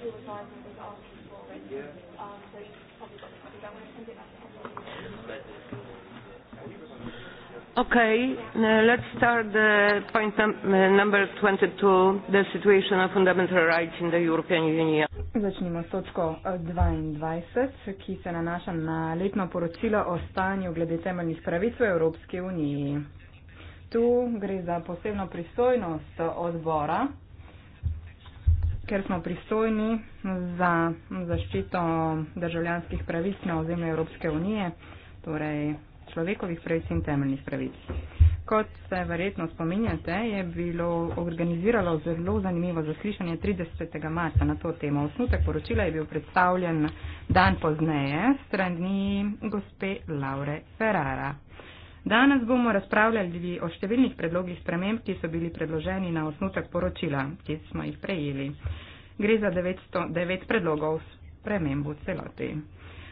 Uh, let's start point uh, number 22, the situation of fundamental rights in the European Union. Začnimo s točko 22, eh, ki se nanaša na letno poročilo o stanju glede temeljnih pravic v Evropski uniji. Tu gre za posebno pristojnost odbora, ker smo pristojni za zaščito državljanskih pravic na ozemlju Evropske unije, torej človekovih pravic in temeljnih pravic. Kot se verjetno spominjate, je bilo organiziralo zelo zanimivo zaslišanje 30. marca na to temo. Osnutek poročila je bil predstavljen dan pozneje strani gospe Laure Ferrara. Danes bomo razpravljali o številnih predlogih sprememb, ki so bili predloženi na osnutek poročila, ki smo jih prejeli. Gre za 909 predlogov sprememb v celoti.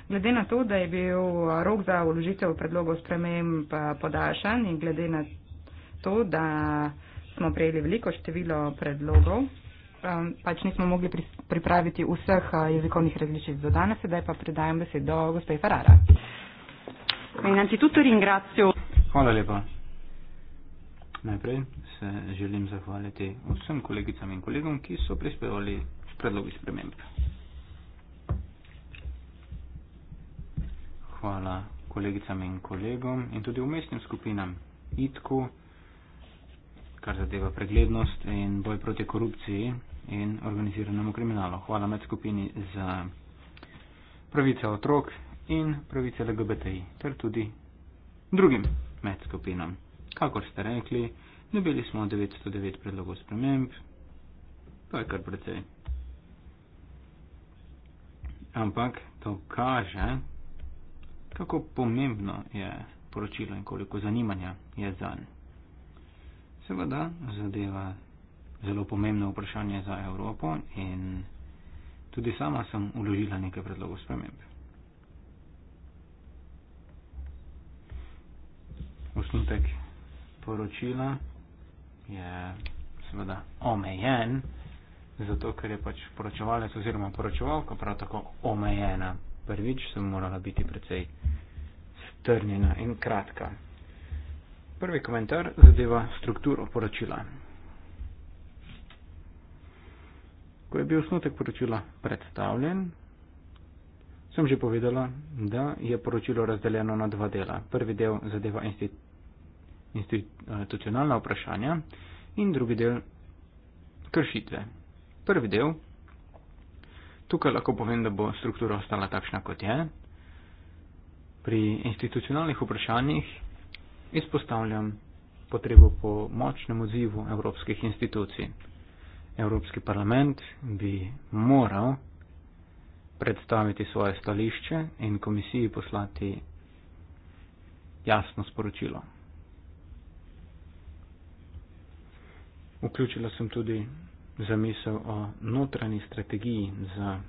Glede na to, da je bil rok za uložitev predlogov sprememb eh, podaljšan in glede na to, da smo prejeli veliko število predlogov, eh, pač nismo mogli pripraviti vseh eh, jezikovnih različic do danes, sedaj pa predajam besedo gospe Farara. Innanzitutto ringrazio Hvala lepa. Najprej se želim zahvaliti vsem kolegicam in kolegom, ki so prispevali predlogi sprememb. Hvala kolegicam in kolegom in tudi umestnim skupinam ITKU, kar zadeva preglednost in boj proti korupciji in organiziranemu kriminalu. Hvala med skupini za pravice otrok in pravice LGBTI ter tudi drugim med skupinam. Kakor ste rekli, dobili smo 909 predlogov sprememb, to je kar precej. Ampak to kaže, kako pomembno je poročilo in koliko zanimanja je zanj. Seveda zadeva zelo pomembno vprašanje za Evropo in tudi sama sem uložila nekaj predlogov sprememb. osnutek poročila je seveda omejen, zato ker je pač poročevalec oziroma poročevalka prav tako omejena. Prvič sem morala biti precej strnjena in kratka. Prvi komentar zadeva strukturo poročila. Ko je bil osnutek poročila predstavljen, sem že povedala, da je poročilo razdeljeno na dva dela. Prvi del zadeva institucijo institucionalna vprašanja in drugi del kršitve. Prvi del, tukaj lahko povem, da bo struktura ostala takšna, kot je. Pri institucionalnih vprašanjih izpostavljam potrebo po močnem odzivu evropskih institucij. Evropski parlament bi moral predstaviti svoje stališče in komisiji poslati jasno sporočilo. Vključila sem tudi zamisel o notranji strategiji za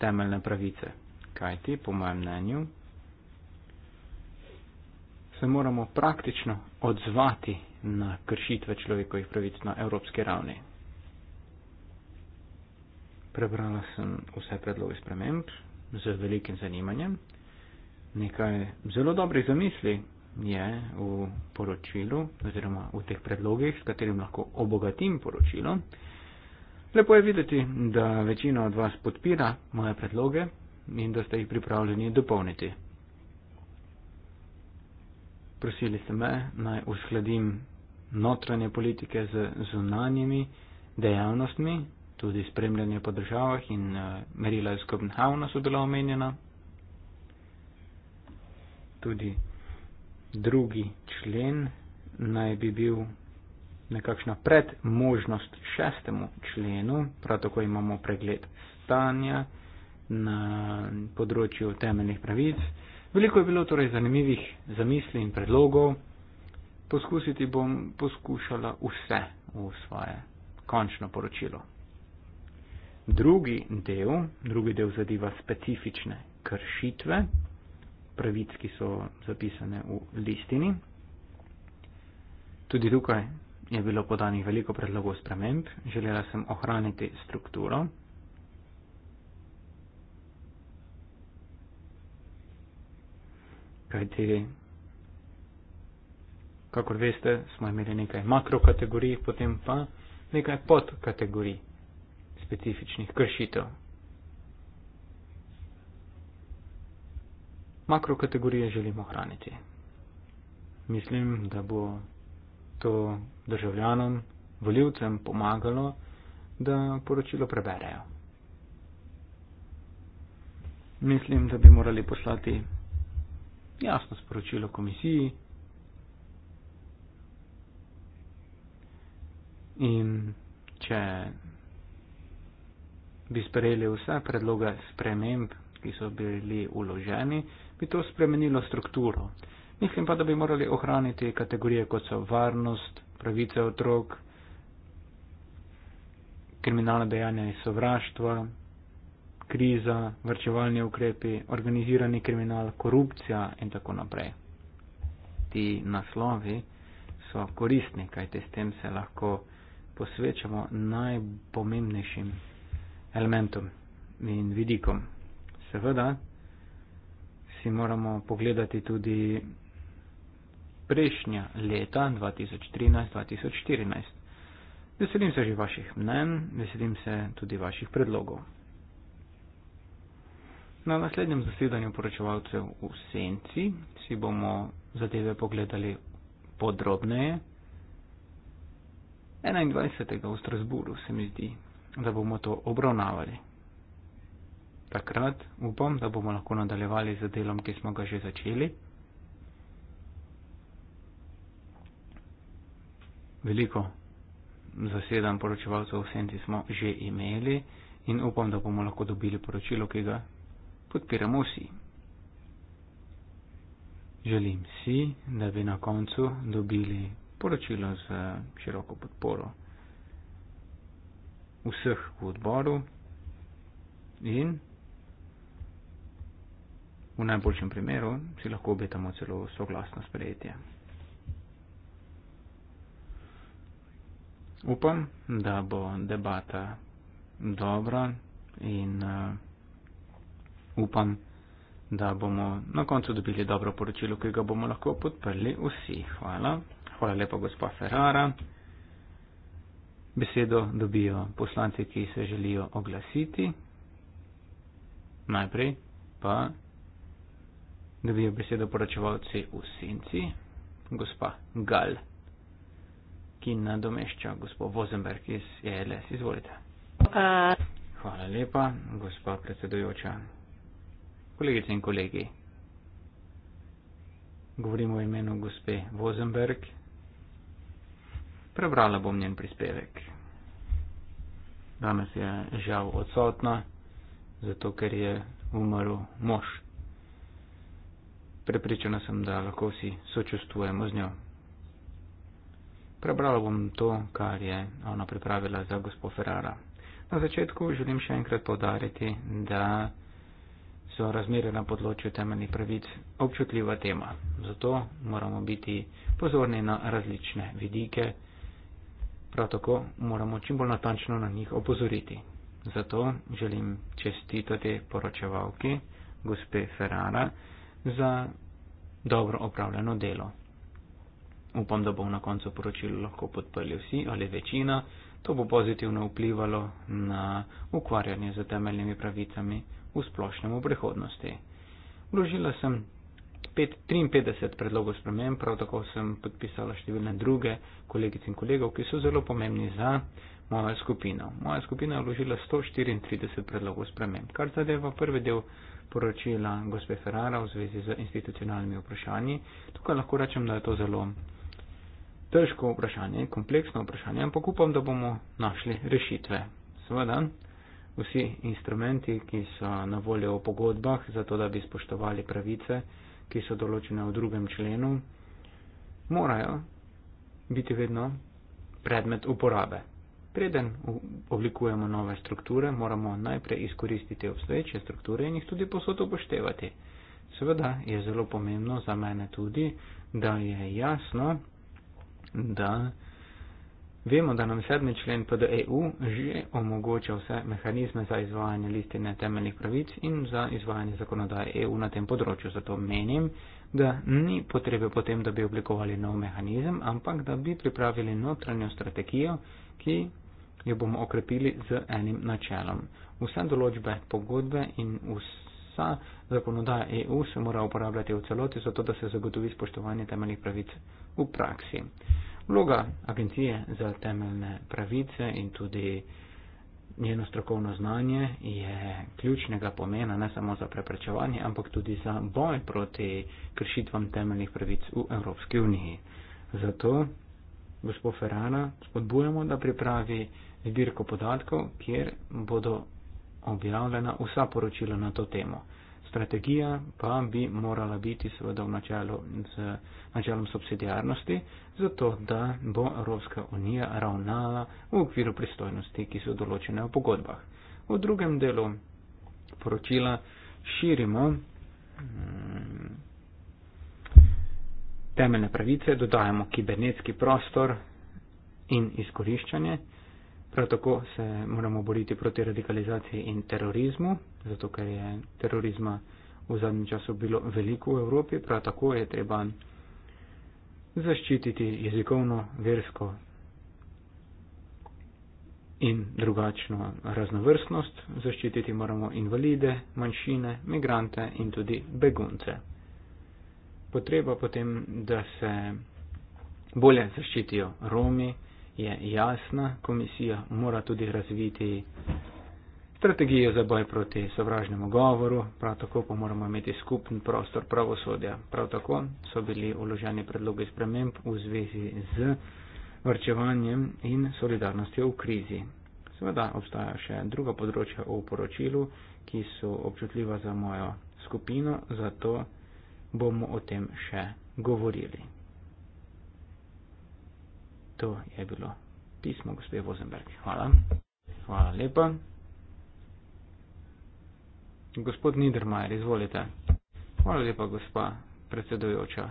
temeljne pravice, kajti po mojem mnenju se moramo praktično odzvati na kršitve človekovih pravic na evropski ravni. Prebrala sem vse predloge sprememb z velikim zanimanjem, nekaj zelo dobrih zamisli, je v poročilu oziroma v teh predlogih, s katerim lahko obogatim poročilo. Lepo je videti, da večina od vas podpira moje predloge in da ste jih pripravljeni dopolniti. Prosili ste me, naj uskladim notranje politike z zunanjimi dejavnostmi, tudi spremljanje po državah in eh, merila iz Kopenhavna so bila omenjena. Tudi drugi člen naj bi bil nekakšna predmožnost šestemu členu, prav tako imamo pregled stanja na področju temeljnih pravic. Veliko je bilo torej zanimivih zamisli in predlogov. Poskusiti bom poskušala vse v svoje končno poročilo. Drugi del, drugi del zadeva specifične kršitve, pravic, ki so zapisane v listini. Tudi tukaj je bilo podanih veliko predlogov sprememb. Želela sem ohraniti strukturo. Kajti, kakor veste, smo imeli nekaj makrokategorij, potem pa nekaj podkategorij specifičnih kršitev, makrokategorije želimo hraniti. Mislim, da bo to državljanom, voljivcem pomagalo, da poročilo preberejo. Mislim, da bi morali poslati jasno sporočilo komisiji in če bi sprejeli vse predloge sprememb ki so bili uloženi, bi to spremenilo strukturo. Mislim pa, da bi morali ohraniti kategorije, kot so varnost, pravice otrok, kriminalne dejanja in sovraštva, kriza, vrčevalni ukrepi, organizirani kriminal, korupcija in tako naprej. Ti naslovi so koristni, kajte s tem se lahko posvečamo najpomembnejšim elementom in vidikom seveda si moramo pogledati tudi prejšnja leta 2013-2014. Veselim se že vaših mnenj, veselim se tudi vaših predlogov. Na naslednjem zasedanju poročevalcev v senci si bomo zadeve pogledali podrobneje. 21. v Strasburu se mi zdi, da bomo to obravnavali takrat upam, da bomo lahko nadaljevali z delom, ki smo ga že začeli. Veliko zasedanj poročevalcev v senci smo že imeli in upam, da bomo lahko dobili poročilo, ki ga podpiramo vsi. Želim si, da bi na koncu dobili poročilo z široko podporo vseh v odboru in V najboljšem primeru si lahko obetamo celo soglasno sprejetje. Upam, da bo debata dobra in uh, upam, da bomo na koncu dobili dobro poročilo, ki ga bomo lahko podprli vsi. Hvala. Hvala lepa, gospa Ferrara. Besedo dobijo poslanci, ki se želijo oglasiti. Najprej pa dobijo besedo poročevalci v senci, gospa Gal, ki nadomešča gospod Vozenberg iz ELS. Izvolite. Hvala lepa, gospa predsedujoča. Kolegice in kolegi, govorim v imenu gospe Vozenberg. Prebrala bom njen prispevek. Danes je žal odsotna, zato ker je umrl mož prepričana sem, da lahko vsi sočustvujemo z njo. Prebrala bom to, kar je ona pripravila za gospod Ferrara. Na začetku želim še enkrat podariti, da so razmere na področju temeljnih pravic občutljiva tema. Zato moramo biti pozorni na različne vidike, prav tako moramo čim bolj natančno na njih opozoriti. Zato želim čestitati poročevalki, gospe Ferrara, za dobro opravljeno delo. Upam, da bom na koncu poročilo lahko podprli vsi ali večina. To bo pozitivno vplivalo na ukvarjanje z temeljnimi pravicami v splošnem v prihodnosti. Vložila sem 5, 53 predlogov spremem, prav tako sem podpisala številne druge kolegic in kolegov, ki so zelo pomembni za mojo skupino. Moja skupina je vložila 134 predlogov spremem, kar zadeva prvi del poročila gospe Ferrara v zvezi z institucionalnimi vprašanji. Tukaj lahko rečem, da je to zelo težko vprašanje, kompleksno vprašanje, ampak upam, da bomo našli rešitve. Seveda, vsi instrumenti, ki so na voljo v pogodbah, zato da bi spoštovali pravice, ki so določene v drugem členu, morajo biti vedno predmet uporabe. Preden oblikujemo nove strukture, moramo najprej izkoristiti obstoječe strukture in jih tudi posod upoštevati. Seveda je zelo pomembno za mene tudi, da je jasno, da vemo, da nam sedmi člen PDEU že omogoča vse mehanizme za izvajanje listine temeljnih pravic in za izvajanje zakonodaje EU na tem področju. Zato menim, da ni potrebe potem, da bi oblikovali nov mehanizem, ampak da bi pripravili notranjo strategijo, ki jo bomo okrepili z enim načelom. Vse določbe pogodbe in vsa zakonodaja EU se mora uporabljati v celoti, zato da se zagotovi spoštovanje temeljnih pravic v praksi. Vloga Agencije za temeljne pravice in tudi njeno strokovno znanje je ključnega pomena ne samo za preprečevanje, ampak tudi za boj proti kršitvam temeljnih pravic v Evropski uniji. Zato gospod Ferrara spodbujamo, da pripravi zbirko podatkov, kjer bodo objavljena vsa poročila na to temo. Strategija pa bi morala biti seveda v načelu z načelom subsidijarnosti, zato da bo Evropska unija ravnala v okviru pristojnosti, ki so določene v pogodbah. V drugem delu poročila širimo mm, temeljne pravice, dodajamo kibernetski prostor in izkoriščanje. Prav tako se moramo boriti proti radikalizaciji in terorizmu, zato ker je terorizma v zadnjem času bilo veliko v Evropi, prav tako je treba zaščititi jezikovno, versko in drugačno raznovrstnost, zaščititi moramo invalide, manjšine, migrante in tudi begunce. Potreba potem, da se bolje zaščitijo Romi, je jasna, komisija mora tudi razviti strategijo za boj proti sovražnemu govoru, prav tako pa moramo imeti skupen prostor pravosodja. Prav tako so bili uloženi predlogi sprememb v zvezi z vrčevanjem in solidarnostjo v krizi. Seveda obstajajo še druga področja v poročilu, ki so občutljiva za mojo skupino, zato bomo o tem še govorili to je bilo pismo gospe Vozenberg. Hvala. Hvala lepa. Gospod Niedermayer, izvolite. Hvala lepa, gospa predsedujoča.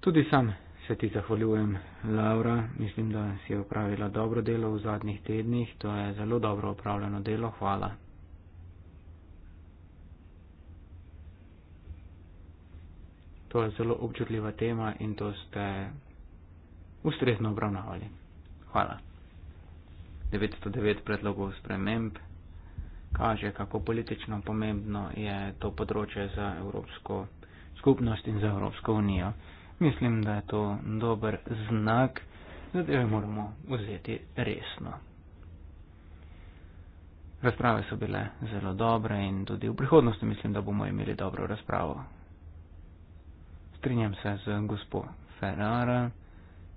Tudi sam se ti zahvaljujem, Laura. Mislim, da si je upravila dobro delo v zadnjih tednih. To je zelo dobro upravljeno delo. Hvala. to je zelo občutljiva tema in to ste ustrezno obravnavali. Hvala. 909 predlogov sprememb kaže, kako politično pomembno je to področje za Evropsko skupnost in za Evropsko unijo. Mislim, da je to dober znak, zato jo moramo vzeti resno. Razprave so bile zelo dobre in tudi v prihodnosti mislim, da bomo imeli dobro razpravo strinjam se z gospo Ferrara,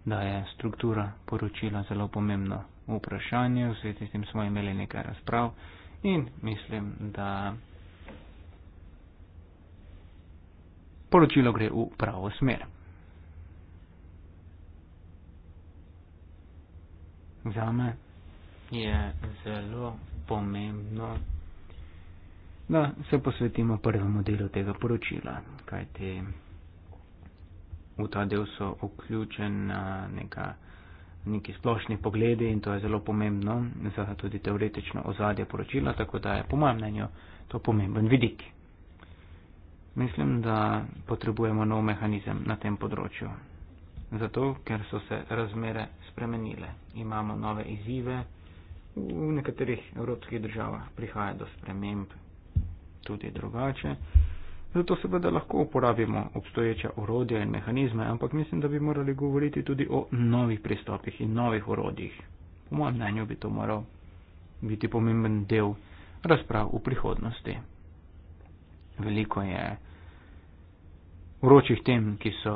da je struktura poročila zelo pomembno vprašanje. V svetu s tem smo imeli nekaj razprav in mislim, da poročilo gre v pravo smer. Zame je zelo pomembno, da se posvetimo prvemu delu tega poročila, kajti v ta del so vključena neka, neki splošni pogledi in to je zelo pomembno za tudi teoretično ozadje poročila, tako da je po mojem mnenju to pomemben vidik. Mislim, da potrebujemo nov mehanizem na tem področju. Zato, ker so se razmere spremenile. Imamo nove izzive. V nekaterih evropskih državah prihaja do sprememb tudi drugače. Zato seveda lahko uporabimo obstoječa orodja in mehanizme, ampak mislim, da bi morali govoriti tudi o novih pristopih in novih orodjih. Po mojem mnenju bi to moral biti pomemben del razprav v prihodnosti. Veliko je vročih tem, ki so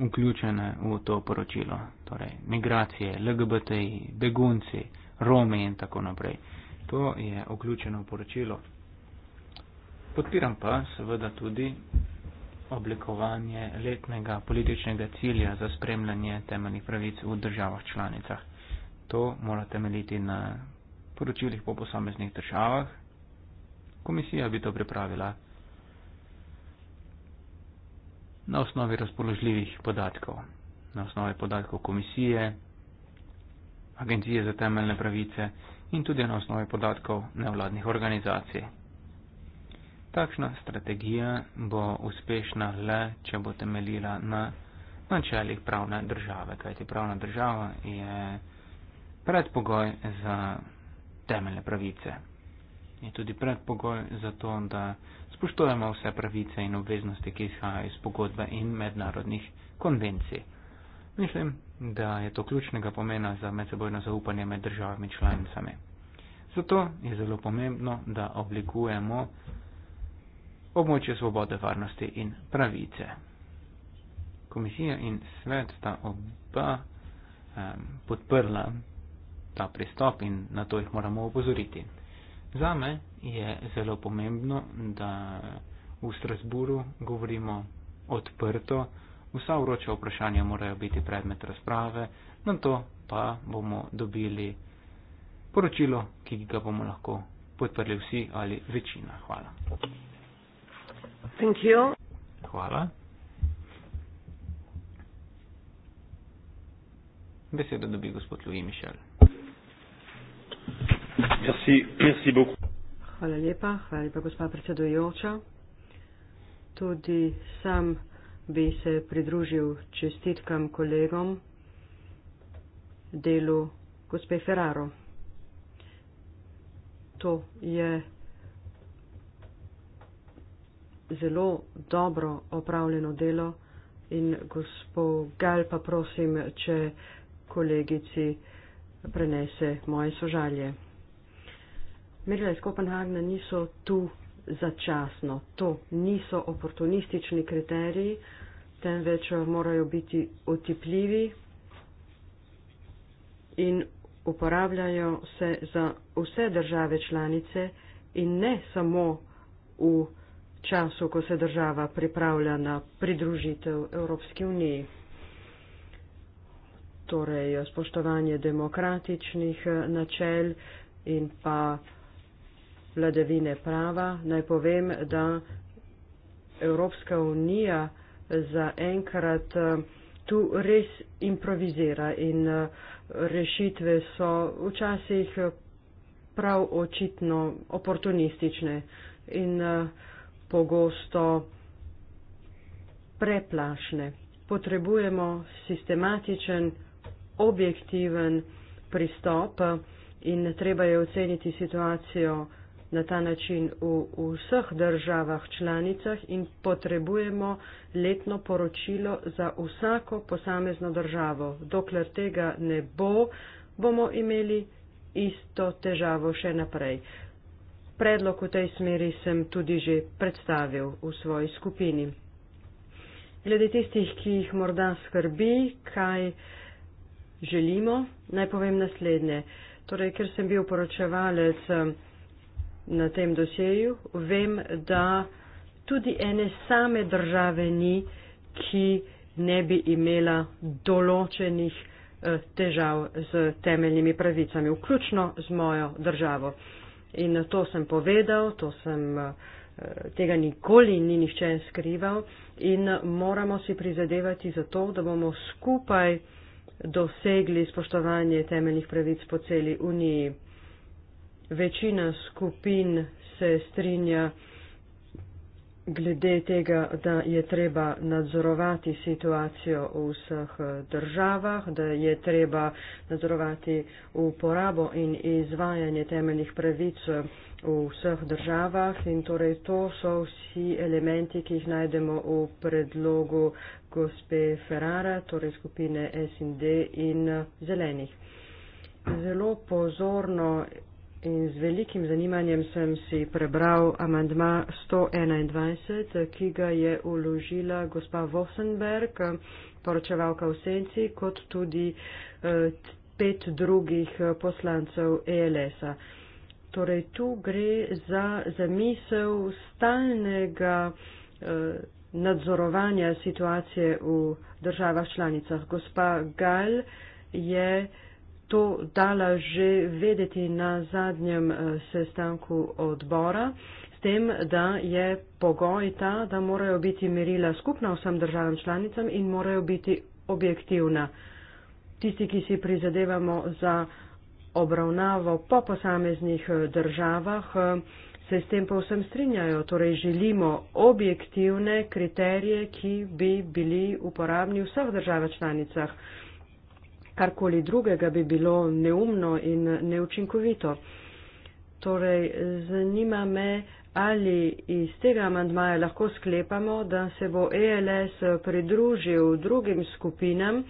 vključene v to poročilo. Torej, migracije, LGBTI, begunci, Romi in tako naprej. To je vključeno v poročilo podpiram pa seveda tudi oblikovanje letnega političnega cilja za spremljanje temeljnih pravic v državah članicah. To mora temeljiti na poročilih po posameznih državah. Komisija bi to pripravila na osnovi razpoložljivih podatkov, na osnovi podatkov komisije, agencije za temeljne pravice in tudi na osnovi podatkov nevladnih organizacij. Takšna strategija bo uspešna le, če bo temeljila na načelih pravne države, kajti pravna država je predpogoj za temeljne pravice. Je tudi predpogoj za to, da spoštujemo vse pravice in obveznosti, ki izhajajo iz pogodbe in mednarodnih konvencij. Mislim, da je to ključnega pomena za medsebojno zaupanje med državami članicami. Zato je zelo pomembno, da oblikujemo območje svobode, varnosti in pravice. Komisija in svet sta oba um, podprla ta pristop in na to jih moramo upozoriti. Zame je zelo pomembno, da v Strasburu govorimo odprto, vsa vroča vprašanja morajo biti predmet razprave, na to pa bomo dobili poročilo, ki ga bomo lahko podprli vsi ali večina. Hvala. Thank you. Hvala. Beseda dobi gospod Louis Michel. Merci, merci beaucoup. Hvala lepa, hvala lepa gospa predsedujoča. Tudi sam bi se pridružil čestitkam kolegom delu gospe Ferraro. To je zelo dobro opravljeno delo in gospod Gal pa prosim, če kolegici prenese moje sožalje. Mirila iz Kopenhagna niso tu začasno, to niso oportunistični kriteriji, temveč morajo biti otipljivi in uporabljajo se za vse države članice in ne samo v času, ko se država pripravlja na pridružitev Evropski uniji. Torej, spoštovanje demokratičnih eh, načel in pa vladavine prava. Naj povem, da Evropska unija zaenkrat eh, tu res improvizira in eh, rešitve so včasih prav očitno oportunistične. In uh, pogosto preplašne. Potrebujemo sistematičen, objektiven pristop in treba je oceniti situacijo na ta način v vseh državah članicah in potrebujemo letno poročilo za vsako posamezno državo. Dokler tega ne bo, bomo imeli isto težavo še naprej. Predlog v tej smeri sem tudi že predstavil v svoji skupini. Glede tistih, ki jih morda skrbi, kaj želimo, naj povem naslednje. Torej, ker sem bil poročevalec um, na tem dosjeju, vem, da tudi ene same države ni, ki ne bi imela določenih eh, težav z temeljnimi pravicami, vključno z mojo državo. In to sem povedal, to sem, eh, tega nikoli ni nihče skrival in eh, moramo si prizadevati za to, da bomo skupaj dosegli spoštovanje temeljnih pravic po celi Uniji. Večina skupin se strinja, glede tega, da je treba nadzorovati situacijo v vseh eh, državah, da je treba nadzorovati uporabo in izvajanje temeljnih pravic eh, v vseh državah. In torej to so vsi elementi, ki jih najdemo v predlogu gospe Ferrara, torej skupine SND in eh, zelenih. Zelo pozorno In z velikim zanimanjem sem si prebral amandma 121, ki ga je uložila gospa Vossenberg, poročevalka v senci, kot tudi eh, pet drugih eh, poslancev ELS-a. Torej, tu gre za zamisel stalnega eh, nadzorovanja situacije v državah članicah. Gospa Gal je to dala že vedeti na zadnjem eh, sestanku odbora, s tem, da je pogoj ta, da morajo biti merila skupna vsem državam članicam in morajo biti objektivna. Tisti, ki si prizadevamo za obravnavo po posameznih eh, državah, eh, se s tem povsem strinjajo. Torej želimo objektivne kriterije, ki bi bili uporabni v vseh državah članicah karkoli drugega bi bilo neumno in neučinkovito. Torej, zanima me, ali iz tega amandmaja lahko sklepamo, da se bo ELS pridružil drugim skupinam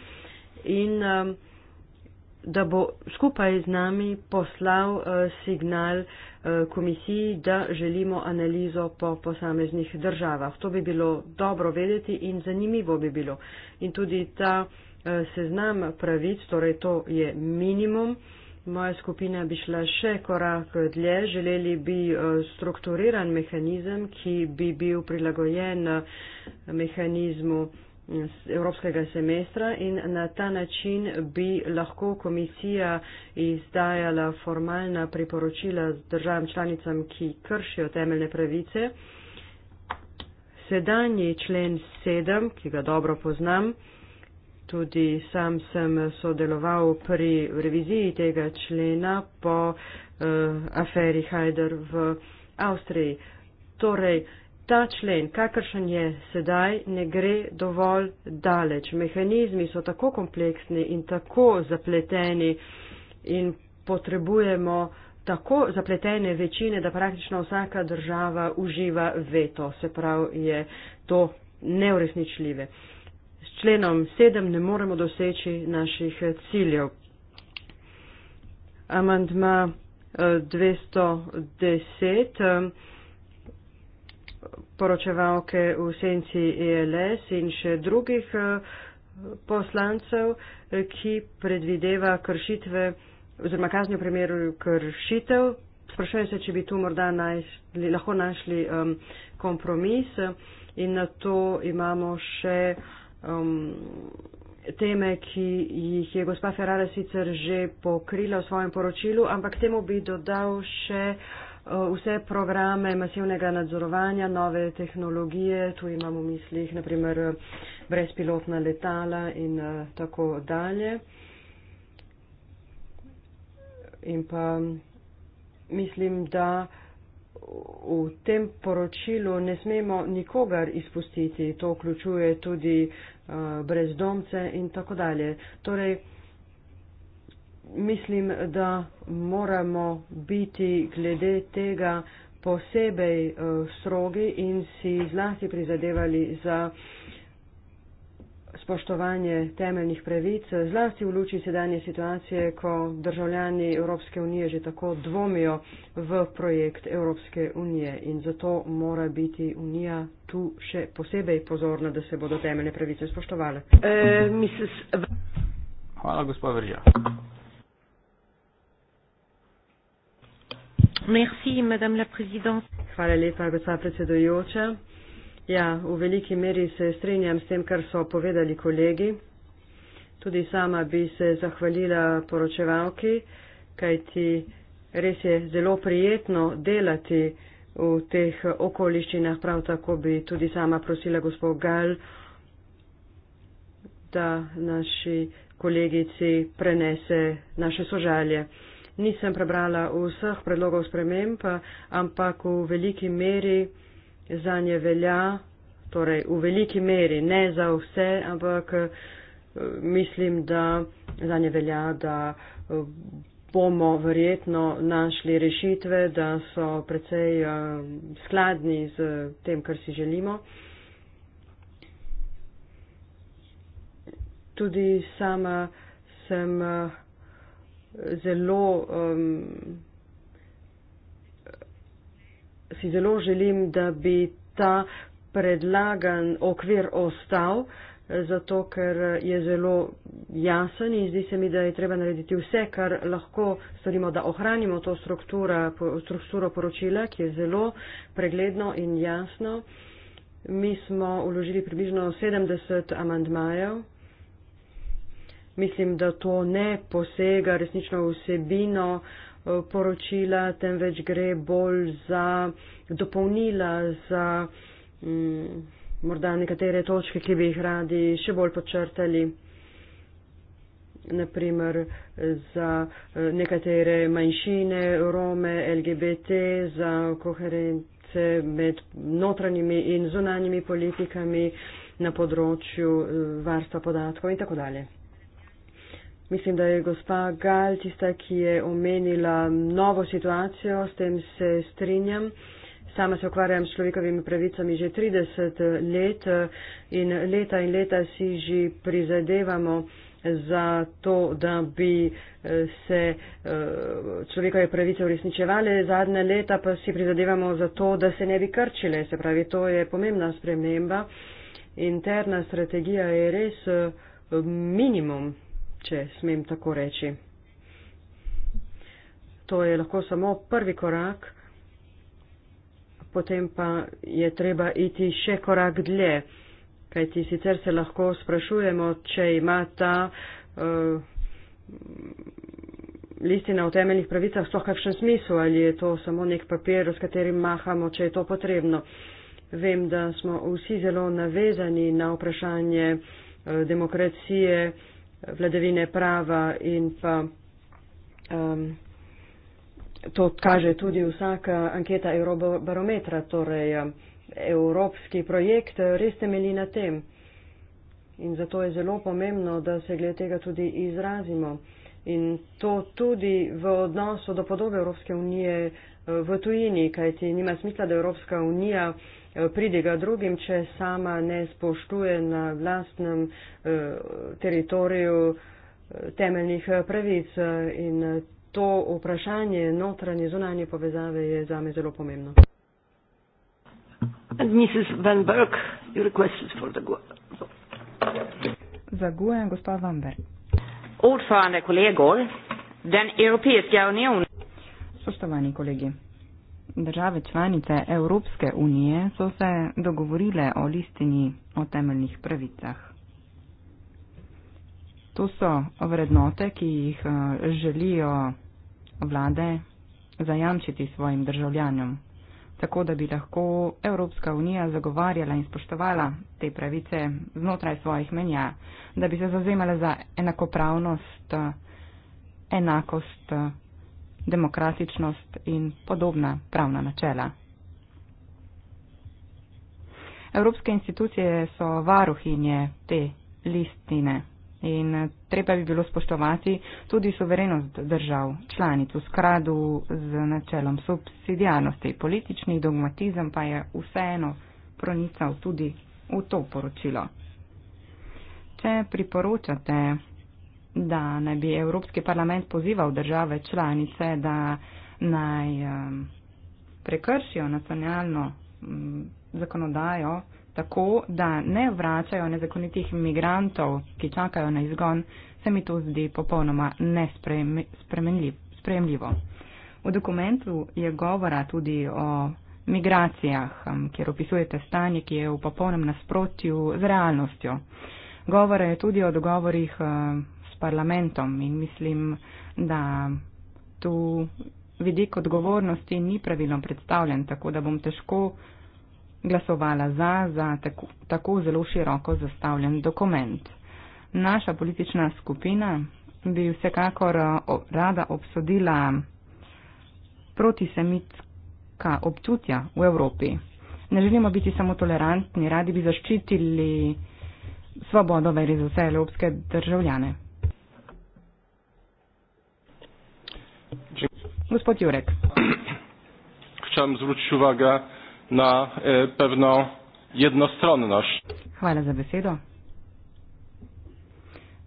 in um, da bo skupaj z nami poslal uh, signal uh, komisiji, da želimo analizo po posameznih državah. To bi bilo dobro vedeti in zanimivo bi bilo. In tudi ta. Eh, seznam pravic, torej to je minimum. Moja skupina bi šla še korak dlje, želeli bi eh, strukturiran mehanizem, ki bi bil prilagojen eh, mehanizmu mm, evropskega semestra in na ta način bi lahko komisija izdajala formalna priporočila državam članicam, ki kršijo temeljne pravice. Sedanji člen 7, ki ga dobro poznam, Tudi sam sem sodeloval pri reviziji tega člena po uh, aferi Haider v Avstriji. Torej, ta člen, kakršen je sedaj, ne gre dovolj daleč. Mehanizmi so tako kompleksni in tako zapleteni in potrebujemo tako zapletene večine, da praktično vsaka država uživa veto, se pravi, je to neuresničljive. Uh, členom 7 ne moremo doseči naših ciljev. Amandma 210 eh, eh, poročevalke v senci ELS in še drugih eh, poslancev, ki predvideva kršitve oziroma kazni v primeru kršitev. Sprašujem se, če bi tu morda našli, lahko našli um, kompromis in na to imamo še uh, um, teme, ki jih je gospa Ferrara sicer že pokrila v svojem poročilu, ampak temu bi dodal še uh, vse programe masivnega nadzorovanja, nove tehnologije, tu imamo v mislih naprimer brezpilotna letala in uh, tako dalje. In pa mislim, da v tem poročilu ne smemo nikogar izpustiti, to vključuje tudi eh, brezdomce in tako dalje. Torej, mislim, da moramo biti glede tega posebej eh, strogi in si zlasti prizadevali za uh, spoštovanje temeljnih pravic, zlasti v luči sedanje situacije, ko državljani Evropske unije že tako dvomijo v projekt Evropske unije in zato mora biti unija tu še posebej pozorna, da se bodo temeljne pravice spoštovale. Uh, Hvala, gospod Vržja. Merci, Hvala lepa, gospa predsedujoča. Ja, v veliki meri se strinjam s tem, kar so povedali kolegi. Tudi sama bi se zahvalila poročevalki, kajti res je zelo prijetno delati v teh okoliščinah. Prav tako bi tudi sama prosila gospod Gal, da naši kolegici prenese naše sožalje. Nisem prebrala vseh predlogov sprememb, ampak v veliki meri za nje velja, torej v veliki meri, ne za vse, ampak eh, mislim, da za nje velja, da eh, bomo verjetno našli rešitve, da so precej eh, skladni z tem, kar si želimo. Tudi sama sem zelo um, si zelo želim, da bi ta predlagan okvir ostal, eh, zato ker eh, je zelo jasen in zdi se mi, da je treba narediti vse, kar lahko storimo, da ohranimo to strukturo poročila, ki je zelo pregledno in jasno. Mi smo uložili približno 70 amandmajev. Mislim, da to ne posega resnično vsebino uh, poročila, temveč gre bolj za dopolnila, za um, morda nekatere točke, ki bi jih radi še bolj počrtali, naprimer za eh, nekatere manjšine, Rome, LGBT, za koherence med notranjimi in zunanjimi politikami na področju eh, varstva podatkov in tako dalje. Mislim, da je gospa Gal tista, ki je omenila novo situacijo, s tem se strinjam. Sama se ukvarjam s človekovimi pravicami že 30 let in leta in leta si že prizadevamo za to, da bi eh, se eh, človekove pravice uresničevale. Zadnje leta pa si prizadevamo za to, da se ne bi krčile. Se pravi, to je pomembna sprememba. Interna strategija je res eh, minimum če smem tako reči. To je lahko samo prvi korak, potem pa je treba iti še korak dlje, kajti sicer se lahko sprašujemo, če ima ta uh, listina o temeljnih pravicah sploh kakšen smisel ali je to samo nek papir, s katerim mahamo, če je to potrebno. Vem, da smo vsi zelo navezani na vprašanje uh, demokracije vladavine prava in pa um, to kaže tudi vsaka anketa Eurobarometra, torej um, evropski projekt eh, res temelji na tem. In zato je zelo pomembno, da se glede tega tudi izrazimo. In to tudi v odnosu do podobe Evropske unije eh, v tujini, kajti nima smisla, da Evropska unija uh, Eh, pride ga drugim, če sama ne spoštuje na vlastnem eh, teritoriju eh, temeljnih pravic. In to vprašanje notranje zunanje povezave je za me zelo pomembno. Mrs. Van Berg, your request is for the go. Za Guen, gospa Van Berg. Odfane kolegor, den Evropske unije. Spoštovani kolegi države članice Evropske unije so se dogovorile o listini o temeljnih pravicah. To so vrednote, ki jih eh, želijo vlade zajamčiti svojim državljanom, tako da bi lahko Evropska unija zagovarjala in spoštovala te pravice znotraj svojih menja, da bi se zazemala za enakopravnost, eh, enakost eh, demokratičnost in podobna pravna načela. Evropske institucije so varuhinje te listine in treba bi bilo spoštovati tudi suverenost držav članic v skladu z načelom subsidijarnosti. Politični dogmatizem pa je vseeno pronical tudi v to poročilo. Če priporočate da naj bi Evropski parlament pozival države članice, da naj um, prekršijo nacionalno um, zakonodajo tako, da ne vračajo nezakonitih migrantov, ki čakajo na izgon, se mi to zdi popolnoma nespremljivo. V dokumentu je govora tudi o migracijah, um, kjer opisujete stanje, ki je v popolnem nasprotju z realnostjo. Govora je tudi o dogovorih parlamentom in mislim, da tu vidik odgovornosti ni pravilno predstavljen, tako da bom težko glasovala za, za tako, tako zelo široko zastavljen dokument. Naša politična skupina bi vsekakor rada obsodila protisemitska občutja v Evropi. Ne želimo biti samo tolerantni, radi bi zaščitili svobodo veri za vse evropske državljane. Gospod Jurek. Chciałem zwrócić uwagę na e, pewną jednostronność. Hvala za besedo.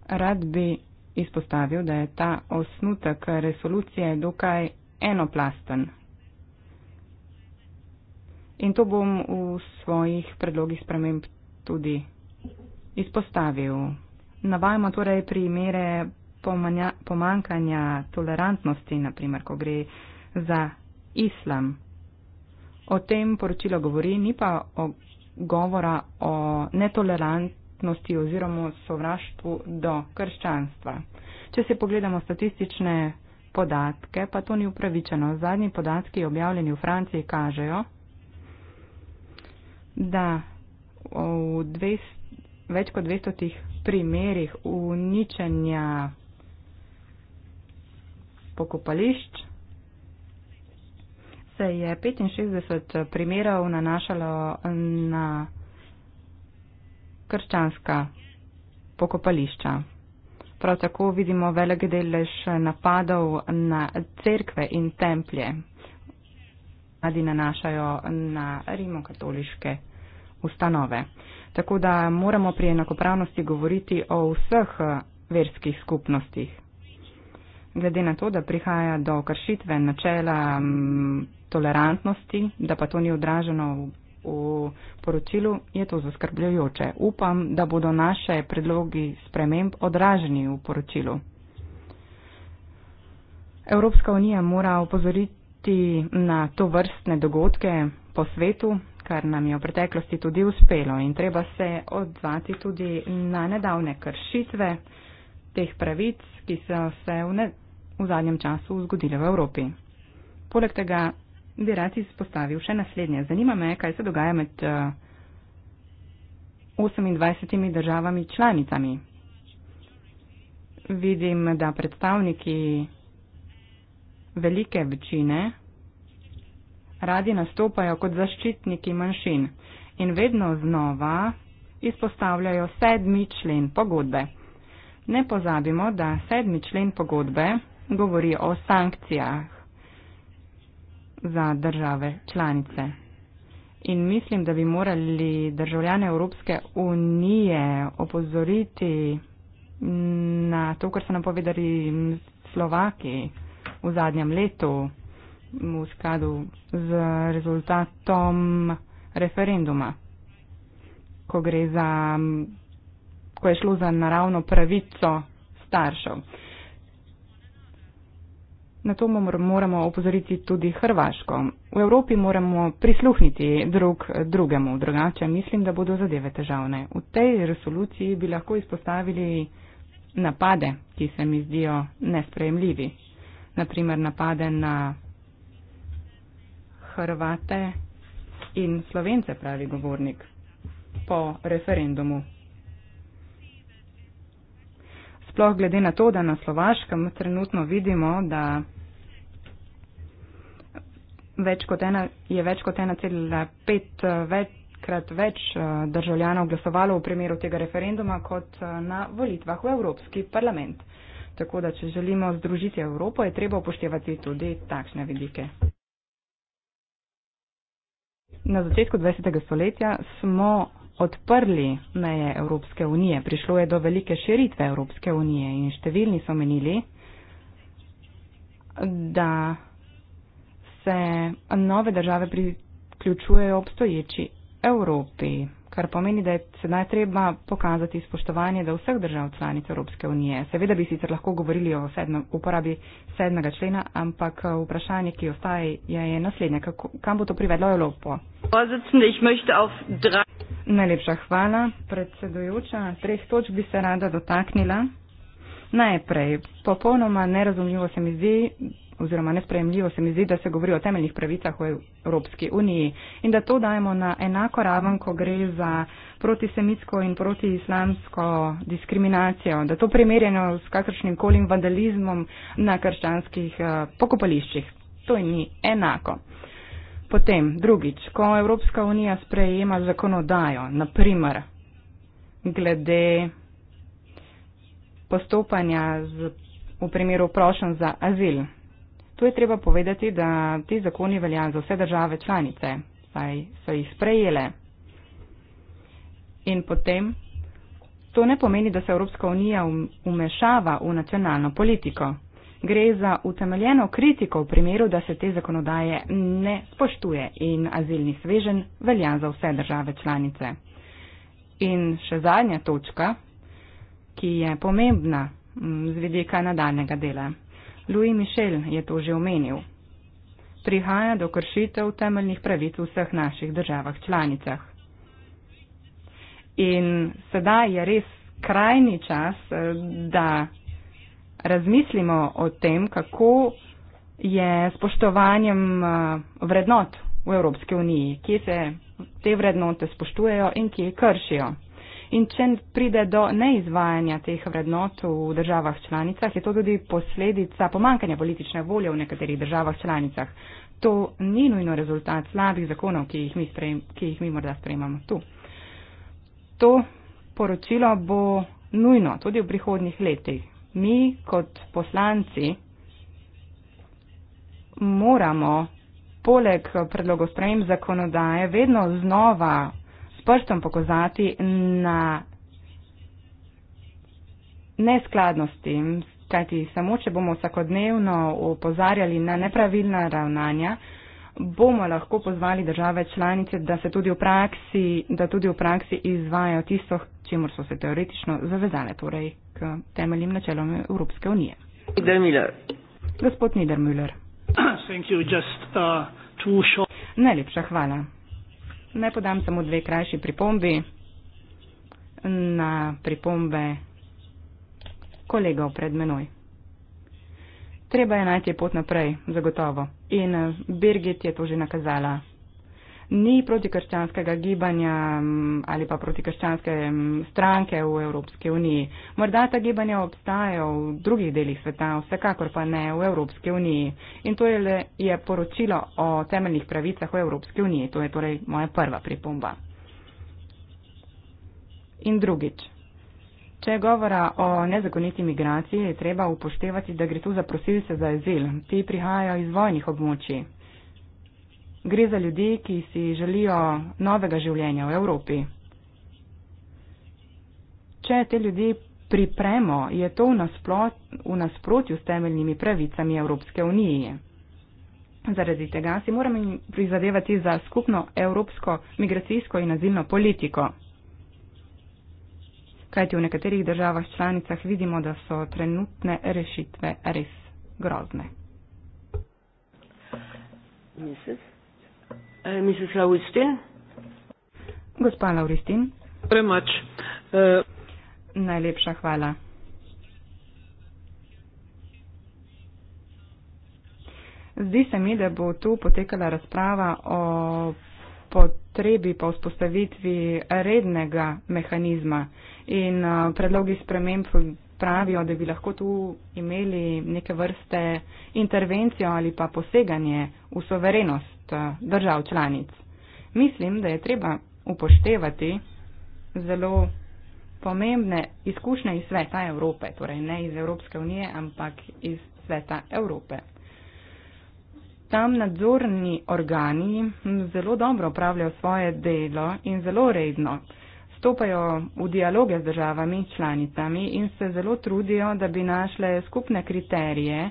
Rad bi izpostavil, da je ta osnutek resolucije dokaj enoplasten. In to bom v svojih predlogih sprememb tudi izpostavil. Navajamo torej primere pomanja, pomankanja tolerantnosti, naprimer, ko gre za islam. O tem poročilo govori, ni pa o govora o netolerantnosti oziroma sovraštvu do krščanstva. Če se pogledamo statistične podatke, pa to ni upravičeno. Zadnji podatki objavljeni v Franciji kažejo, da v dvest, več kot 200 primerih uničenja pokopališč se je 65 primerov nanašalo na krščanska pokopališča. Prav tako vidimo velik delež napadov na cerkve in templje. Radi nanašajo na rimokatoliške ustanove. Tako da moramo pri enakopravnosti govoriti o vseh verskih skupnostih glede na to, da prihaja do kršitve načela mm, tolerantnosti, da pa to ni odraženo v, v poročilu, je to zaskrbljujoče. Upam, da bodo naše predlogi sprememb odraženi v poročilu. Evropska unija mora opozoriti na to vrstne dogodke po svetu, kar nam je v preteklosti tudi uspelo in treba se odzvati tudi na nedavne kršitve teh pravic, ki so se v v zadnjem času zgodile v Evropi. Poleg tega bi rad izpostavil še naslednje. Zanima me, kaj se dogaja med 28 eh, državami članicami. Vidim, da predstavniki velike večine radi nastopajo kot zaščitniki manjšin in vedno znova izpostavljajo sedmi člen pogodbe. Ne pozabimo, da sedmi člen pogodbe govori o sankcijah za države članice. In mislim, da bi morali državljane Evropske unije opozoriti na to, kar so napovedali Slovaki v zadnjem letu v skladu z rezultatom referenduma, ko, za, ko je šlo za naravno pravico staršev. Na to moramo opozoriti tudi Hrvaško. V Evropi moramo prisluhniti drug drugemu, drugače mislim, da bodo zadeve težavne. V tej resoluciji bi lahko izpostavili napade, ki se mi zdijo nesprejemljivi. Naprimer napade na Hrvate in Slovence, pravi govornik, po referendumu sploh glede na to, da na Slovaškem trenutno vidimo, da več ena, je več kot 1,5 eh, večkrat več eh, državljanov glasovalo v primeru tega referenduma kot eh, na volitvah v Evropski parlament. Tako da, če želimo združiti Evropo, je treba upoštevati tudi takšne vidike. Na začetku 20. stoletja smo odprli meje Evropske unije. Prišlo je do velike širitve Evropske unije in številni so menili, da se nove države priključujejo obstoječi Evropi, kar pomeni, da je sedaj treba pokazati spoštovanje do vseh držav članic Evropske unije. Seveda bi sicer lahko govorili o sedno, uporabi sedmega člena, ampak vprašanje, ki ostaje, je naslednje. Kako, kam bo to privedlo Evropo? Najlepša hvala, predsedujoča. Treh točk bi se rada dotaknila. Najprej, popolnoma nerazumljivo se mi zdi, oziroma nesprejemljivo se mi zdi, da se govori o temeljnih pravicah v Evropski uniji in da to dajemo na enako raven, ko gre za protisemitsko in protiislamsko diskriminacijo, da to primerjeno s kakršnim kolim vandalizmom na krščanskih eh, pokopališčih. To ni enako. Potem, drugič, ko Evropska unija sprejema zakonodajo, naprimer, glede postopanja z, v primeru prošen za azil, tu je treba povedati, da ti zakoni veljajo za vse države članice, saj so jih sprejele. In potem, to ne pomeni, da se Evropska unija um-, umešava v nacionalno politiko gre za utemeljeno kritiko v primeru, da se te zakonodaje ne spoštuje in azilni svežen velja za vse države članice. In še zadnja točka, ki je pomembna mm, z vidika nadaljnega dela. Louis Michel je to že omenil. Prihaja do kršitev temeljnih pravic v vseh naših državah članicah. In sedaj je res krajni čas, eh, da razmislimo o tem, kako je spoštovanjem eh, vrednot v Evropski uniji, kje se te vrednote spoštujejo in kje kršijo. In če pride do neizvajanja teh vrednot v državah članicah, je to tudi posledica pomankanja politične volje v nekaterih državah članicah. To ni nujno rezultat slabih zakonov, ki jih mi, sprejim, ki jih mi morda sprejemamo tu. To poročilo bo nujno tudi v prihodnjih letih mi kot poslanci moramo poleg predlogov sprejem zakonodaje vedno znova s prstom pokazati na neskladnosti, kajti samo če bomo vsakodnevno upozarjali na nepravilna ravnanja, bomo lahko pozvali države članice, da se tudi v praksi, da tudi v praksi izvajajo tisto, čemu so se teoretično zavezale, torej k temeljnim načelom Evropske unije. Gospod Niedermüller. Uh, Najlepša hvala. Naj podam samo dve krajši pripombi na pripombe kolegov pred menoj treba je najti pot naprej, zagotovo. In eh, Birgit je to že nakazala. Ni protikrščanskega gibanja mm, ali pa protikrščanske mm, stranke v Evropski uniji. Morda ta gibanja obstajajo v drugih delih sveta, vsekakor pa ne v Evropski uniji. In to je, le, je poročilo o temeljnih pravicah v Evropski uniji. To je torej moja prva pripomba. In drugič. Če je govora o nezakoniti migraciji, je treba upoštevati, da gre tu za prosilce za azil. Ti prihajajo iz vojnih območij. Gre za ljudi, ki si želijo novega življenja v Evropi. Če te ljudi pripremo, je to v, nasplot, v nasprotju s temeljnimi pravicami Evropske unije. Zaradi tega si moramo prizadevati za skupno evropsko migracijsko in azilno politiko kajti v nekaterih državah članicah vidimo, da so trenutne rešitve res grozne. Mrs. Eh, Lauristin. Gospa Lauristin. Premač. Uh... Eh. Najlepša hvala. Zdi se mi, da bo tu potekala razprava o pod potrebi po vzpostavitvi rednega mehanizma in uh, predlogi sprememb pravijo, da bi lahko tu imeli neke vrste intervencijo ali pa poseganje v soverenost uh, držav članic. Mislim, da je treba upoštevati zelo pomembne izkušnje iz sveta Evrope, torej ne iz Evropske unije, ampak iz sveta Evrope. Tam nadzorni organi zelo dobro upravljajo svoje delo in zelo redno stopajo v dialoge z državami, članicami in se zelo trudijo, da bi našle skupne kriterije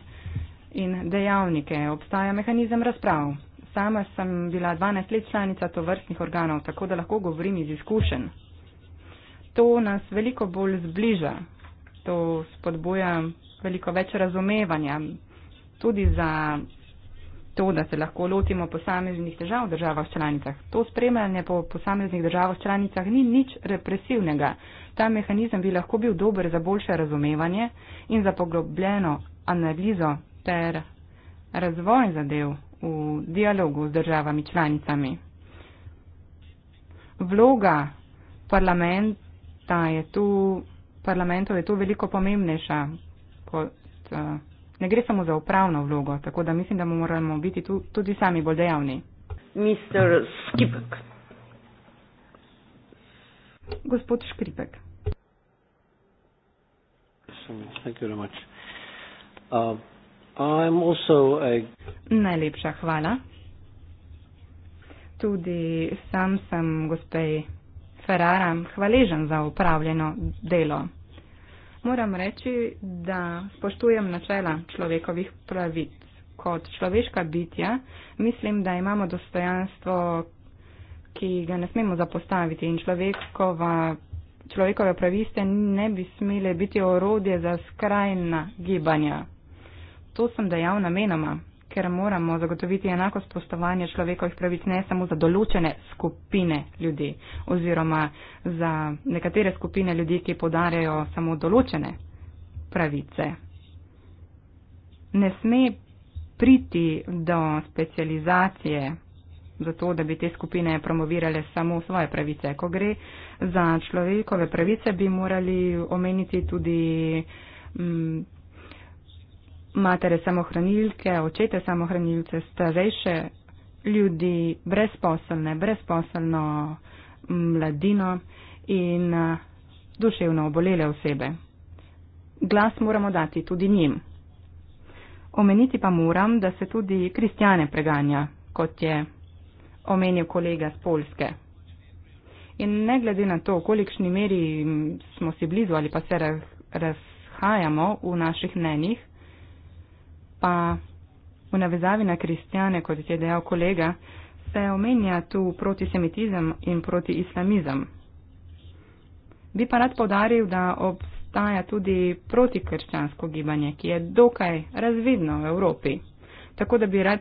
in dejavnike. Obstaja mehanizem razprav. Sama sem bila 12 let članica tovrstnih organov, tako da lahko govorim iz izkušenj. To nas veliko bolj zbliža, to spodbuja veliko več razumevanja tudi za To, da se lahko lotimo posameznih težav v državah članicah, to spremljanje po posameznih državah članicah ni nič represivnega. Ta mehanizem bi lahko bil dober za boljše razumevanje in za poglobljeno analizo ter razvoj zadev v dialogu z državami članicami. Vloga parlamenta je tu, parlamentov je tu veliko pomembnejša kot. Uh, ne gre samo za upravno vlogo, tako da mislim, da moramo biti tu tudi sami bolj dejavni. Mr. Skipek. Gospod Škripek. Uh, Najlepša hvala. Tudi sam sem gospej Ferraram hvaležen za upravljeno delo. Moram reči, da spoštujem načela človekovih pravic. Kot človeška bitja mislim, da imamo dostojanstvo, ki ga ne smemo zapostaviti in človekova, človekove pravice ne bi smele biti orodje za skrajna gibanja. To sem dejal namenoma ker moramo zagotoviti enako spoštovanje človekovih pravic ne samo za določene skupine ljudi oziroma za nekatere skupine ljudi, ki podarjajo samo določene pravice. Ne sme priti do specializacije zato, da bi te skupine promovirale samo svoje pravice. Ko gre za človekove pravice, bi morali omeniti tudi. Mm, matere samohranilke, očete samohranilce, starejše ljudi, brezposelne, brezposelno mm, mladino in eh, duševno obolele osebe. Glas moramo dati tudi njim. Omeniti pa moram, da se tudi kristjane preganja, kot je omenil kolega z Polske. In ne glede na to, kolikšni meri mm, smo si blizu ali pa se razhajamo v naših mnenjih, pa v navezavi na kristjane, kot je dejal kolega, se omenja tu protisemitizem in protiislamizem. Bi pa rad podaril, da obstaja tudi protikrščansko gibanje, ki je dokaj razvidno v Evropi. Tako da bi rad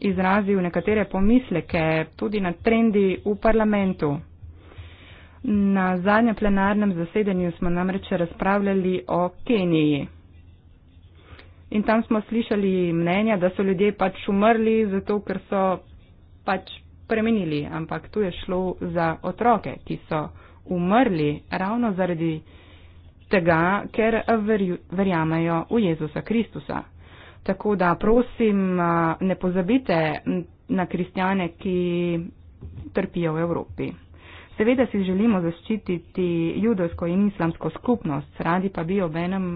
izrazil nekatere pomisleke tudi na trendi v parlamentu. Na zadnjem plenarnem zasedanju smo namreč razpravljali o Keniji. In tam smo slišali mnenja, da so ljudje pač umrli zato, ker so pač premenili, ampak tu je šlo za otroke, ki so umrli ravno zaradi tega, ker verjamejo v Jezusa Kristusa. Tako da prosim, ne pozabite na kristjane, ki trpijo v Evropi. Seveda si želimo zaščititi judovsko in islamsko skupnost, radi pa bi obenem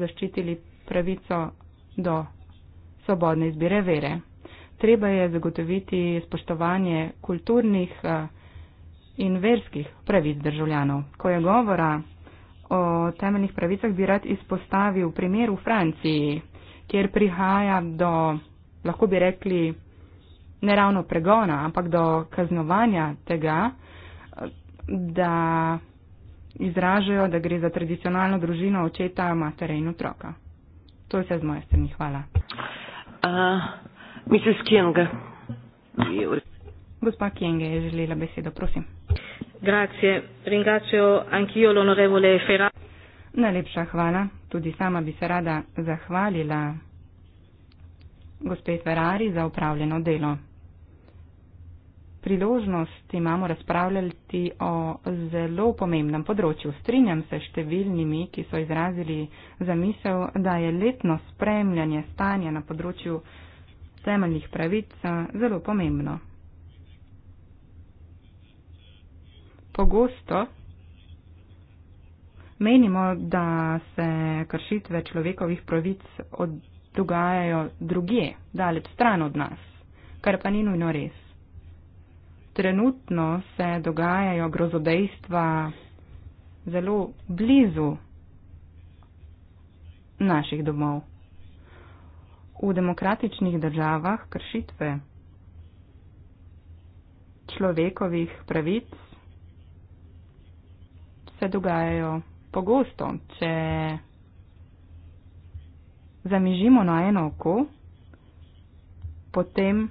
zaščitili pravico do svobodne izbire vere. Treba je zagotoviti spoštovanje kulturnih eh, in verskih pravic državljanov. Ko je govora o temeljnih pravicah, bi rad izpostavil primer v Franciji, kjer prihaja do, lahko bi rekli, ne ravno pregona, ampak do kaznovanja tega, da izražajo, da gre za tradicionalno družino očeta, matere in otroka. To je vse z moje strani. Hvala. Mrs. Kienge. Gospa Kienge je želela besedo. Prosim. Grazie. Ringacio anch'io l'onorevole Ferrari. Najlepša hvala. Tudi sama bi se rada zahvalila gospe Ferrari za upravljeno delo priložnost imamo razpravljati o zelo pomembnem področju. Strinjam se številnimi, ki so izrazili zamisel, da je letno spremljanje stanja na področju temeljnih pravic eh, zelo pomembno. Pogosto menimo, da se kršitve človekovih pravic dogajajo drugje, daleč stran od nas, kar pa ni nujno res trenutno se dogajajo grozodejstva zelo blizu naših domov. V demokratičnih državah kršitve človekovih pravic se dogajajo pogosto. Če zamižimo na eno oko, potem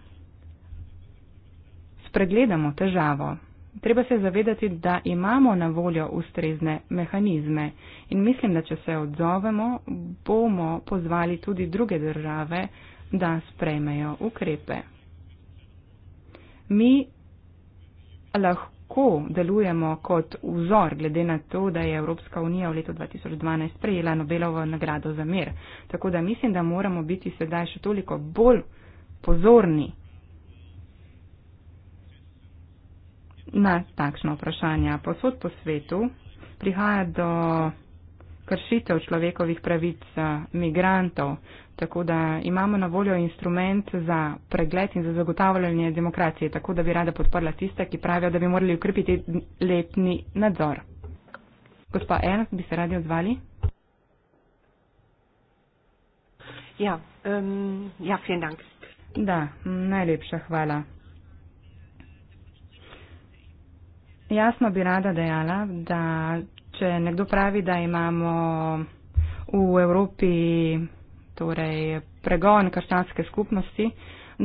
spregledamo težavo. Treba se zavedati, da imamo na voljo ustrezne mehanizme in mislim, da če se odzovemo, bomo pozvali tudi druge države, da sprejmejo ukrepe. Mi lahko delujemo kot vzor, glede na to, da je Evropska unija v letu 2012 prejela Nobelovo nagrado za mir. Tako da mislim, da moramo biti sedaj še toliko bolj pozorni. na takšno vprašanje. Posod po svetu prihaja do kršitev človekovih pravic eh, migrantov, tako da imamo na voljo instrument za pregled in za zagotavljanje demokracije, tako da bi rada podprla tiste, ki pravijo, da bi morali ukrepiti letni nadzor. Gospa En, bi se radi odzvali? Ja, um, ja, vielen Dank. Da, najlepša hvala. Jasno bi rada dejala, da če nekdo pravi, da imamo v Evropi torej, pregon krščanske skupnosti,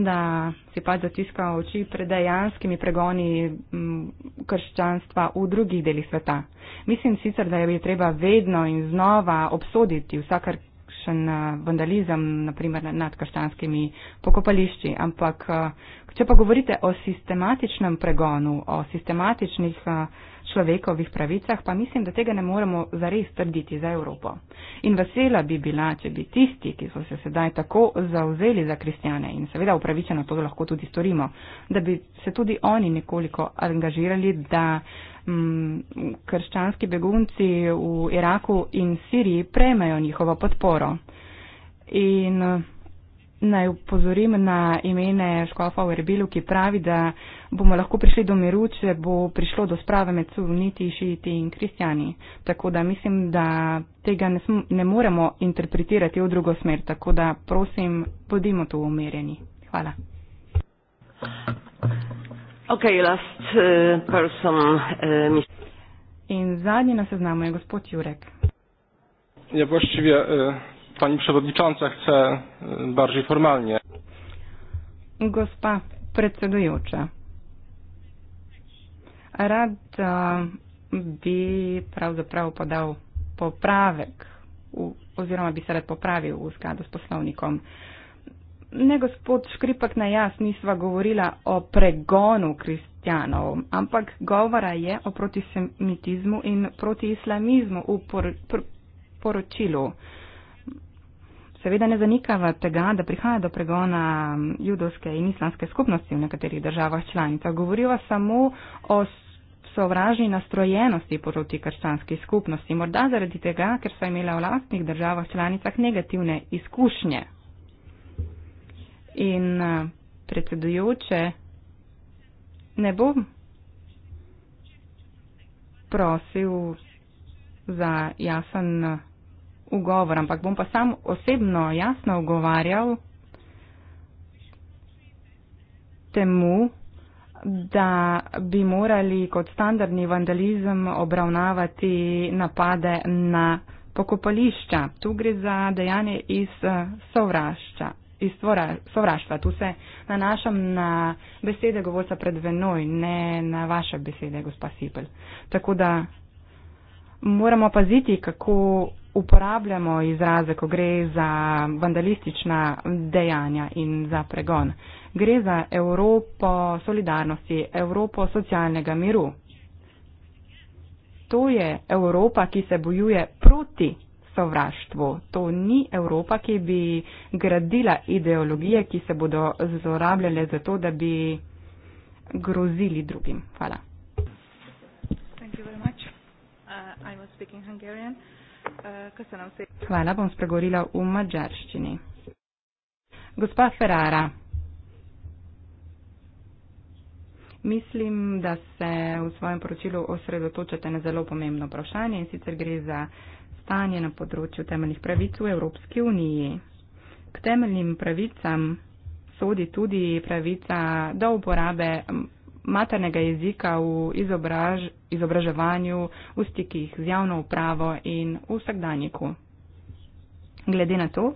da si pač zatiska oči pred dejanskimi pregoni krščanstva v drugih delih sveta. Mislim sicer, da je treba vedno in znova obsoditi vsakr kakšen eh, vandalizem, naprimer nad krščanskimi pokopališči. Ampak, eh, če pa govorite o sistematičnem pregonu, o sistematičnih uh, človekovih pravicah, pa mislim, da tega ne moremo zares trditi za Evropo. In vesela bi bila, če bi tisti, ki so se sedaj tako zauzeli za kristjane in seveda upravičeno to lahko tudi storimo, da bi se tudi oni nekoliko angažirali, da m, mm, krščanski begunci v Iraku in Siriji prejmejo njihovo podporo. In, Naj upozorim na imene Škofa v Erbilu, ki pravi, da bomo lahko prišli do miru, če bo prišlo do sprave med suniti, šiiti in kristijani. Tako da mislim, da tega ne, sm- ne moremo interpretirati v drugo smer. Tako da prosim, bodimo tu umirjeni. Hvala. Okay, last, uh, person, uh, in zadnji na seznamu je gospod Jurek. Ja, pani przewodnicząca chce bardziej formalnie. Gospa predsedujoča. Rad bi pravzaprav podal popravek oziroma bi se rad popravil v skladu s poslovnikom. Ne, gospod Škripak, na jaz nisva govorila o pregonu kristjanov, ampak govora je o protisemitizmu in protiislamizmu v por, por, poročilu. Seveda ne zanikava tega, da prihaja do pregona judovske in islamske skupnosti v nekaterih državah članicah. Govoriva samo o sovražni nastrojenosti proti krščanski skupnosti. Morda zaradi tega, ker so imela v lastnih državah članicah negativne izkušnje. In eh, predsedujoče ne bom prosil za jasen ugovor, ampak bom pa sam osebno jasno ogovarjal temu, da bi morali kot standardni vandalizem obravnavati napade na pokopališča. Tu gre za dejanje iz eh, sovrašča. Iz sovraštva. Tu se nanašam na besede govorca pred venoj, ne na vaše besede, gospa Sipel. Tako da moramo paziti, kako uporabljamo izraze, ko gre za vandalistična dejanja in za pregon. Gre za Evropo solidarnosti, Evropo socialnega miru. To je Evropa, ki se bojuje proti sovraštvu. To ni Evropa, ki bi gradila ideologije, ki se bodo zlorabljale za to, da bi grozili drugim. Hvala. Hvala. Köszönöm szépen. Hvala, bom spregovorila v magyarščini. Gospa Ferrara, mislim, da se v svojem poročilu osredotočate na zelo pomembno vprašanje in sicer gre za stanje na področju temeljnih pravic v Evropski uniji. K temeljnim pravicam sodi tudi pravica do uporabe maternega jezika v izobraž, izobraževanju, v stikih z javno upravo in v vsakdanjiku. Glede na to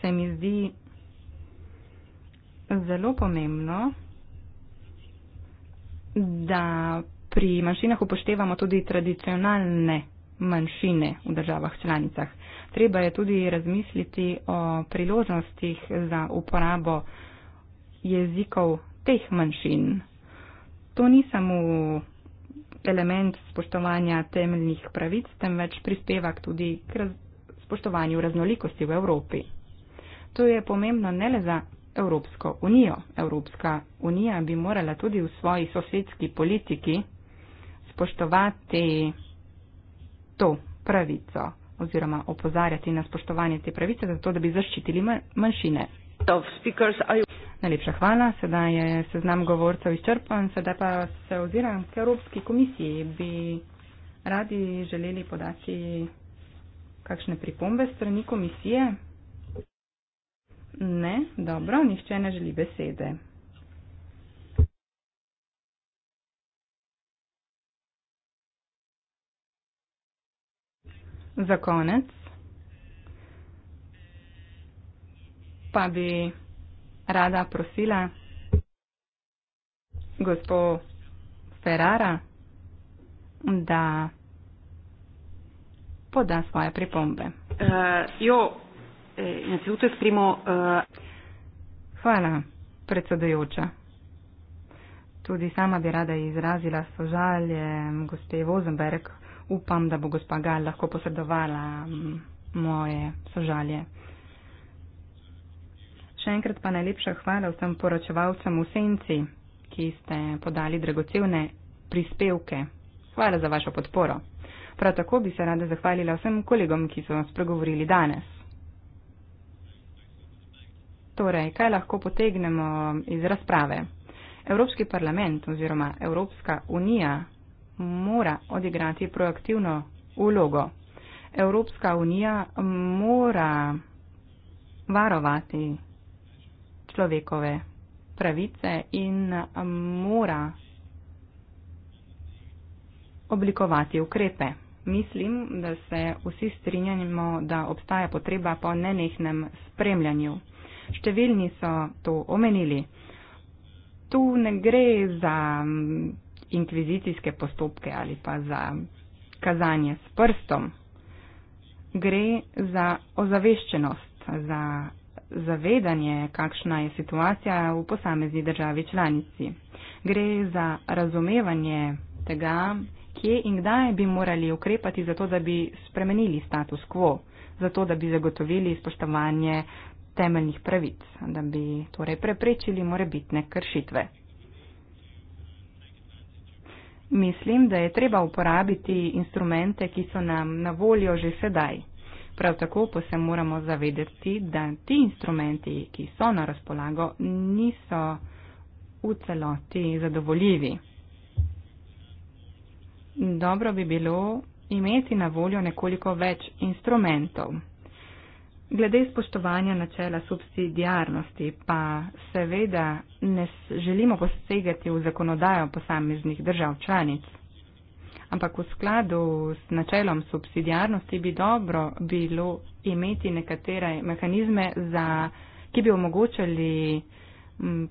se mi zdi zelo pomembno, da pri manjšinah upoštevamo tudi tradicionalne manjšine v državah članicah. Treba je tudi razmisliti o priložnostih za uporabo jezikov teh manjšin. To ni samo element spoštovanja temeljnih pravic, temveč prispeva tudi k raz spoštovanju raznolikosti v Evropi. To je pomembno ne le za Evropsko unijo. Evropska unija bi morala tudi v svoji sosedski politiki spoštovati to pravico oziroma opozarjati na spoštovanje te pravice, zato da bi zaščitili manjšine. Of speakers, Najlepša hvala. Sedaj je seznam govorcev izčrpan, sedaj pa se oziram k Evropski komisiji. Bi radi želeli podati kakšne pripombe strani komisije? Ne, dobro, nihče ne želi besede. Za konec pa bi rada prosila gospo Ferrara, da poda svoje pripombe. Uh, jo, eh, na celote sprimo. Uh... Hvala, predsedojoča. Tudi sama bi rada izrazila sožalje gospe Vozenberg. Upam, da bo gospa Gal lahko posredovala mm, moje sožalje. Še enkrat pa najlepša hvala vsem poročevalcem v Senci, ki ste podali dragocevne prispevke. Hvala za vašo podporo. Prav tako bi se rada zahvalila vsem kolegom, ki so nas pregovorili danes. Torej, kaj lahko potegnemo iz razprave? Evropski parlament oziroma Evropska unija mora odigrati proaktivno ulogo. Evropska unija mora varovati človekove pravice in mora oblikovati ukrepe. Mislim, da se vsi strinjamo, da obstaja potreba po nenehnem spremljanju. Številni so to omenili. Tu ne gre za mm, inkvizicijske postopke ali pa za kazanje s prstom. Gre za ozaveščenost, za zavedanje, kakšna je situacija v posamezni državi članici. Gre za razumevanje tega, kje in kdaj bi morali ukrepati za to, da bi spremenili status quo, za to, da bi zagotovili spoštovanje temeljnih pravic, da bi torej preprečili morebitne kršitve. Mislim, da je treba uporabiti instrumente, ki so nam na voljo že sedaj. Prav tako pa se moramo zavedati, da ti instrumenti, ki so na razpolago, niso v celoti zadovoljivi. Dobro bi bilo imeti na voljo nekoliko več instrumentov. Glede spoštovanja načela subsidijarnosti pa seveda ne želimo posegati v zakonodajo posameznih držav članic ampak v skladu s načelom subsidijarnosti bi dobro bilo imeti nekatere mehanizme, za, ki bi omogočali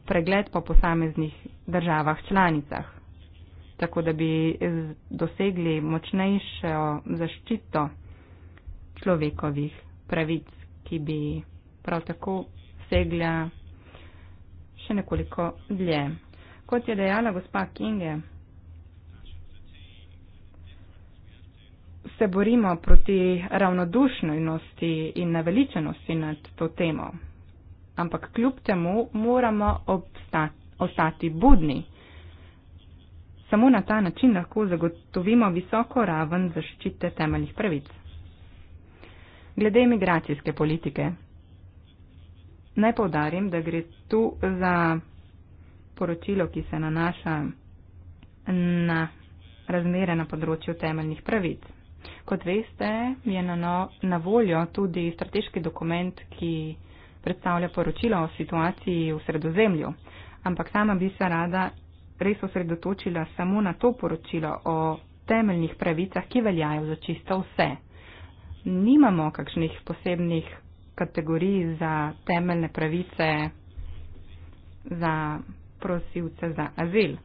pregled po posameznih državah članicah, tako da bi dosegli močnejšo zaščito človekovih pravic, ki bi prav tako segla še nekoliko dlje. Kot je dejala gospa Kinge, se borimo proti ravnodušnosti in naveličenosti nad to temo. Ampak kljub temu moramo ostati budni. Samo na ta način lahko zagotovimo visoko raven zaščite temeljnih pravic. Glede imigracijske politike. Naj povdarim, da gre tu za poročilo, ki se nanaša na razmere na področju temeljnih pravic. Kot veste, je na, no, na voljo tudi strateški dokument, ki predstavlja poročilo o situaciji v sredozemlju, ampak sama bi se rada res osredotočila samo na to poročilo o temeljnih pravicah, ki veljajo za čisto vse. Nimamo kakšnih posebnih kategorij za temeljne pravice za prosilce za azil.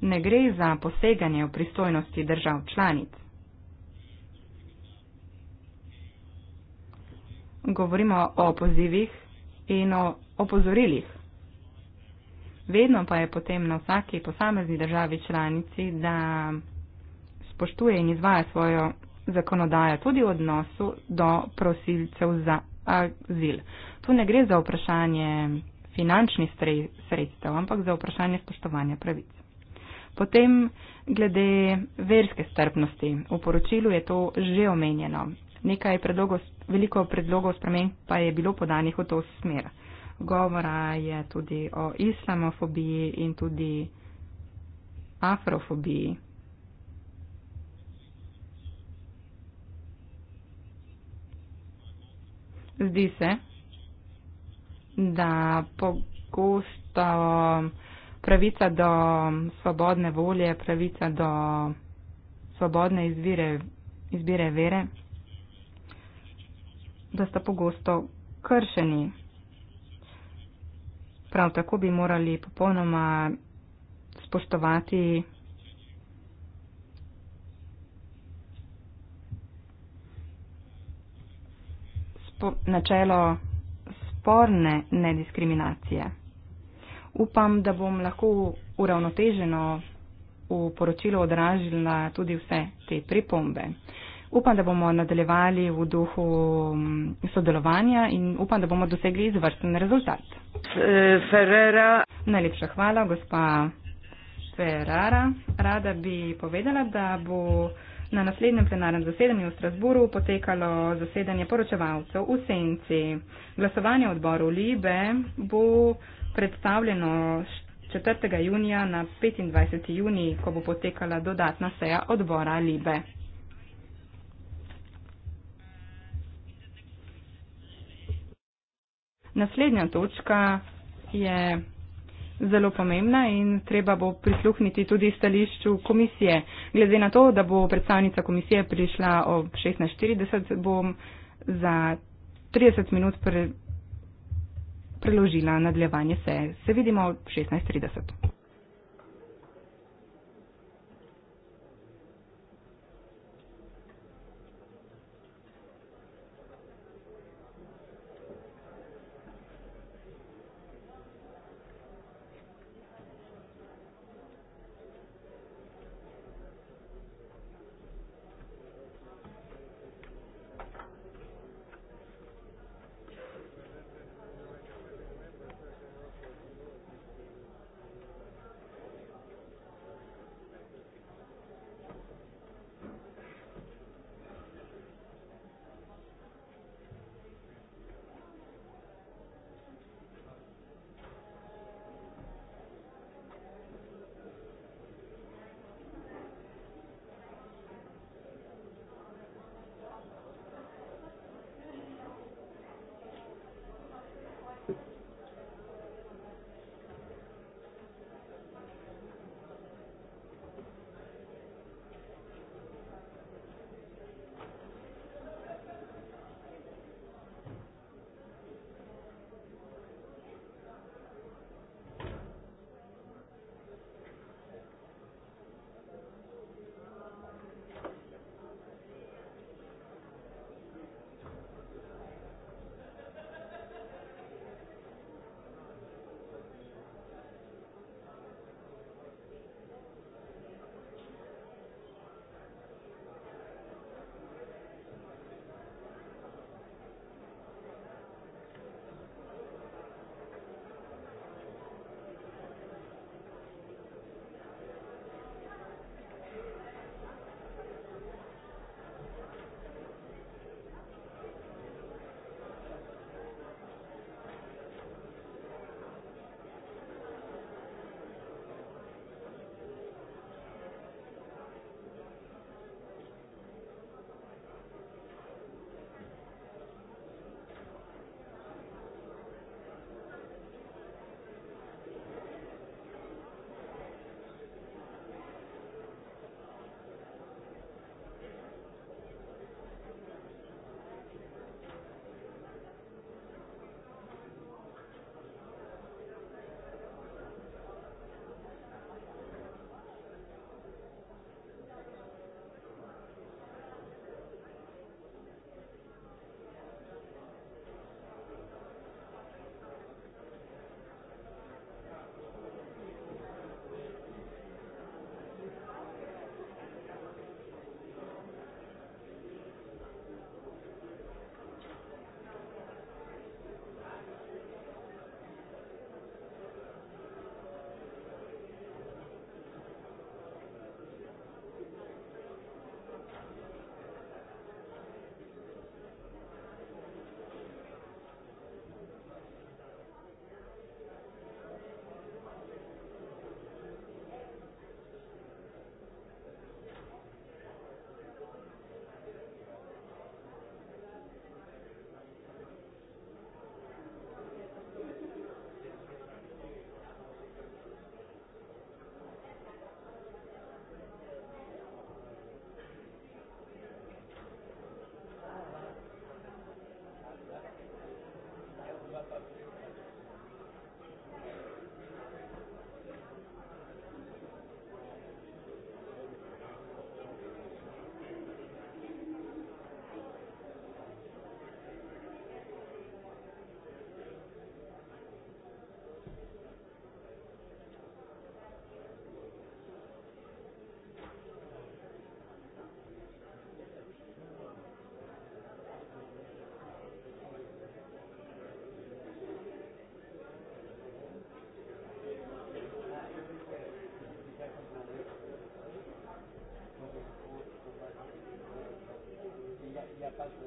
ne gre za poseganje v pristojnosti držav članic. Govorimo o pozivih in o opozorilih. Vedno pa je potem na vsaki posamezni državi članici, da spoštuje in izvaja svojo zakonodajo tudi v odnosu do prosilcev za azil. Tu ne gre za vprašanje finančnih sredstev, ampak za vprašanje spoštovanja pravic. Potem glede verske strpnosti. V poročilu je to že omenjeno. Nekaj predlogov, veliko predlogov sprememb pa je bilo podanih v to smer. Govora je tudi o islamofobiji in tudi afrofobiji. Zdi se, da pogosto pravica do svobodne volje, pravica do svobodne izbire, izbire vere, da sta pogosto kršeni. Prav tako bi morali popolnoma spoštovati spo načelo sporne nediskriminacije upam, da bom lahko uravnoteženo v poročilo odražila tudi vse te pripombe. Upam, da bomo nadaljevali v duhu mm, sodelovanja in upam, da bomo dosegli izvrsten rezultat. E, Ferrara. Najlepša hvala, gospa Ferrara. Rada bi povedala, da bo na naslednjem plenarnem zasedanju v Strasburu potekalo zasedanje poročevalcev v Senci. Glasovanje odboru Libe bo predstavljeno 4. junija na 25. juniji, ko bo potekala dodatna seja odbora Libe. Naslednja točka je zelo pomembna in treba bo prisluhniti tudi stališču komisije. Glede na to, da bo predstavnica komisije prišla ob 16.40, bom za 30 minut pre, preložila nadaljevanje seje. Se vidimo ob 16.30. Thank you.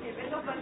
Okay, wenn doch mal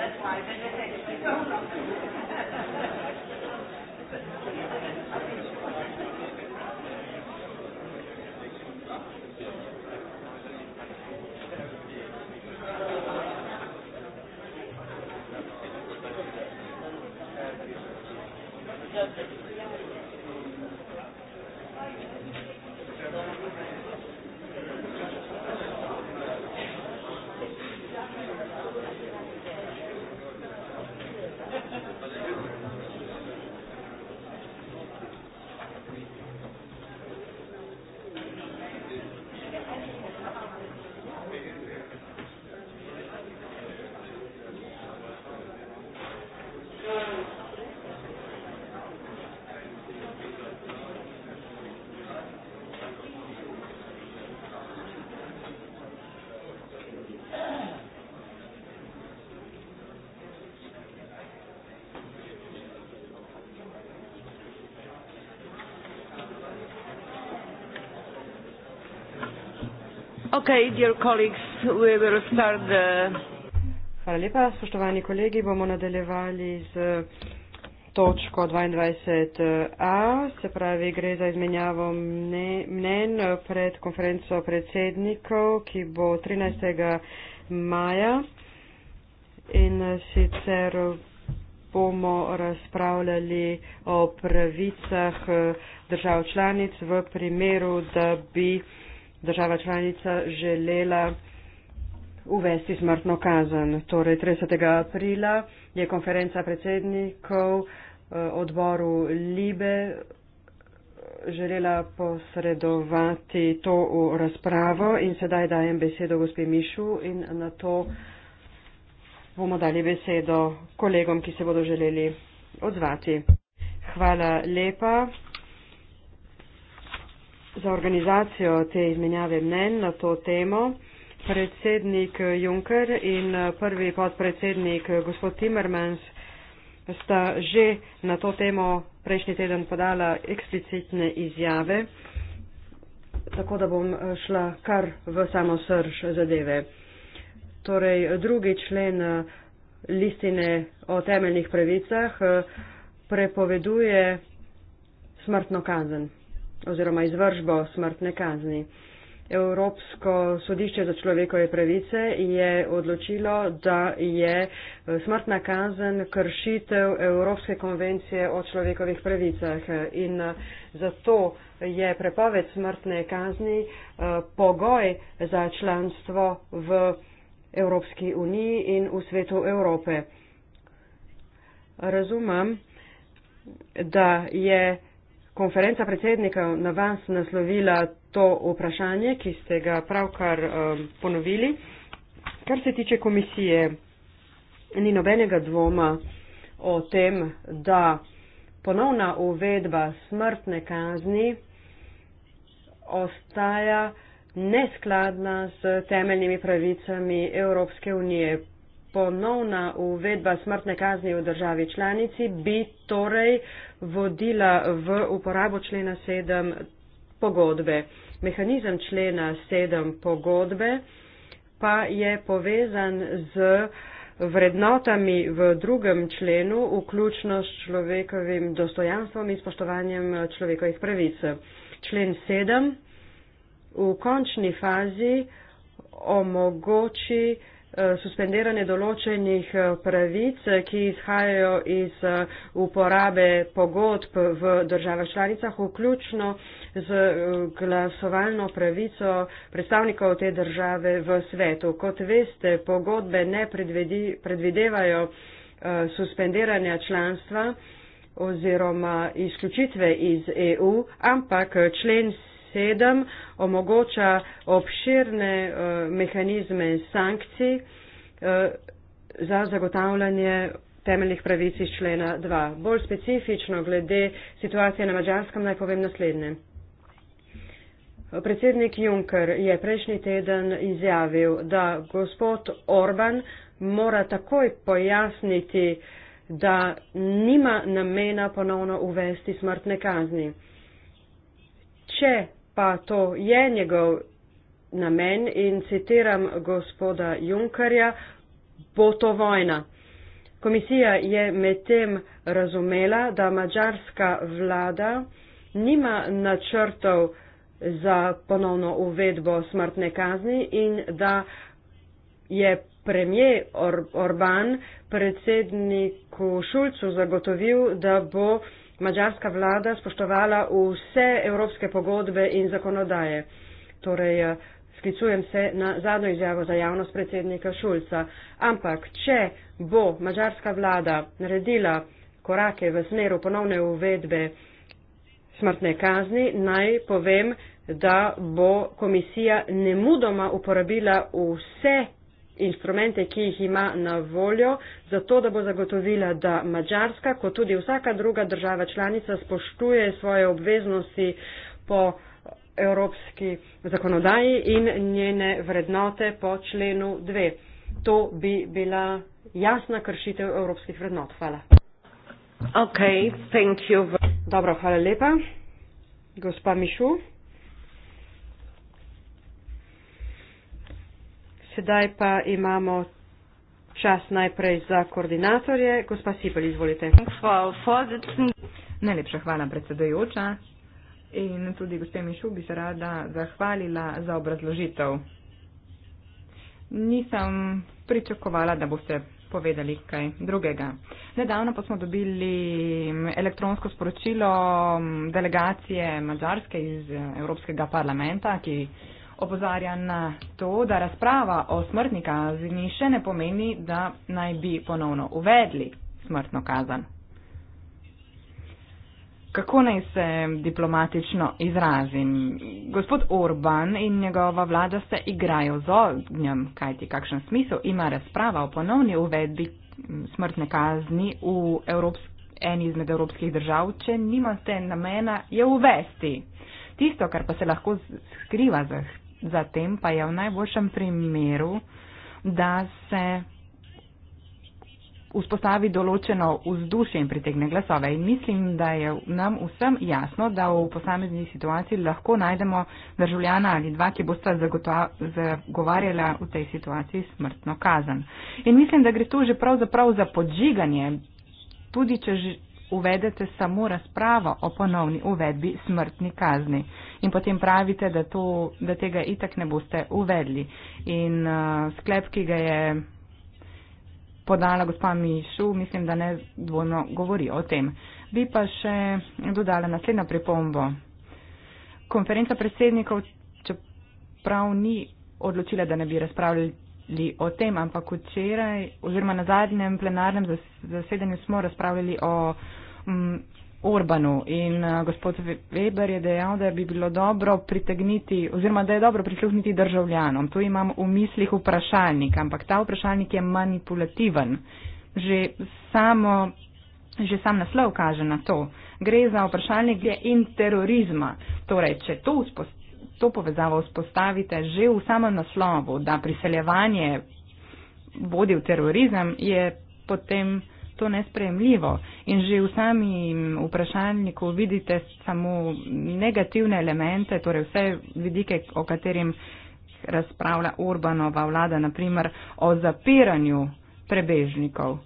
That's why I said the Thank you. Okay, dear colleagues, we will start the... Hvala lepa, spoštovani kolegi, bomo nadaljevali z točko 22a, se pravi gre za izmenjavo mnen pred konferenco predsednikov, ki bo 13. maja in sicer bomo razpravljali o pravicah držav članic v primeru, da bi država članica želela uvesti smrtno kazen. Torej, 30. aprila je konferenca predsednikov eh, odboru Libe eh, želela posredovati to v razpravo in sedaj dajem besedo gospe Mišu in na to bomo dali besedo kolegom, ki se bodo želeli odzvati. Hvala lepa za organizacijo te izmenjave mnen na to temo predsednik Juncker in eh, prvi podpredsednik eh, gospod Timmermans sta že na to temo prejšnji teden podala eksplicitne izjave, tako da bom eh, šla kar v samo srž zadeve. Torej, drugi člen listine o temeljnih pravicah prepoveduje smrtno kazen oziroma izvržbo smrtne kazni. Evropsko sodišče za človekove pravice je odločilo, da je eh, smrtna kazen kršitev Evropske konvencije o človekovih pravicah in eh, zato je prepoved smrtne kazni eh, pogoj za članstvo v Evropski uniji in v svetu Evrope. Razumem, da je konferenca predsednikov na vas naslovila to vprašanje, ki ste ga pravkar um, ponovili. Kar se tiče komisije, ni nobenega dvoma o tem, da ponovna uvedba smrtne kazni ostaja neskladna s temeljnimi pravicami Evropske unije. Ponovna uvedba smrtne kazni v državi članici bi torej uh, vodila v uporabo člena 7 pogodbe. Mehanizem člena 7 pogodbe pa je povezan z vrednotami v drugem členu, vključno s človekovim dostojanstvom in spoštovanjem človekovih pravic. Člen 7 v končni fazi omogoči uh, Eh, suspendiranje določenih eh, pravic, eh, ki izhajajo iz uporabe pogodb v državah članicah, vključno z glasovalno pravico predstavnikov te države v svetu. Kot veste, pogodbe ne predvidevajo suspendiranja članstva oziroma izključitve iz EU, ampak člen sedem omogoča obširne eh, mehanizme sankcij eh, za zagotavljanje temeljnih pravic iz člena 2. Bolj specifično glede situacije na Mačarskem naj povem naslednje. Predsednik Juncker je prejšnji teden izjavil, da gospod Orban mora takoj pojasniti, da nima namena ponovno uvesti smrtne kazni. Če pa to je njegov namen in citiram gospoda Junkarja, bo to vojna. Komisija je medtem razumela, da mađarska vlada nima načrtov za ponovno uvedbo smrtne kazni in da je premije Orban predsedniku Šulcu zagotovil, da bo Mačarska vlada spoštovala vse evropske pogodbe in zakonodaje. Torej, eh, sklicujem se na zadnjo izjavo za javnost predsednika Šulca. Ampak, če bo mačarska vlada naredila korake v smeru ponovne uvedbe smrtne kazni, naj povem, da bo komisija nemudoma uporabila vse instrumente, ki jih ima na voljo, zato da bo zagotovila, da Mačarska, kot tudi vsaka druga država članica, spoštuje svoje obveznosti po evropski zakonodaji in njene vrednote po členu 2. To bi bila jasna kršitev evropskih vrednot. Hvala. Okay, Dobro, hvala lepa. Gospa Mišu. sedaj pa imamo čas najprej za koordinatorje. Gospa Sipel, izvolite. Najlepša hvala, predsedajoča. In tudi gospe Mišu bi se rada zahvalila za obrazložitev. Nisem pričakovala, da boste povedali kaj drugega. Nedavno pa smo dobili mm, elektronsko sporočilo mm, delegacije Mačarske iz eh, Evropskega parlamenta, ki opozarja na to, da razprava o smrtni kazni še ne pomeni, da naj bi ponovno uvedli smrtno kazen. Kako naj se diplomatično izrazim? Gospod Orban in njegova vlada se igrajo z ognjem, kajti kakšen smisel ima razprava o ponovni uvedbi smrtne kazni v Evropski eni izmed evropskih držav, če nimate namena, je uvesti. Tisto, kar pa se lahko skriva za zatem pa je v najboljšem primeru, da se vzpostavi določeno vzdušje in pritegne glasove. In mislim, da je nam vsem jasno, da v posameznih situacijah lahko najdemo državljana ali dva, ki bosta zagovarjala v tej situaciji smrtno kazen. In mislim, da gre tu že pravzaprav za podžiganje. Tudi če uvedete samo razpravo o ponovni uvedbi smrtni kazni in potem pravite, da, to, da tega itak ne boste uvedli. In uh, sklep, ki ga je podala gospa Mišu, mislim, da ne dvojno govori o tem. Bi pa še dodala naslednjo pripombo. Konferenca predsednikov, čeprav ni odločila, da ne bi razpravljali. O tem, ampak včeraj, oziroma na zadnjem plenarnem zasedanju, smo razpravljali o m, mm, Orbanu in uh, gospod Weber je dejal, da bi bilo dobro pritegniti oziroma da je dobro prisluhniti državljanom. Tu imam v mislih vprašalnik, ampak ta vprašalnik je manipulativen. Že, samo, že sam naslov kaže na to. Gre za vprašalnik in terorizma. Torej, če to, to povezavo vzpostavite že v samem naslovu, da priseljevanje vodi v terorizem, je potem to nespremljivo in že v samem mm, vprašalniku vidite samo negativne elemente, torej vse vidike, o katerim razpravlja Orbanova vlada, naprimer o zapiranju prebežnikov.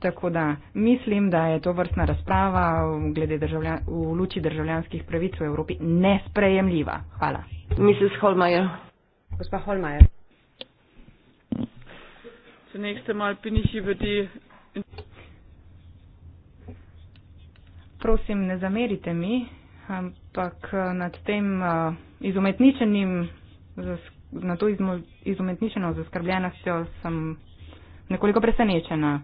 Tako da mislim, da je to vrstna razprava v, državlja, v luči državljanskih pravic v Evropi nesprejemljiva. Hvala. Mrs. Holmeier. Gospa Holmeier. Zunaj ste malo piniši v ti prosim, ne zamerite mi, ampak eh, nad tem eh, izumetničenim, na to izumetničeno zaskrbljenostjo sem nekoliko presenečena.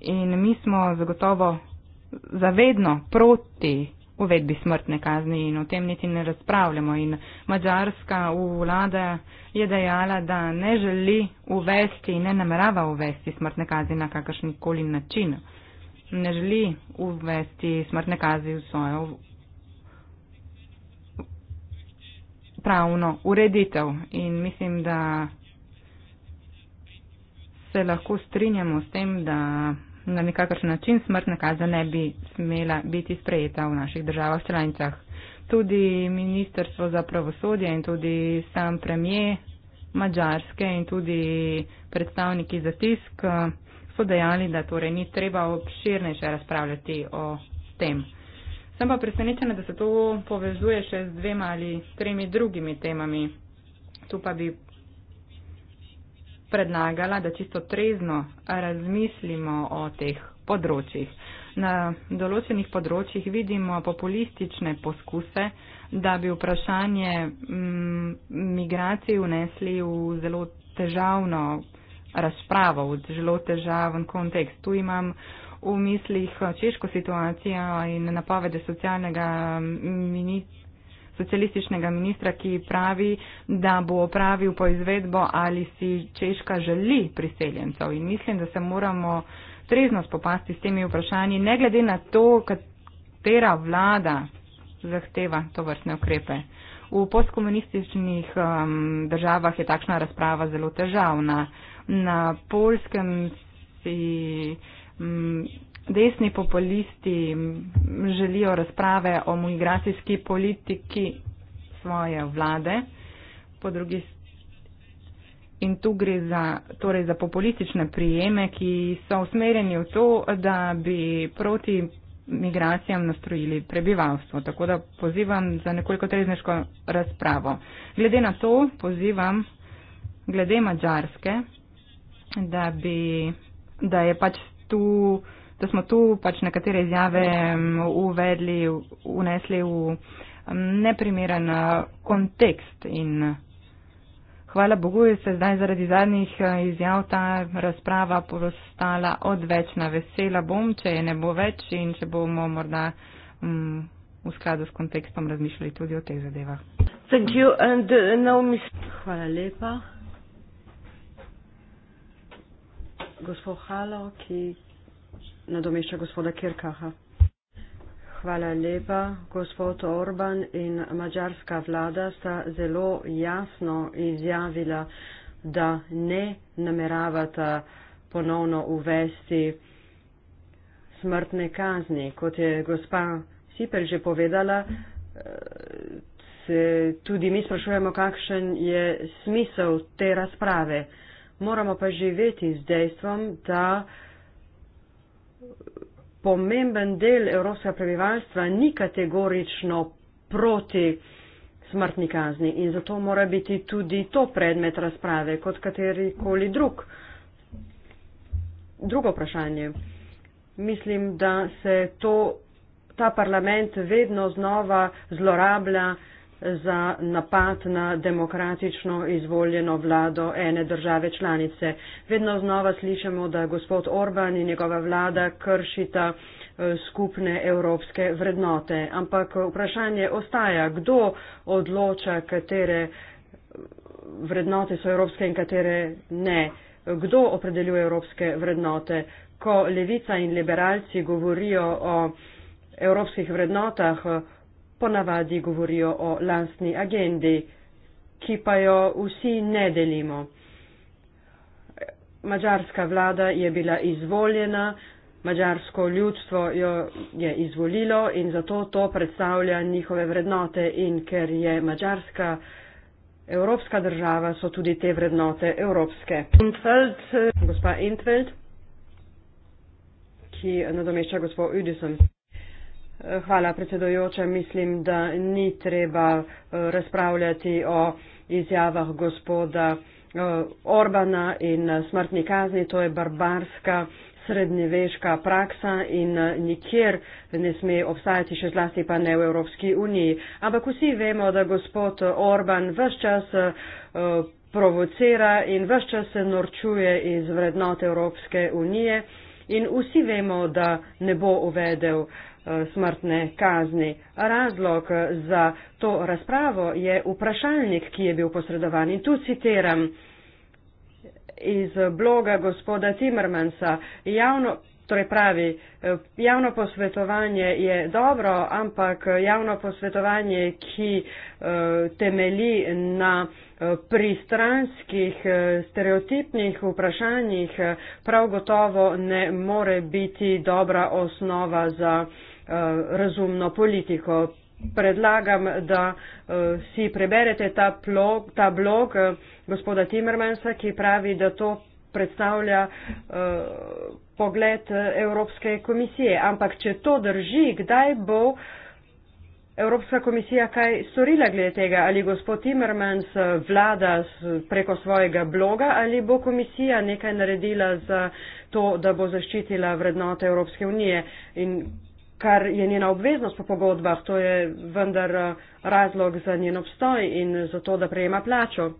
In mi smo zagotovo zavedno proti uvedbi smrtne kazni in o tem niti ne razpravljamo. In mađarska vlada je dejala, da ne želi uvesti in ne namerava uvesti smrtne kazni na kakršnikoli način ne želi uvesti smrtne kazni v svojo pravno ureditev. In mislim, da se lahko strinjamo s tem, da na nekakšen način smrtna kazen ne bi smela biti sprejeta v naših državah članicah. Tudi Ministrstvo za pravosodje in tudi sam premije Mačarske in tudi predstavniki za tisk so dejali, da torej ni treba obširnejše razpravljati o tem. Sem pa presenečena, da se to povezuje še z dvema ali tremi drugimi temami. Tu pa bi predlagala, da čisto trezno razmislimo o teh področjih. Na določenih področjih vidimo populistične poskuse, da bi vprašanje mm, migracij unesli v zelo težavno razpravo, v zelo težaven kontekst. Tu imam v mislih češko situacijo in napovede socialnega ministra socialističnega ministra, ki pravi, da bo opravil poizvedbo, ali si Češka želi priseljencev. In mislim, da se moramo trezno spopasti s temi vprašanji, ne glede na to, katera vlada zahteva to vrstne ukrepe. V postkomunističnih um, državah je takšna razprava zelo težavna na polskem si m, mm, desni populisti mm, želijo razprave o migracijski politiki svoje vlade. Po drugi In tu gre za, torej za populistične prijeme, ki so usmerjeni v to, da bi proti migracijam nastrojili prebivalstvo. Tako da pozivam za nekoliko trezneško razpravo. Glede na to pozivam, glede Mačarske, da, bi, da je pač tu, da smo tu pač nekatere izjave mm, uvedli, unesli v mm, neprimeren uh, kontekst in hvala Bogu je se zdaj zaradi zadnjih uh, izjav ta razprava postala odvečna. Vesela bom, če je ne bo več in če bomo morda um, v skladu s kontekstom razmišljali tudi o teh zadevah. Uh, hvala lepa. gospod Halo, ki nadomešča gospoda Kirkaha. Hvala lepa. Gospod Orban in mađarska vlada sta zelo jasno izjavila, da ne nameravata ponovno uvesti smrtne kazni. Kot je gospa Sipel že povedala, eh, se tudi mi sprašujemo, kakšen je smisel te razprave moramo pa živeti z dejstvom, da pomemben del evropskega prebivalstva ni kategorično proti smrtni kazni in zato mora biti tudi to predmet razprave kot katerikoli drug. Drugo vprašanje. Mislim, da se to, ta parlament vedno znova zlorablja za napad na demokratično izvoljeno vlado ene države članice. Vedno znova slišimo, da gospod Orban in njegova vlada kršita eh, skupne evropske vrednote. Ampak eh, vprašanje ostaja, kdo odloča, katere eh, vrednote so evropske in katere ne. Kdo opredeljuje evropske vrednote? Ko levica in liberalci govorijo o evropskih vrednotah, ponavadi govorijo o lastni agendi, ki pa jo vsi ne delimo. Mačarska vlada je bila izvoljena, mačarsko ljudstvo jo je izvolilo in zato to predstavlja njihove vrednote in ker je mačarska evropska država, so tudi te vrednote evropske. Intfeld, gospa Intfeld, ki nadomešča gospod Udison. Hvala, predsedojoča. Mislim, da ni treba eh, razpravljati o izjavah gospoda eh, Orbana in eh, smrtni kazni. To je barbarska srednjeveška praksa in nikjer ne sme obstajati, še zlasti pa ne v Evropski uniji. Ampak vsi vemo, da gospod Orban vse čas provocira in vse čas se norčuje iz vrednot Evropske unije in vsi vemo, da ne bo uvedel Eh, smrtne kazni. Razlog za to razpravo je vprašalnik, ki je bil posredovan. In tu citiram iz bloga gospoda Timmermansa. Javno, torej pravi, eh, javno posvetovanje je dobro, ampak javno posvetovanje, ki eh, temeli na pristranskih stereotipnih vprašanjih, prav gotovo ne more biti dobra osnova za Eh, razumno politiko. Predlagam, da eh, si preberete ta blog, ta blog eh, gospoda Timmermansa, ki pravi, da to predstavlja pogled Evropske komisije. Ampak, če to drži, kdaj bo Evropska komisija kaj storila glede tega? Ali gospod Timmermans vlada preko svojega bloga ali bo komisija nekaj naredila za to, da bo zaščitila vrednote Evropske unije? In kar je njena obveznost po pogodbah, to je vendar eh, razlog za njen obstoj in za to, da prejema plačo.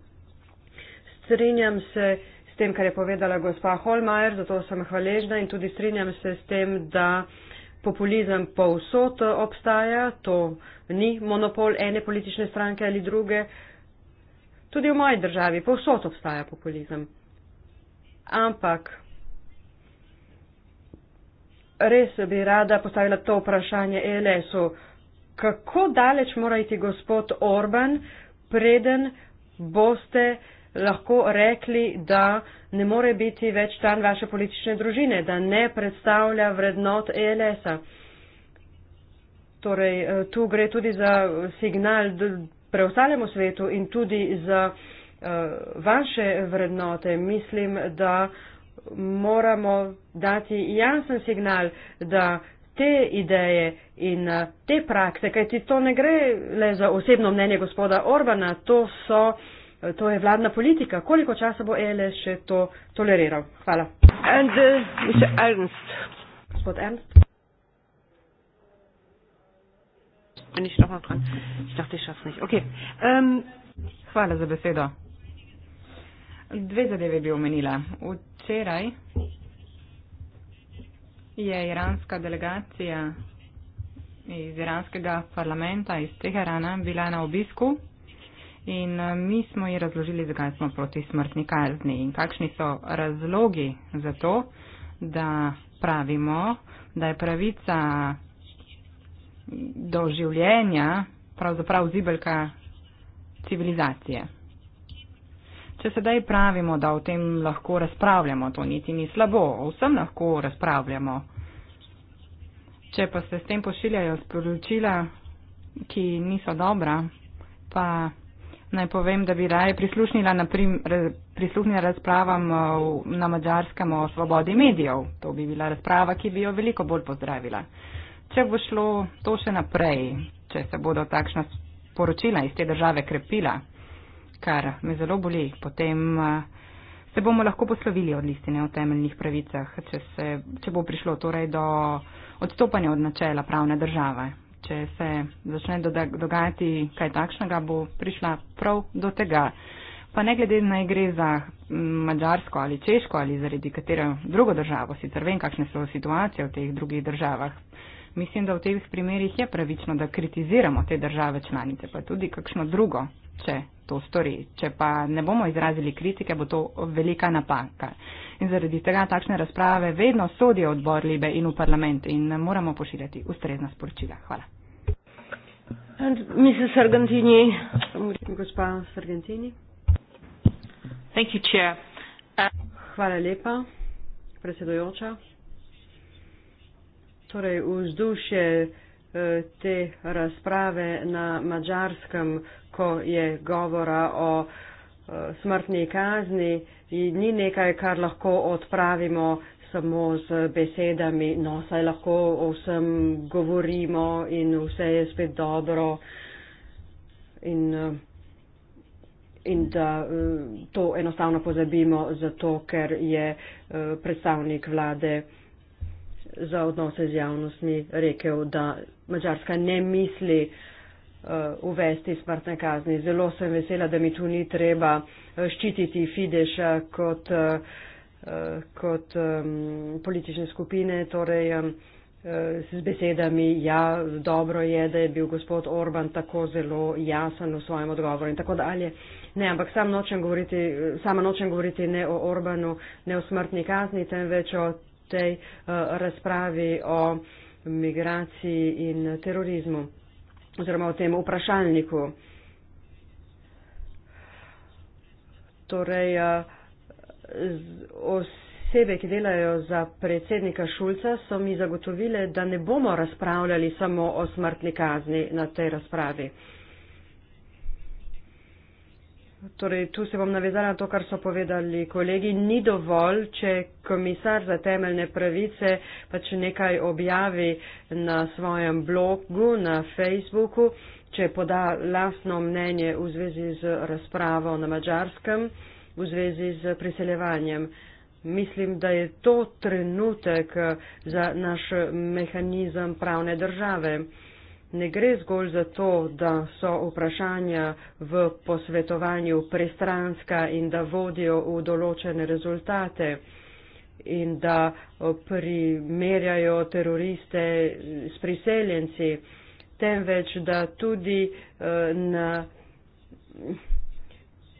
Strinjam se s tem, kar je povedala gospa Holmajer, zato sem hvaležna in tudi strinjam se s tem, da populizem povsod eh, obstaja, to ni monopol ene politične stranke ali druge. Tudi v moji državi povsod obstaja populizem. Ampak res bi rada postavila to vprašanje ELS-u. Kako daleč mora iti gospod Orban, preden boste lahko rekli, da ne more biti več član vaše politične družine, da ne predstavlja vrednot ELS-a? Torej, eh, tu gre tudi za signal preostalemu svetu in tudi za uh, vaše vrednote. Mislim, da uh, moramo dati jasen signal, da te ideje in eh, te prakse, kajti to ne gre le za osebno mnenje gospoda Orbana, to, so, eh, to je vladna politika. Koliko časa bo ELE še to toleriral? Hvala. And, uh, Ernst. Gospod Ernst. Bin ich noch mal dran? Ich dachte, ich schaff's nicht. Okay. Ähm, hvala za besedo. Dve zadeve bi omenila. Včeraj je iranska delegacija iz iranskega parlamenta iz Teherana bila na obisku in eh, mi smo ji razložili, zakaj smo proti smrtni kazni in kakšni so razlogi za to, da pravimo, da je pravica do življenja pravzaprav zibelka civilizacije. Če sedaj pravimo, da o tem lahko razpravljamo, to niti ni slabo, o vsem lahko razpravljamo. Če pa se s tem pošiljajo sporočila, ki niso dobra, pa naj povem, da bi raje prisluhnila, prisluhnila razpravam na mađarskem o svobodi medijev. To bi bila razprava, ki bi jo veliko bolj pozdravila. Če bo šlo to še naprej, če se bodo takšna poročila iz te države krepila, kar me zelo boli. Potem eh, se bomo lahko poslovili od listine o temeljnih pravicah, če, se, če bo prišlo torej do odstopanja od načela pravne države. Če se začne dogajati kaj takšnega, bo prišla prav do tega. Pa ne glede na igre za Mačarsko ali Češko ali zaradi katero drugo državo, sicer vem, kakšne so situacije v teh drugih državah. Mislim, da v teh primerjih je pravično, da kritiziramo te države članice, pa tudi kakšno drugo, če to stori. Če pa ne bomo izrazili kritike, bo to velika napaka. In zaradi tega takšne razprave vedno sodijo odbor Libe in v parlament in moramo poširjati ustrezna sporočila. Hvala. Mrs. Sargentini. Gospa Sargentini. Thank you, chair. Hvala lepa, predsedujoča. Torej, vzdušje te razprave na mačarskem, ko je govora o e, smrtni kazni in ni nekaj, kar lahko odpravimo samo z besedami, no saj lahko o vsem govorimo in vse je spet dobro in, e, in da e, to enostavno pozabimo zato, ker je predstavnik vlade za odnose z javnostmi rekel, da Mačarska ne misli uh, uvesti smrtne kazni. Zelo sem vesela, da mi tu ni treba uh, ščititi Fideša kot, uh, uh, kot um, politične skupine, torej um, uh, z besedami, ja, dobro je, da je bil gospod Orban tako zelo jasen v svojem odgovoru in tako dalje. Ne, ampak sam nočem govoriti, sama nočem govoriti ne o Orbanu, ne o smrtni kazni, temveč o tej eh, razpravi o migraciji in terorizmu oziroma o tem vprašalniku. Torej, eh, osebe, ki delajo za predsednika Šulca, so mi zagotovile, da ne bomo razpravljali samo o smrtni kazni na tej razpravi. Torej, tu se bom navezala na to, kar so povedali kolegi. Ni dovolj, če komisar za temeljne pravice pač nekaj objavi na svojem blogu, na Facebooku, če poda lasno mnenje v zvezi z razpravo na mačarskem, v zvezi z priseljevanjem. Mislim, da je to trenutek za naš mehanizem pravne države ne gre zgolj za to, da so vprašanja v posvetovanju prestranska in da vodijo v določene rezultate in da primerjajo teroriste s priseljenci, temveč da tudi eh, na,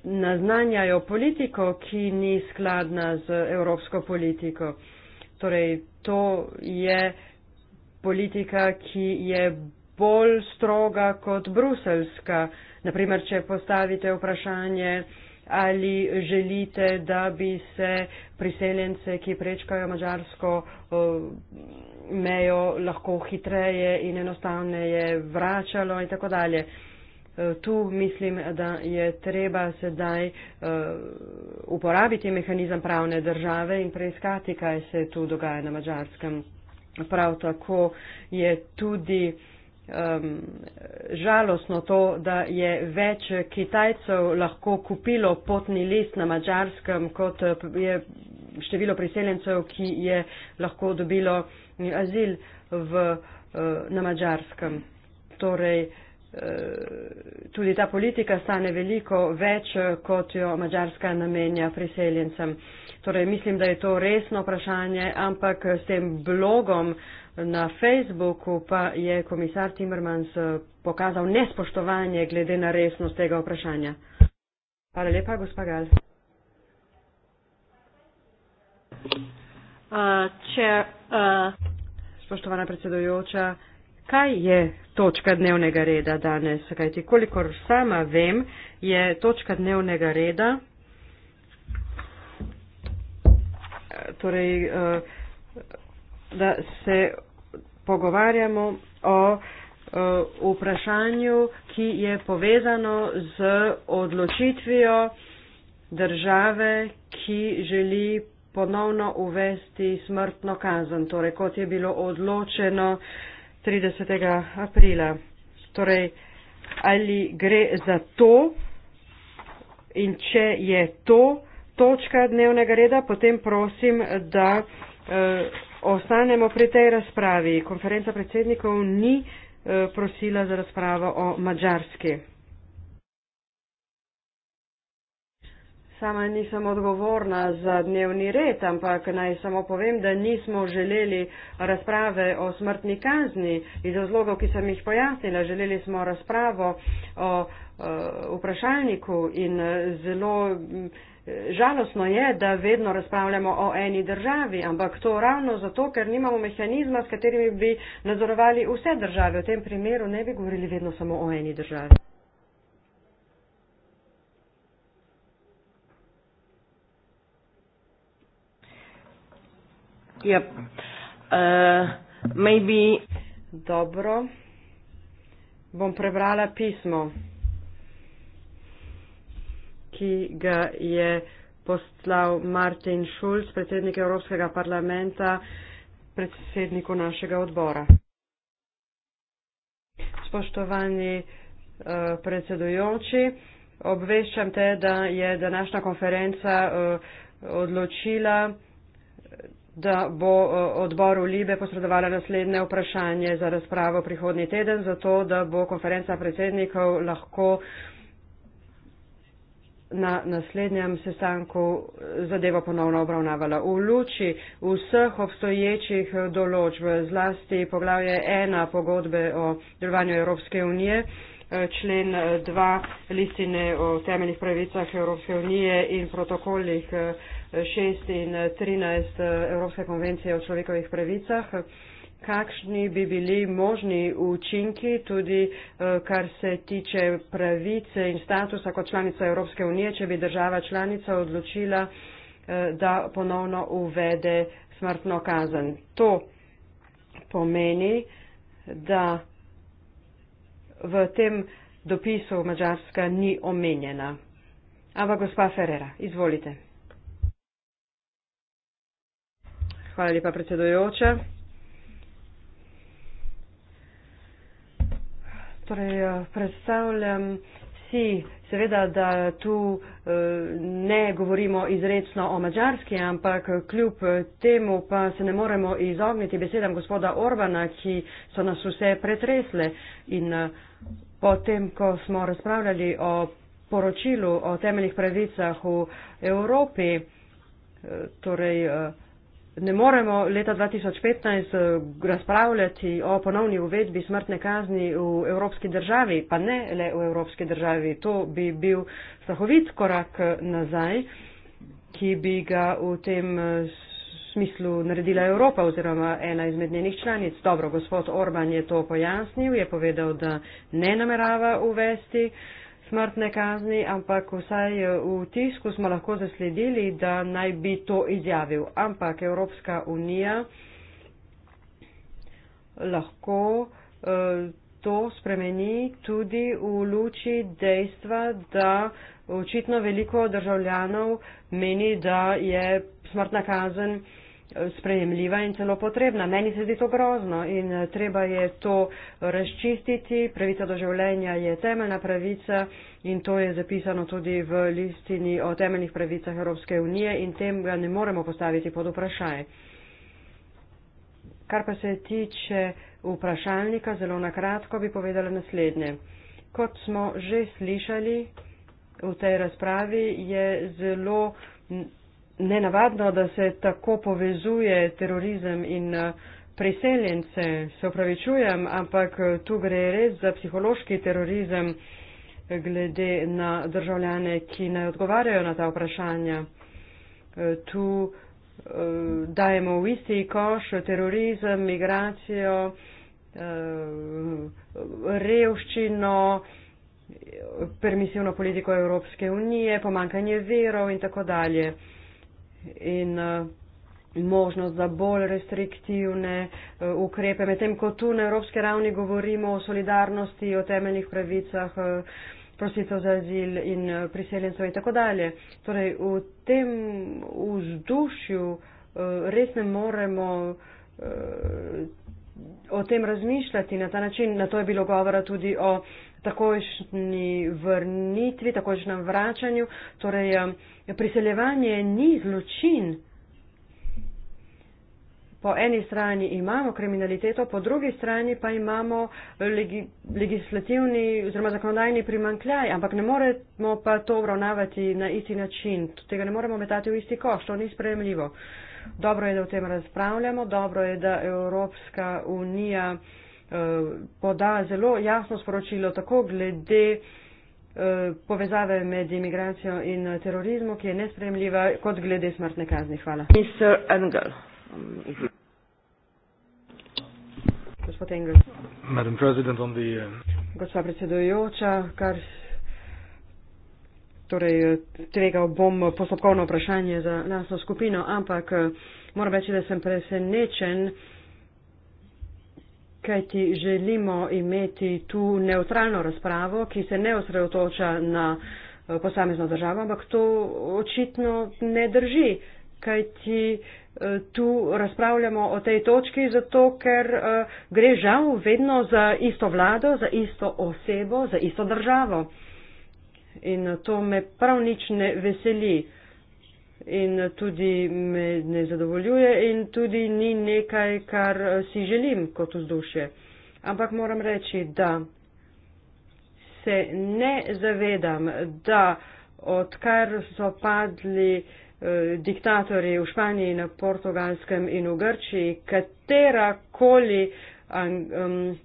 naznanjajo politiko, ki ni skladna z evropsko politiko. Torej, to je politika, ki je bolj stroga kot bruselska. Naprimer, če postavite vprašanje, ali želite, da bi se priseljence, ki prečkajo mačarsko mejo, lahko hitreje in enostavneje vračalo in tako dalje. E, tu mislim, da je treba sedaj e, uporabiti mehanizem pravne države in preiskati, kaj se tu dogaja na mačarskem. Prav tako je tudi um, žalostno to, da je več Kitajcev lahko kupilo potni list na mačarskem, kot eh, je število priseljencev, ki je lahko dobilo mm, azil v, eh, na mačarskem. Torej, eh, tudi ta politika stane veliko več, kot jo mačarska namenja priseljencem. Torej, mislim, da je to resno vprašanje, ampak s tem blogom uh, na Facebooku pa je komisar Timmermans eh, pokazal nespoštovanje glede na resnost tega vprašanja. Hvala lepa, gospa Gal. Uh, če, uh... Spoštovana predsedujoča, kaj je točka dnevnega reda danes? Kaj ti, kolikor sama vem, je točka dnevnega reda, eh, torej uh, da se pogovarjamo o vprašanju, ki je povezano z odločitvijo države, ki želi ponovno uvesti smrtno kazen, torej kot je bilo odločeno 30. aprila. Torej, ali gre za to in če je to točka dnevnega reda, potem prosim, da. Eh, Ostanemo pri tej razpravi. Konferenca predsednikov ni eh, prosila za razpravo o Mačarski. Sama nisem odgovorna za dnevni red, ampak naj samo povem, da nismo želeli razprave o smrtni kazni iz razlogov, ki sem jih pojasnila. Želeli smo razpravo o, o eh, vprašalniku in eh, zelo. Žalostno je, da vedno razpravljamo o eni državi, ampak to ravno zato, ker nimamo mehanizma, s katerimi bi nadzorovali vse države. V tem primeru ne bi govorili vedno samo o eni državi. Yep. Uh, maybe... Dobro. Bom prebrala pismo ki ga je poslal Martin Schulz, predsednik Evropskega parlamenta, predsedniku našega odbora. Spoštovani uh, predsedujoči, obveščam te, da je današnja konferenca uh, odločila, da bo uh, odboru Libe posredovala naslednje vprašanje za razpravo prihodnji teden, zato da bo konferenca predsednikov lahko uh, na naslednjem sestanku zadevo ponovno obravnavala. V luči vseh obstoječih določb, zlasti poglavje 1 pogodbe o delovanju Evropske unije, člen 2 listine o temeljnih pravicah Evropske unije in protokolih 6 in 13 Evropske konvencije o človekovih pravicah kakšni bi bili možni učinki tudi eh, kar se tiče pravice in statusa kot članica Evropske unije, če bi država članica odločila, eh, da ponovno uvede smrtno kazen. To pomeni, da v tem dopisu Mačarska ni omenjena. Ampak gospa Ferrera, izvolite. Hvala lepa predsedujoča. torej, eh, predstavljam si, seveda, da tu eh, ne govorimo izredno o mađarski, ampak kljub eh, temu pa se ne moremo izogniti besedam gospoda Orbana, ki so nas vse pretresle in potem, ko smo razpravljali o poročilu o temeljih pravicah v Evropi, torej, Ne moremo leta 2015 eh, razpravljati o ponovni uvedbi smrtne kazni v Evropski državi, pa ne le v Evropski državi. To bi bil strahovit korak eh, nazaj, ki bi ga v tem eh, smislu naredila Evropa oziroma ena izmed njenih članic. Dobro, gospod Orban je to pojasnil, je povedal, da ne namerava uvesti. Uh, smrtne kazni, ampak vsaj v tisku smo lahko zasledili, da naj bi to izjavil. Ampak Evropska unija lahko eh, to spremeni tudi v luči dejstva, da očitno veliko državljanov meni, da je smrtna kazen sprejemljiva in celo potrebna. Meni se zdi to grozno in eh, treba je to razčistiti. Pravica do življenja je temeljna pravica in to je zapisano tudi v listini o temeljnih pravicah Evropske unije in tem ga ne moremo postaviti pod vprašaj. Kar pa se tiče vprašalnika, zelo nakratko bi povedala naslednje. Kot smo že slišali v tej razpravi, je zelo nenavadno, da se tako povezuje terorizem in eh, priseljence. Se upravičujem, ampak eh, tu gre res za psihološki terorizem eh, glede na državljane, ki ne odgovarjajo na ta vprašanja. Tu dajemo v isti koš terorizem, migracijo, revščino, permisivno politiko Evropske unije, pomankanje verov in tako dalje in eh, možnost za bolj restriktivne eh, ukrepe. Medtem, ko tu na evropske ravni govorimo o solidarnosti, o temeljnih pravicah, eh, prositev za azil in priseljencev in tako dalje. Torej, v tem vzdušju res ne moremo o tem razmišljati na ta način. Na to je bilo govora tudi o takojšnji vrnitvi, takojšnjem vračanju. Torej, eh, priseljevanje ni zločin. Po eni strani imamo kriminaliteto, po drugi strani pa imamo legi, legislativni oziroma zakonodajni primankljaj, ampak ne moremo pa to obravnavati na isti način. Tega ne moremo metati v isti koš, to ni sprejemljivo. Dobro je, da o tem razpravljamo, dobro je, da Evropska unija uh, Eh, poda zelo jasno sporočilo tako glede eh, povezave med imigracijo in terorizmom, ki je nespremljiva, kot glede smrtne kazni. Hvala. Engel. Gospod Engel. Uh, Gospa predsedujoča, kar torej, tregal bom postopkovno vprašanje za lasno skupino, ampak eh, moram reči, da sem presenečen kajti želimo imeti tu neutralno razpravo, ki se ne osredotoča na eh, posamezno državo, ampak to očitno ne drži, kajti eh, tu razpravljamo o tej točki, zato ker eh, gre žal vedno za isto vlado, za isto osebo, za isto državo. In to me prav nič ne veseli in tudi me ne zadovoljuje in tudi ni nekaj, kar eh, si želim kot vzdušje. Ampak moram reči, da se ne zavedam, da odkar so padli eh, diktatori v Španiji, na Portugalskem in v Grčiji, katera koli um,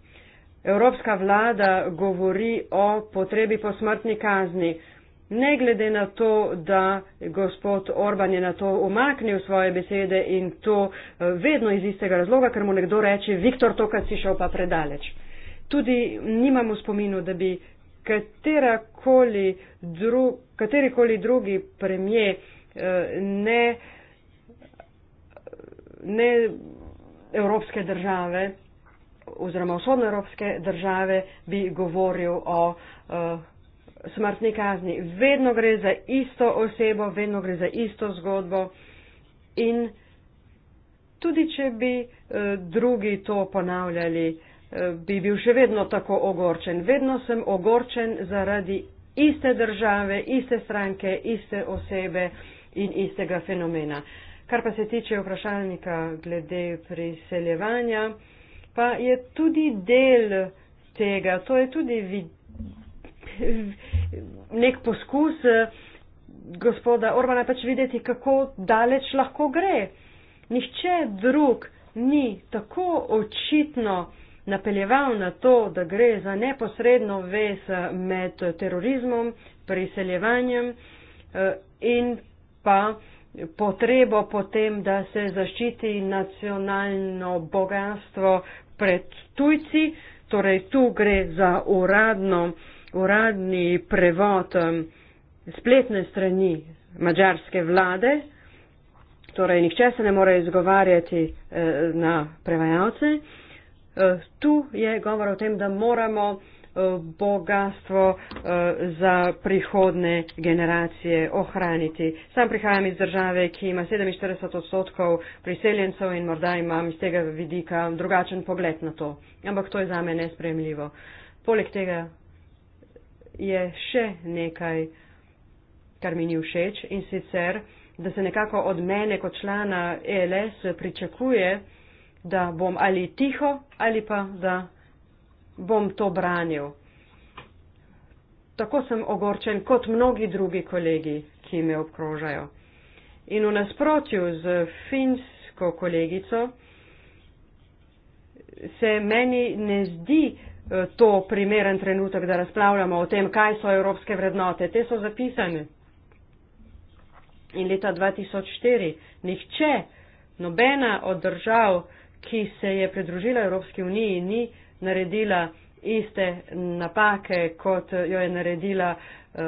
evropska vlada govori o potrebi po smrtni kazni. Eh, ne glede na to, da gospod Orban je na to umaknil svoje besede in to eh, vedno iz istega razloga, ker mu nekdo reče, Viktor, to, kar si šel pa predaleč. Tudi nimamo spominu, da bi katerakoli dru, katerikoli drugi premije eh, ne, ne evropske države oziroma vzhodnoevropske države bi govoril o uh, smrtni kazni. Vedno gre za isto osebo, vedno gre za isto zgodbo in tudi, če bi eh, drugi to ponavljali, eh, bi bil še vedno tako ogorčen. Vedno sem ogorčen zaradi iste države, iste stranke, iste osebe in istega fenomena. Kar pa se tiče vprašalnika glede priseljevanja, pa je tudi del tega, to je tudi vid nek poskus eh, gospoda Orbana pač videti, kako daleč lahko gre. Nihče drug ni tako očitno napeljeval na to, da gre za neposredno vez eh, med terorizmom, priseljevanjem eh, in pa potrebo potem, da se zaščiti nacionalno bogatstvo pred tujci, torej tu gre za uradno uh, uradni prevod spletne strani mađarske vlade, torej nihče se ne more izgovarjati eh, na prevajalce. Eh, tu je govor o tem, da moramo eh, bogatstvo za prihodne generacije ohraniti. Sam prihajam iz države, ki ima 47 odstotkov priseljencev in morda imam iz tega vidika drugačen pogled na to. Ampak to je za me nespremljivo. Poleg tega je še nekaj, kar mi ni všeč in sicer, da se nekako od mene kot člana ELS pričakuje, da bom ali tiho ali pa da bom to branil. Tako sem ogorčen kot mnogi drugi kolegi, ki me obkrožajo. In v nasprotju z finsko kolegico se meni ne zdi, Eh, to primeren trenutek, da razpravljamo o tem, kaj so evropske vrednote. Te so zapisane. In leta 2004 nihče, nobena od držav, ki se je pridružila Evropski uniji, ni naredila iste napake, kot jo je naredila uh,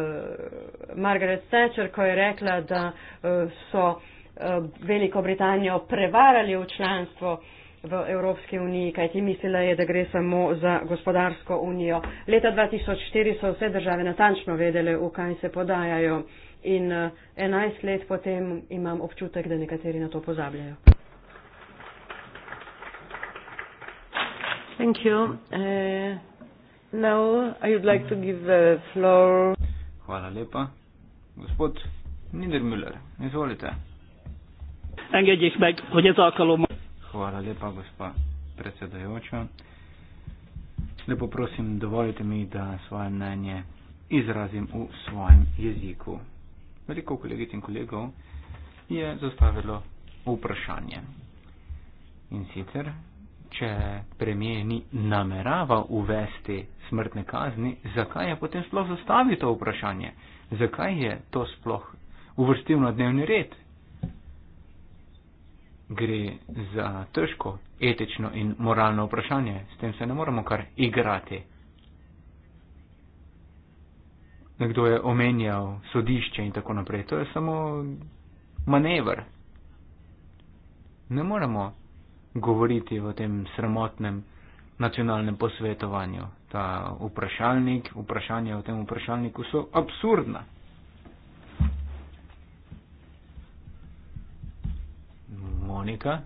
Margaret Thatcher, ko je rekla, da uh, so uh, Veliko Britanijo prevarali v članstvo uh, v Evropski uniji, kaj ti mislila je, da gre samo za gospodarsko unijo. Leta 2004 so vse države natančno vedele, v kaj se podajajo in 11 eh, let potem imam občutek, da nekateri na to pozabljajo. Eh, Hvala lepa. Gospod Niedermüller, izvolite. Engedjék meg, hogy ez alkalommal. Hvala lepa, gospa predsedajoča. Lepo prosim, dovolite mi, da svoje mnenje izrazim v svojem jeziku. Veliko kolegic in kolegov je zastavilo vprašanje. In sicer, če premije ni namerava uvesti smrtne kazni, zakaj je potem sploh zastavil to vprašanje? Zakaj je to sploh uvrstil na dnevni red? gre za težko etično in moralno vprašanje, s tem se ne moremo kar igrati. Nekdo je omenjal sodišče in tako naprej, to je samo manevr. Ne moremo govoriti o tem sramotnem nacionalnem posvetovanju. Ta vprašalnik, vprašanje o tem vprašalniku so absurdna. Monika.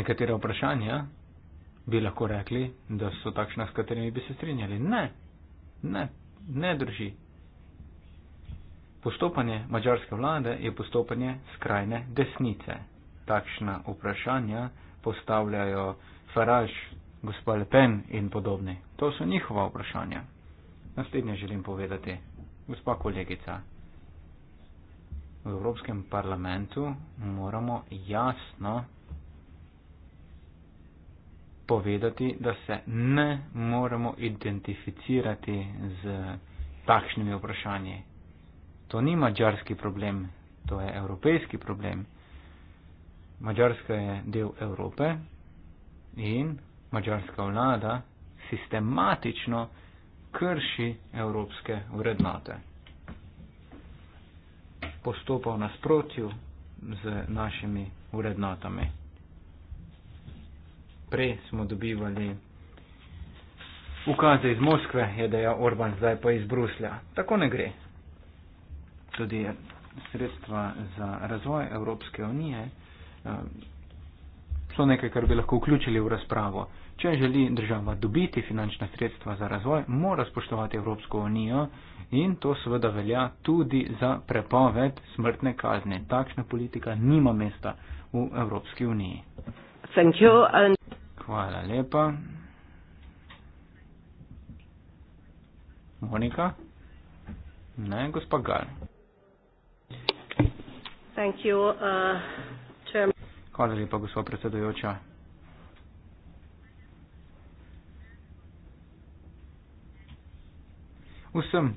Nekatera vprašanja bi lahko rekli, da so takšna, s katerimi bi se strinjali. Ne, ne, ne drži. Postopanje mađarske vlade je postopanje skrajne desnice. Takšna vprašanja postavljajo Faraž, gospod Le Pen in podobni. To so njihova vprašanja. Naslednje želim povedati, gospa kolegica v Evropskem parlamentu moramo jasno povedati, da se ne moramo identificirati z takšnimi vprašanji. To ni mađarski problem, to je evropejski problem. Mađarska je del Evrope in mađarska vlada sistematično krši evropske vrednote postopal nasprotju z našimi urednotami. Prej smo dobivali ukaze iz Moskve, je dejal Orban, zdaj pa iz Bruslja. Tako ne gre. Tudi sredstva za razvoj Evropske unije eh, so nekaj, kar bi lahko vključili v razpravo. Če želi država dobiti finančna sredstva za razvoj, mora spoštovati Evropsko unijo in to seveda velja tudi za prepoved smrtne kazne. Takšna politika nima mesta v Evropski uniji. Hvala lepa. Monika? Ne, gospa Gal. Uh, Hvala lepa, gospod predsedujoča. Vsem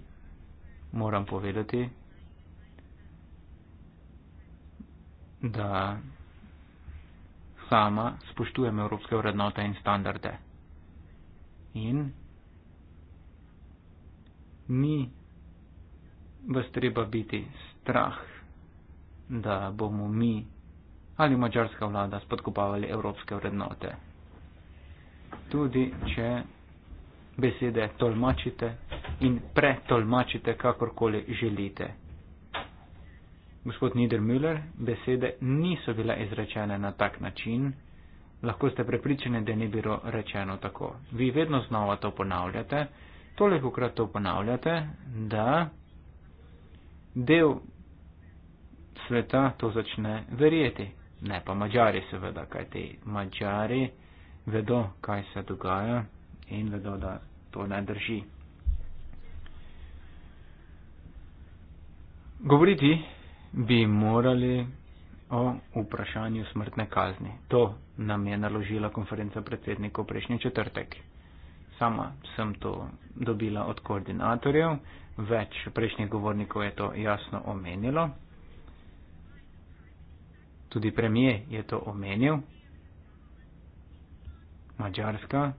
moram povedati, da sama spoštujem evropske vrednote in standarde. In ni vas treba biti strah, da bomo mi ali mačarska vlada spodkopavali evropske vrednote. Tudi če besede tolmačite in pretolmačite, kakorkoli želite. Gospod Niedermüller, besede niso bile izrečene na tak način, lahko ste prepričani, da ni bilo rečeno tako. Vi vedno znova to ponavljate, toliko krat to ponavljate, da del sveta to začne verjeti. Ne pa mačari, seveda, kaj ti mačari vedo, kaj se dogaja in vedo, da to ne drži. Govoriti bi morali o vprašanju smrtne kazni. To nam je naložila konferenca predsednikov prejšnji četrtek. Sama sem to dobila od koordinatorjev, več prejšnjih govornikov je to jasno omenilo. Tudi premije je to omenil. Mačarska,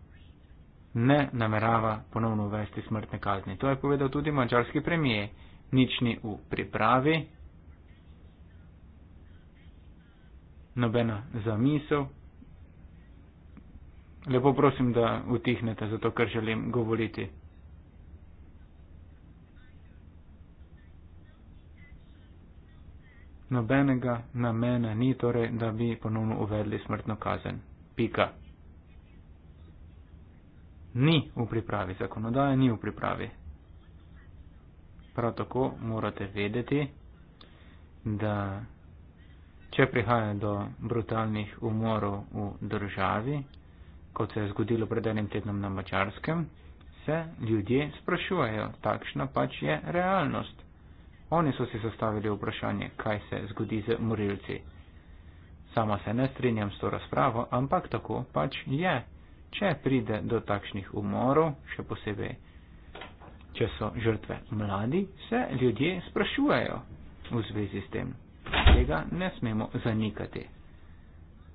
ne namerava ponovno uvesti smrtne kazni. To je povedal tudi mačarski premije. Nič ni v pripravi, nobena zamisel. Lepo prosim, da utihnete, zato ker želim govoriti. Nobenega namena ni torej, da bi ponovno uvedli smrtno kazen. Pika ni v pripravi, zakonodaja ni v pripravi. Prav tako morate vedeti, da če prihaja do brutalnih umorov v državi, kot se je zgodilo pred enim tednom na Mačarskem, se ljudje sprašujejo, takšna pač je realnost. Oni so si zastavili vprašanje, kaj se zgodi z morilci. Sama se ne strinjam s to razpravo, ampak tako pač je če pride do takšnih umorov, še posebej, če so žrtve mladi, se ljudje sprašujejo v zvezi s tem. Tega ne smemo zanikati.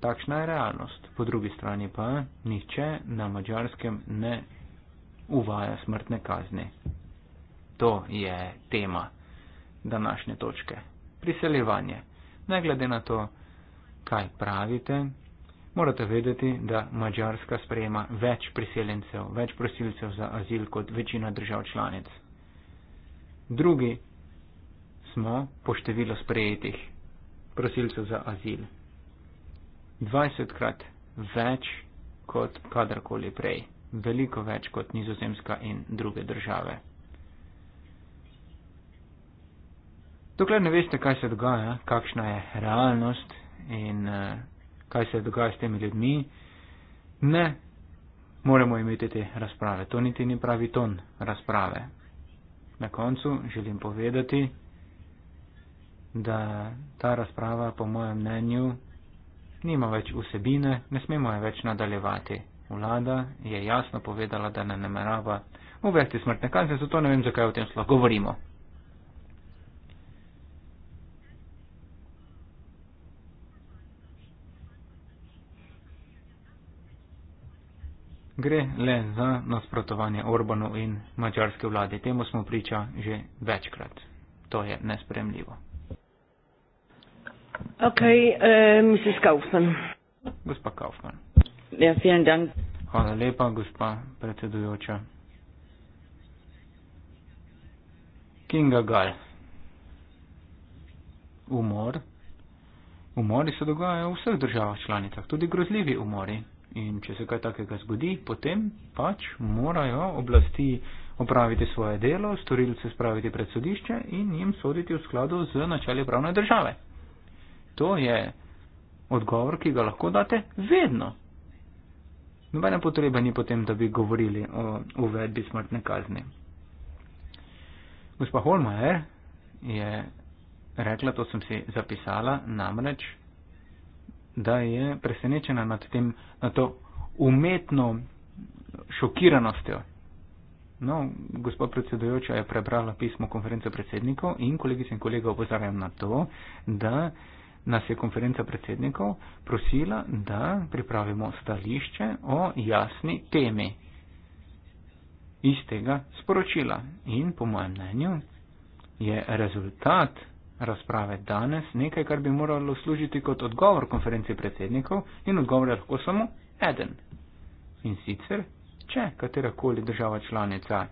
Takšna je realnost. Po drugi strani pa niče na mačarskem ne uvaja smrtne kazni. To je tema današnje točke. Priseljevanje. Ne glede na to, kaj pravite, morate vedeti, da Mačarska sprejema več priseljencev, več prosilcev za azil kot večina držav članic. Drugi smo po številu sprejetih prosilcev za azil. 20 krat več kot kadarkoli prej, veliko več kot nizozemska in druge države. Dokler ne veste, kaj se dogaja, kakšna je realnost in uh, kaj se dogaja s temi ljudmi, ne moremo imeti te razprave. To niti ni pravi ton razprave. Na koncu želim povedati, da ta razprava, po mojem mnenju, nima več vsebine, ne smemo je več nadaljevati. Vlada je jasno povedala, da ne namerava uvesti smrtne kazni, zato ne vem, zakaj o tem sploh govorimo. gre le za nasprotovanje Orbanu in mačarske vlade. Temu smo priča že večkrat. To je nespremljivo. Ok, eh, Mrs. Um, Kaufman. Gospa Kaufman. Ja, vielen Dank. Hvala lepa, gospa predsedujoča. Kinga Gal. Umor. Umori se dogajajo v vseh državah članicah, tudi grozljivi umori. In če se kaj takega zgodi, potem pač morajo oblasti opraviti svoje delo, storilce spraviti pred sodišče in jim soditi v skladu z načeli pravne države. To je odgovor, ki ga lahko date vedno. Nobene potrebe ni potem, da bi govorili o uvedbi smrtne kazni. Gospa Holmajer je rekla, to sem si zapisala, namreč da je presenečena nad, tem, nad to umetno šokiranostjo. No, gospod predsedujoča je prebrala pismo konference predsednikov in kolegice in kolega opozarjam na to, da nas je konferenca predsednikov prosila, da pripravimo stališče o jasni temi iz tega sporočila. In po mojem mnenju je rezultat razprave danes nekaj, kar bi moralo služiti kot odgovor konferenci predsednikov in odgovor je lahko samo eden. In sicer, če katerakoli država članica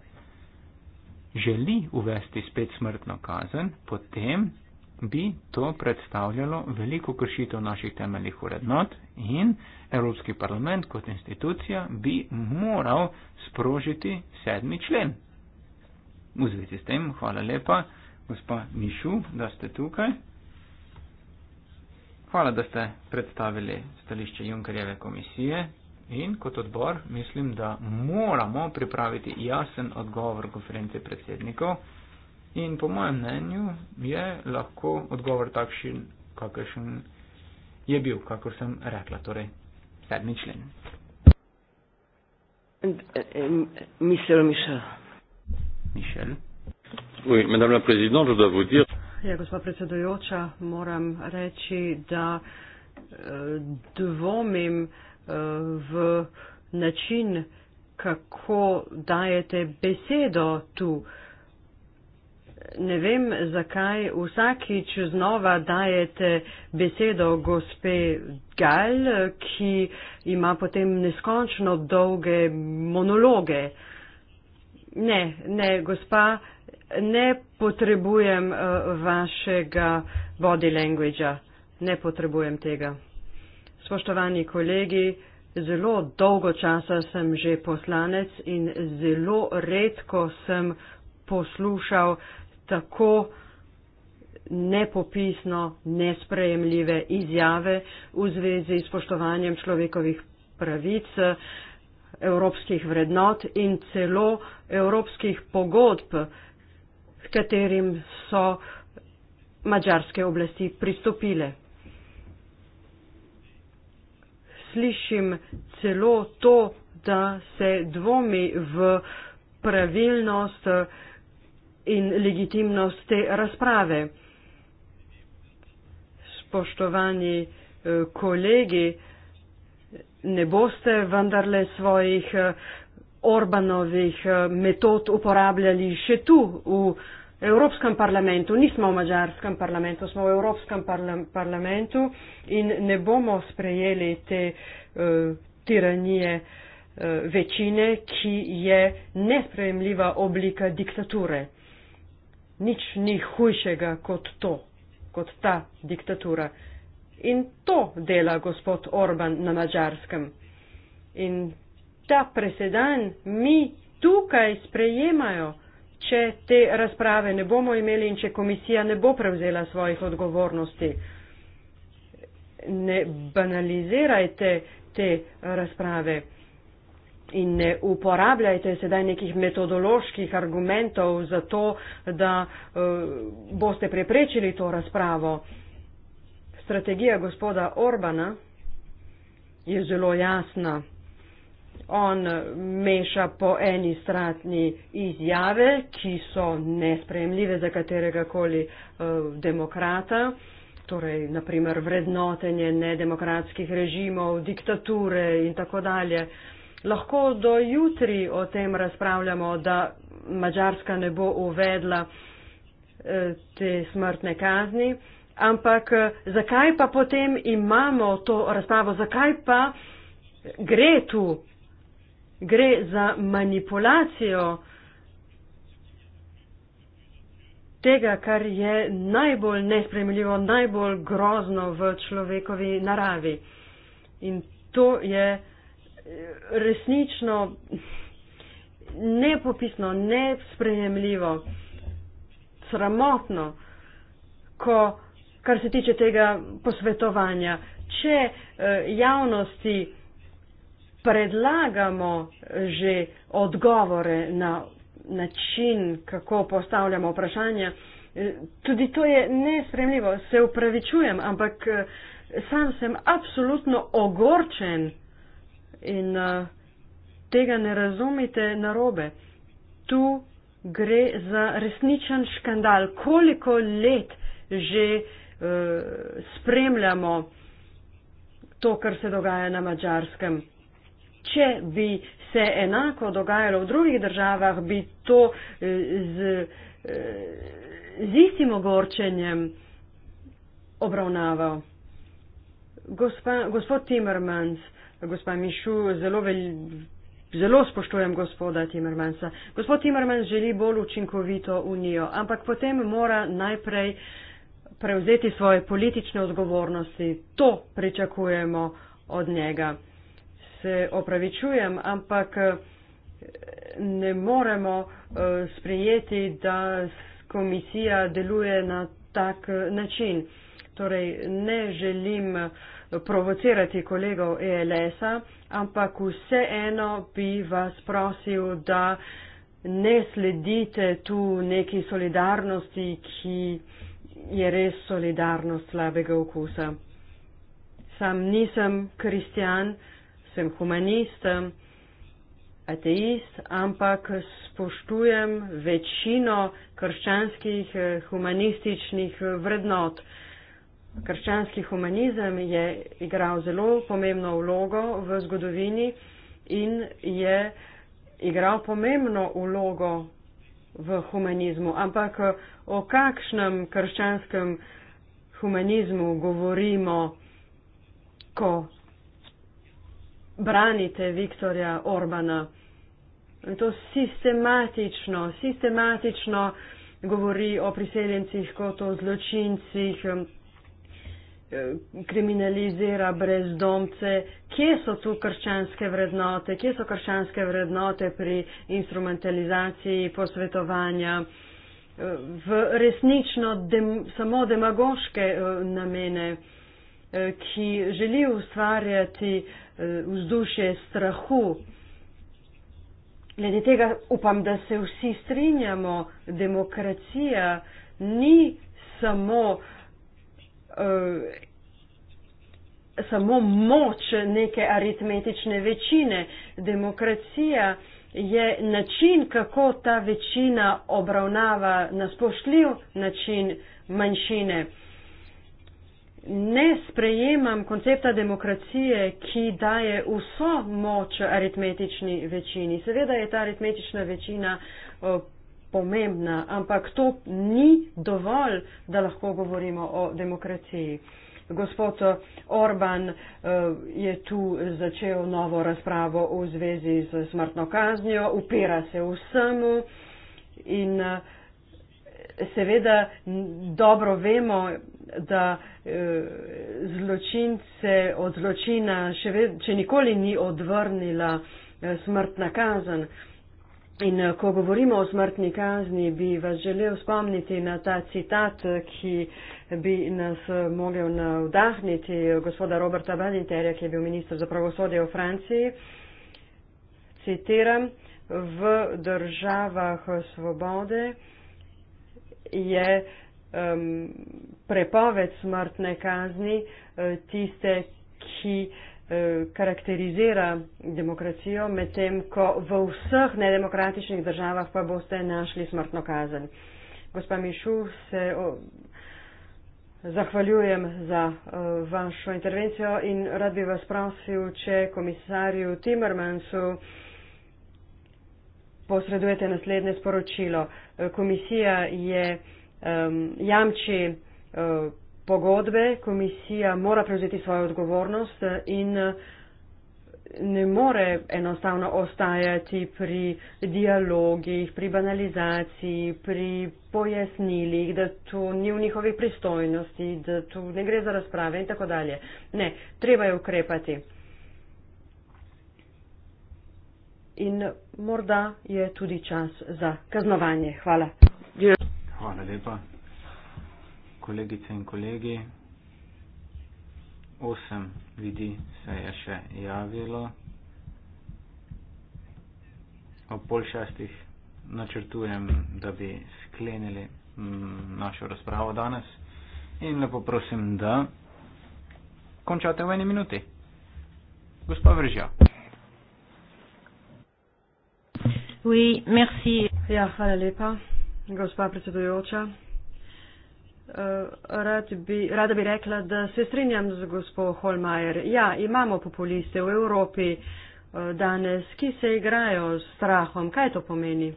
želi uvesti spet smrtno kazen, potem bi to predstavljalo veliko kršitev naših temeljih urednot in Evropski parlament kot institucija bi moral sprožiti sedmi člen. V zvezi s tem, hvala lepa gospa Mišu, da ste tukaj. Hvala, da ste predstavili stališče Junkerjeve komisije in kot odbor mislim, da moramo pripraviti jasen odgovor konference predsednikov in po mojem mnenju je lahko odgovor takšen, kakršen je bil, kakor sem rekla, torej sedmi člen. Uh, uh, Michel, Michel. Michel. Ja, gospod predsedujoča, moram reči, da eh, dvomim eh, v način, kako dajete besedo tu. Ne vem, zakaj vsakič znova dajete besedo gospe Gal, ki ima potem neskončno dolge monologe. Ne, ne, gospa ne potrebujem uh, vašega body language, ne potrebujem tega. Spoštovani kolegi, zelo dolgo časa sem že poslanec in zelo redko sem poslušal tako nepopisno nesprejemljive izjave v zvezi s spoštovanjem človekovih pravic, evropskih vrednot in celo evropskih pogodb, katerim so mađarske oblasti pristopile. Slišim celo to, da se dvomi v pravilnost in legitimnost te razprave. Spoštovani eh, kolegi, ne boste vendarle svojih eh, Orbanovih eh, metod uporabljali še tu v Evropskem parlamentu. Nismo v Mačarskem parlamentu, smo v Evropskem parlamentu in ne bomo sprejeli te uh, tiranije uh, večine, ki je nesprejemljiva oblika diktature. Nič ni hujšega kot to, kot ta diktatura. In to dela gospod Orban na Mačarskem. In ta presedan mi tukaj sprejemajo, če te razprave ne bomo imeli in če komisija ne bo prevzela svojih odgovornosti. Ne banalizirajte te razprave in ne uporabljajte sedaj nekih metodoloških argumentov za to, da uh, boste preprečili to razpravo. Strategija gospoda Orbana je zelo jasna on meša po eni strani izjave, ki so nespremljive za katerega koli uh, eh, demokrata, torej naprimer vrednotenje nedemokratskih režimov, diktature in tako dalje. Lahko do jutri o tem razpravljamo, da Mačarska ne bo uvedla eh, te smrtne kazni, ampak eh, zakaj pa potem imamo to razpravo, zakaj pa gre tu gre za manipulacijo tega, kar je najbolj nespremljivo, najbolj grozno v človekovi naravi. In to je eh, resnično nepopisno, nespremljivo, sramotno, ko, kar se tiče tega posvetovanja. Če eh, javnosti predlagamo že odgovore na način, kako postavljamo vprašanja. Tudi to je nespremljivo, se upravičujem, ampak eh, sam sem absolutno ogorčen in eh, tega ne razumite narobe. Tu gre za resničen škandal. Koliko let že eh, spremljamo to, kar se dogaja na mačarskem? če bi se enako dogajalo v drugih državah, bi to eh, z, eh, z istim ogorčenjem obravnaval. Gospa, gospod Timmermans, gospa Mišu, zelo, velj, zelo spoštujem gospoda Timmermansa. Gospod Timmermans želi bolj učinkovito unijo, ampak potem mora najprej prevzeti svoje politične odgovornosti. To pričakujemo od njega se opravičujem, ampak eh, ne moremo eh, sprejeti, da komisija deluje na tak eh, način. Torej, ne želim provocirati kolegov ELS-a, ampak vseeno bi vas prosil, da ne sledite tu neki solidarnosti, ki je res solidarnost slabega okusa. Sam nisem kristjan sem humanist, ateist, ampak spoštujem večino krščanskih eh, humanističnih eh, vrednot. Krščanski humanizem je igral zelo pomembno vlogo v zgodovini in je igral pomembno vlogo v humanizmu. Ampak eh, o kakšnem krščanskem humanizmu govorimo, ko branite Viktorja Orbana. In to sistematično, sistematično govori o priseljencih kot o zločincih, kriminalizira brezdomce. Kje so tu krščanske vrednote? Kje so krščanske vrednote pri instrumentalizaciji posvetovanja? v resnično dem, samo demagoške namene, ki želi ustvarjati uh, Eh, vzdušje strahu. Glede tega upam, da se vsi strinjamo, demokracija ni samo, uh, samo moč neke aritmetične večine. Demokracija je način, kako ta večina obravnava na spoštljiv način manjšine ne sprejemam koncepta demokracije, ki daje vso moč aritmetični večini. Seveda je ta aritmetična večina pomembna, ampak to ni dovolj, da lahko govorimo o demokraciji. Gospod Orban je tu začel novo razpravo v zvezi z smrtno kaznjo, upira se vsemu in. Seveda dobro vemo, da eh, zločince od zločina še, ved, še nikoli ni odvrnila eh, smrtna kazen. In eh, ko govorimo o smrtni kazni, bi vas želel spomniti na ta citat, eh, ki bi nas eh, mogel navdahniti eh, gospoda Roberta Badinterja, ki je bil ministr za pravosodje v Franciji. Citiram, v državah svobode je eh, um, prepoved smrtne kazni, eh, tiste, ki eh, karakterizira demokracijo, medtem ko v vseh nedemokratičnih državah pa boste našli smrtno kazen. Gospa Mišu, se o, zahvaljujem za o, eh, vašo intervencijo in rad bi vas prosil, če komisarju Timmermansu posredujete naslednje sporočilo. Komisija je um, jamči uh, pogodbe, komisija mora prevzeti svojo odgovornost eh, in eh, ne more enostavno ostajati pri dialogih, pri banalizaciji, pri pojasnilih, da to ni v njihovi pristojnosti, da to ne gre za razprave in tako dalje. Ne, treba je ukrepati. In morda je tudi čas za kaznovanje. Hvala. Yeah. Hvala lepa. Kolegice in kolegi, osem ljudi se je še javilo. Ob pol šestih načrtujem, da bi sklenili mm, našo razpravo danes in lepo prosim, da končate v eni minuti. Gospod Vržja. Oui, merci. Ja, hvala lepa. Gospa predsedujoča, eh, rad bi, rada bi rekla, da se strinjam z gospo Holmajer. Ja, imamo populiste v Evropi eh, danes, ki se igrajo s strahom. Kaj to pomeni?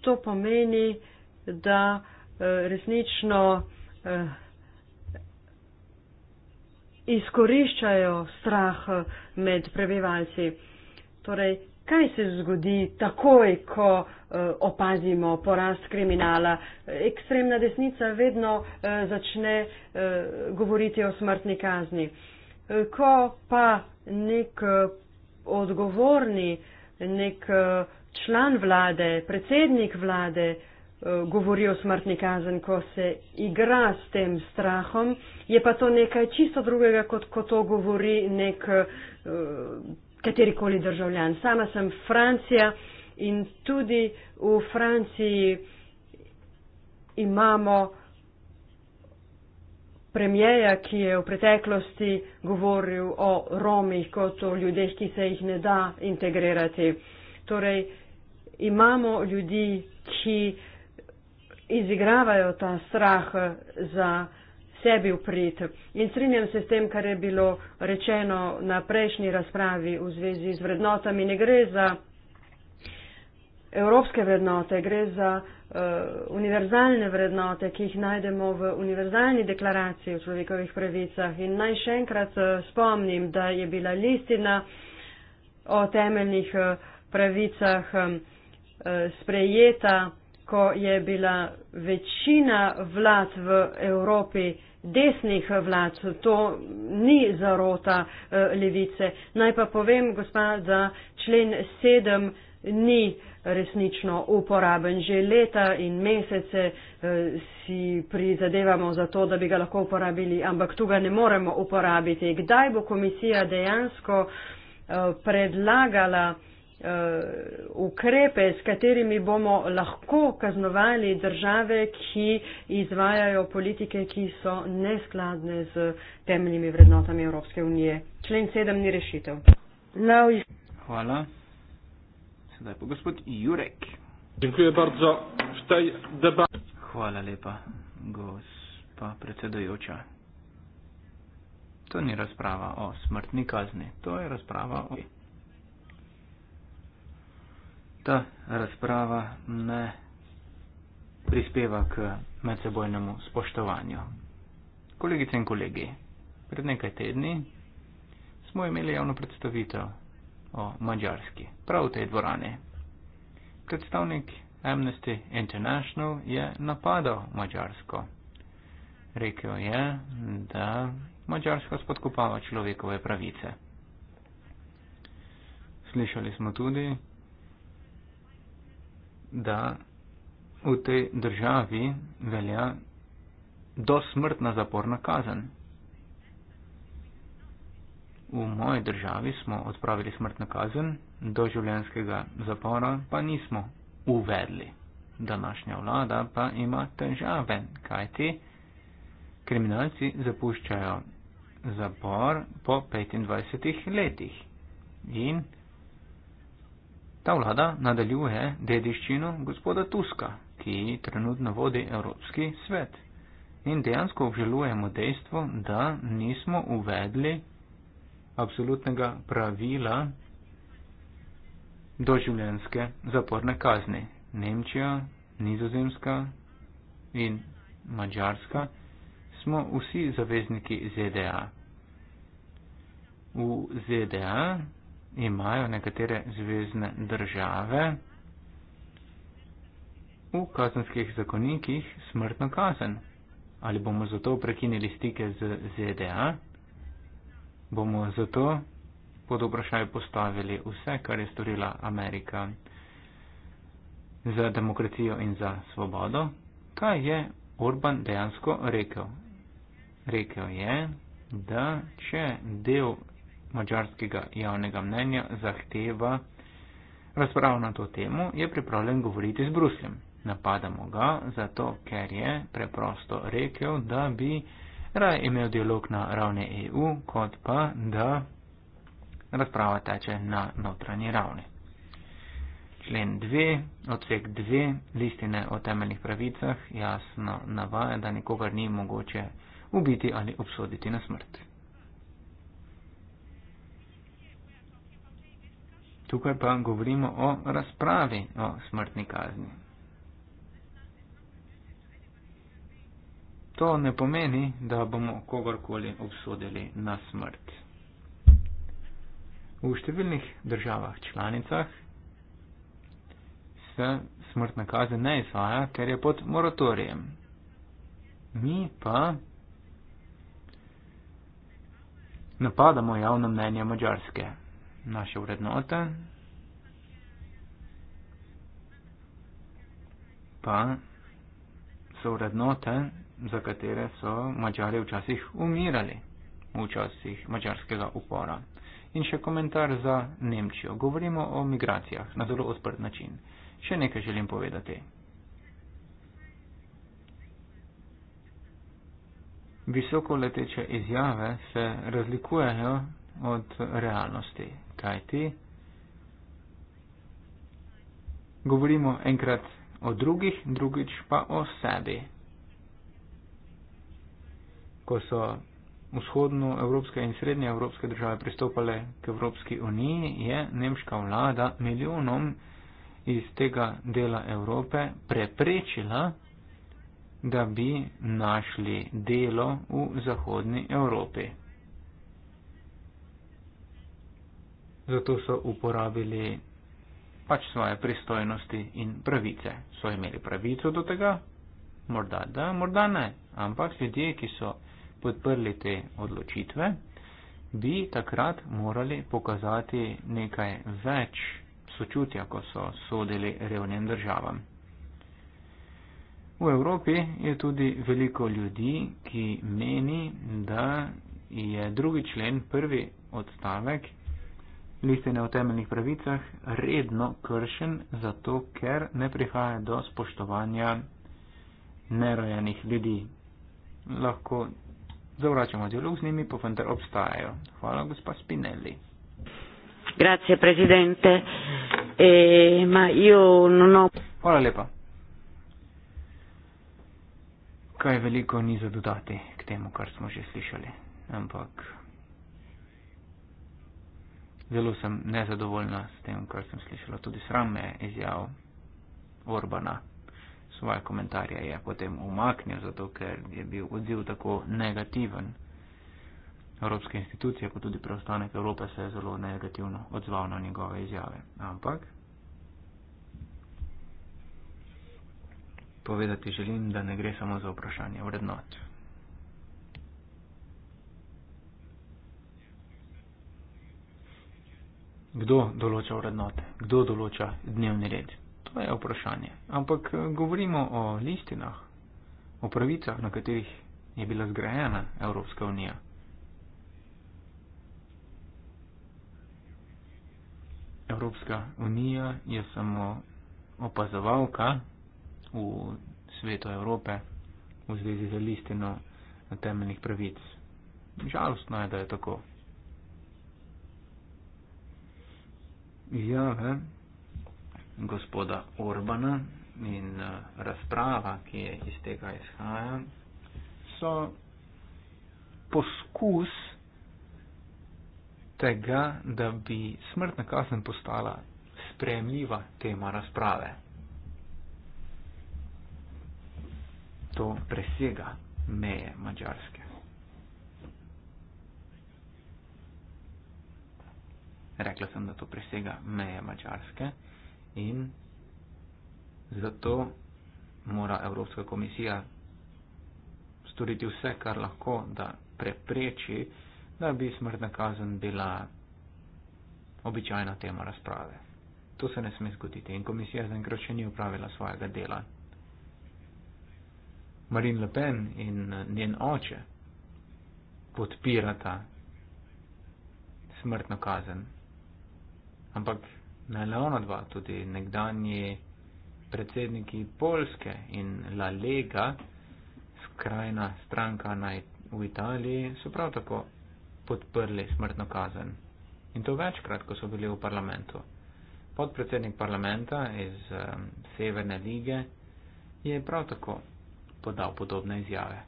To pomeni, da eh, resnično izkoriščajo strah med prebivalci. Torej, Kaj se zgodi takoj, ko uh, opazimo porast kriminala? Ekstremna desnica vedno uh, začne uh, govoriti o smrtni kazni. Uh, ko pa nek uh, odgovorni, nek uh, član vlade, predsednik vlade uh, govori o smrtni kazni, ko se igra s tem strahom, je pa to nekaj čisto drugega, kot ko to govori nek. Uh, katerikoli državljan. Sama sem Francija in tudi v Franciji imamo premjeja, ki je v preteklosti govoril o Romih kot o ljudeh, ki se jih ne da integrirati. Torej, imamo ljudi, ki izigravajo ta strah za sebi uprit. In strinjam se s tem, kar je bilo rečeno na prejšnji razpravi v zvezi z vrednotami. Ne gre za evropske vrednote, gre za uh, univerzalne vrednote, ki jih najdemo v univerzalni deklaraciji o človekovih pravicah. In naj še enkrat eh, spomnim, da je bila listina o temeljnih eh, pravicah sprejeta ko je bila večina vlad v Evropi desnih vlad, to ni zarota eh, levice. Naj pa povem, gospa, da člen 7 ni resnično uporaben. Že leta in mesece eh, si prizadevamo za to, da bi ga lahko uporabili, ampak tu ga ne moremo uporabiti. Kdaj bo komisija dejansko eh, predlagala Eh, ukrepe, s katerimi bomo lahko kaznovali države, ki izvajajo politike, ki so neskladne z temeljnimi vrednotami Evropske unije. Člen 7 ni rešitev. Now... Hvala. Sedaj pa gospod Jurek. Dziękuję bardzo v tej debati. Hvala lepa, gospa predsedujoča. To ni razprava o smrtni kazni, to je razprava o. Okay ta razprava ne prispeva k medsebojnemu spoštovanju. Kolegice in kolegi, pred nekaj tedni smo imeli javno predstavitev o Mačarski, prav v tej dvorani. Predstavnik Amnesty International je napadal Mačarsko. Rekel je, da Mačarska spodkopava človekove pravice. Slišali smo tudi, da v tej državi velja dosmrtna zaporna kazen. V moji državi smo odpravili smrtno kazen, do življenskega zapora pa nismo uvedli. Današnja vlada pa ima težave, kajti kriminalci zapuščajo zapor po 25 letih. In Ta vlada nadaljuje dediščino gospoda Tuska, ki trenutno vodi Evropski svet. In dejansko obžalujemo dejstvo, da nismo uvedli absolutnega pravila doživljenske zaporne kazni. Nemčija, Nizozemska in Mačarska smo vsi zavezniki ZDA. V ZDA imajo nekatere zvezdne države v kazenskih zakonikih smrtno kazen. Ali bomo zato prekinili stike z ZDA? Bomo zato pod vprašaj postavili vse, kar je storila Amerika za demokracijo in za svobodo? Kaj je Orban dejansko rekel? Rekel je, da če del mačarskega javnega mnenja zahteva razpravo na to temo, je pripravljen govoriti z Brusljem. Napadamo ga zato, ker je preprosto rekel, da bi raje imel dialog na ravni EU, kot pa da razprava teče na notranji ravni. Člen 2, odsek 2, listine o temeljnih pravicah jasno navaja, da nikogar ni mogoče ubiti ali obsoditi na smrt. tukaj pa govorimo o razpravi o smrtni kazni. To ne pomeni, da bomo kogarkoli obsodili na smrt. V številnih državah članicah se smrtna kazen ne izvaja, ker je pod moratorijem. Mi pa napadamo javno mnenje Mačarske naše vrednote. Pa so vrednote, za katere so mačari včasih umirali, včasih mačarskega upora. In še komentar za Nemčijo. Govorimo o migracijah na zelo odprt način. Še nekaj želim povedati. Visoko leteče izjave se razlikujejo od realnosti kaj ti. Govorimo enkrat o drugih, drugič pa o sebi. Ko so vzhodnoevropske in srednjeevropske države pristopale k Evropski uniji, je nemška vlada milijonom iz tega dela Evrope preprečila, da bi našli delo v zahodni Evropi. zato so uporabili pač svoje pristojnosti in pravice. So imeli pravico do tega? Morda da, morda ne. Ampak ljudje, ki so podprli te odločitve, bi takrat morali pokazati nekaj več sočutja, ko so sodili revnim državam. V Evropi je tudi veliko ljudi, ki meni, da je drugi člen, prvi odstavek, listine o temeljnih pravicah redno kršen, zato ker ne prihaja do spoštovanja nerojenih ljudi. Lahko zavračamo dialog z njimi, pa vendar obstajajo. Hvala, gospa Spinelli. Grazie, presidente. E, ma io non ho... Hvala lepa. Kaj veliko ni za dodati k temu, kar smo že slišali. Ampak. Zelo sem nezadovoljna s tem, kar sem slišala. Tudi srame izjav Orbana svoje komentarje je potem umaknil, zato ker je bil odziv tako negativen. Evropske institucije, kot tudi preostanek Evrope, se je zelo negativno odzval na njegove izjave. Ampak povedati želim, da ne gre samo za vprašanje vrednot. Kdo določa vrednote? Kdo določa dnevni red? To je vprašanje. Ampak eh, govorimo o listinah, o pravicah, na katerih je bila zgrajena Evropska unija. Evropska unija je samo opazovalka v svetu Evrope v zvezi z listino temeljnih pravic. Žalostno je, da je tako. Ja, ve, gospoda Orbana in uh, razprava, ki je iz tega izhaja, so poskus tega, da bi smrtna kazen postala sprejemljiva tema razprave. To presega meje mačarske. rekla sem, da to presega meje mačarske in zato mora Evropska komisija storiti vse, kar lahko, da prepreči, da bi smrtna kazen bila običajna tema razprave. To se ne sme zgoditi in komisija zaenkrat še ni upravila svojega dela. Marine Le Pen in eh, njen oče podpirata smrtno kazen ampak ne le ona dva, tudi nekdanji predsedniki Polske in La Lega, skrajna stranka naj v Italiji, so prav tako podprli smrtno kazen. In to večkrat, ko so bili v parlamentu. Podpredsednik parlamenta iz um, Severne lige je prav tako podal podobne izjave.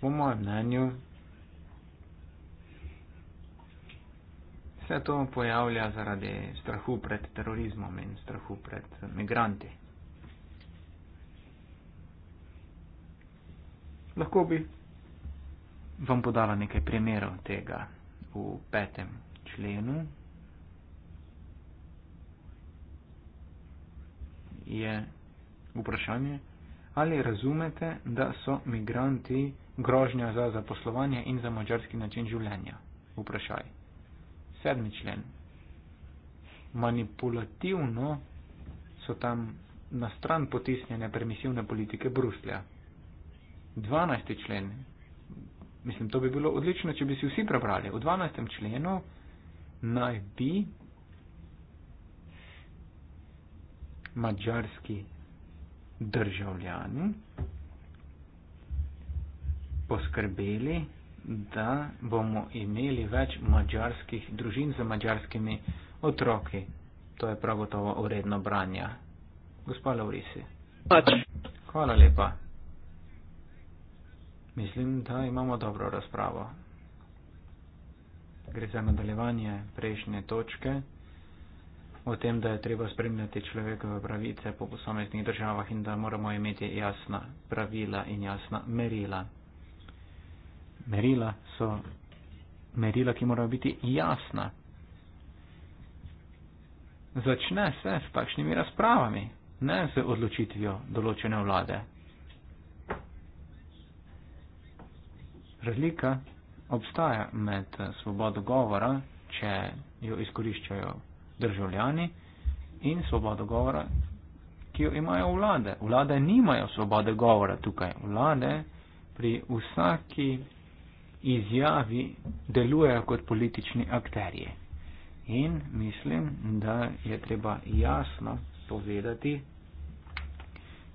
Po mojem mnenju vse to pojavlja zaradi strahu pred terorizmom in strahu pred migranti. Lahko bi vam podala nekaj primerov tega v petem členu. Je vprašanje, ali razumete, da so migranti grožnja za zaposlovanje in za mačarski način življenja? Vprašanje sedmi člen. Manipulativno so tam na stran potisnjene permisivne politike Bruslja. Dvanajsti člen. Mislim, to bi bilo odlično, če bi si vsi prebrali. V dvanajstem členu naj bi mađarski državljani poskrbeli da bomo imeli več mađarskih družin z mađarskimi otroki. To je prav gotovo uredno branje. Gospa Laurisi. Pač. Hvala lepa. Mislim, da imamo dobro razpravo. Gre za nadaljevanje prejšnje točke o tem, da je treba spremljati človekove pravice po posameznih državah in da moramo imeti jasna pravila in jasna merila merila so merila, ki morajo biti jasna. Začne se s takšnimi razpravami, ne z odločitvijo določene vlade. Razlika obstaja med eh, svobodo govora, če jo izkoriščajo državljani, in svobodo govora, ki jo imajo vlade. Vlade nimajo svobode govora tukaj. Vlade pri vsaki izjavi delujejo kot politični akterje. In mislim, da je treba jasno povedati,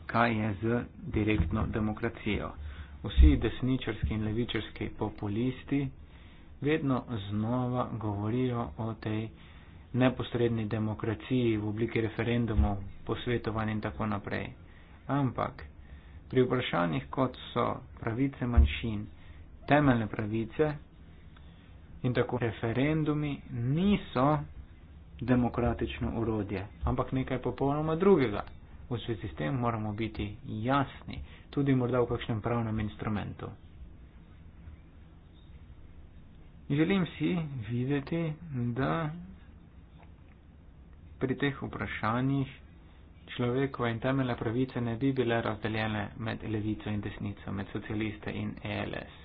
kaj je z direktno demokracijo. Vsi desničarski in levičarski populisti vedno znova govorijo o tej neposredni demokraciji v obliki referendumov, posvetovanj in tako naprej. Ampak pri vprašanjih, kot so pravice manjšin, temeljne pravice in tako referendumi niso demokratično urodje, ampak nekaj popolnoma drugega. V svetu s tem moramo biti jasni, tudi morda v kakšnem pravnem instrumentu. Želim si videti, da pri teh vprašanjih človekove in temeljne pravice ne bi bile razdeljene med levico in desnico, med socialiste in ELS.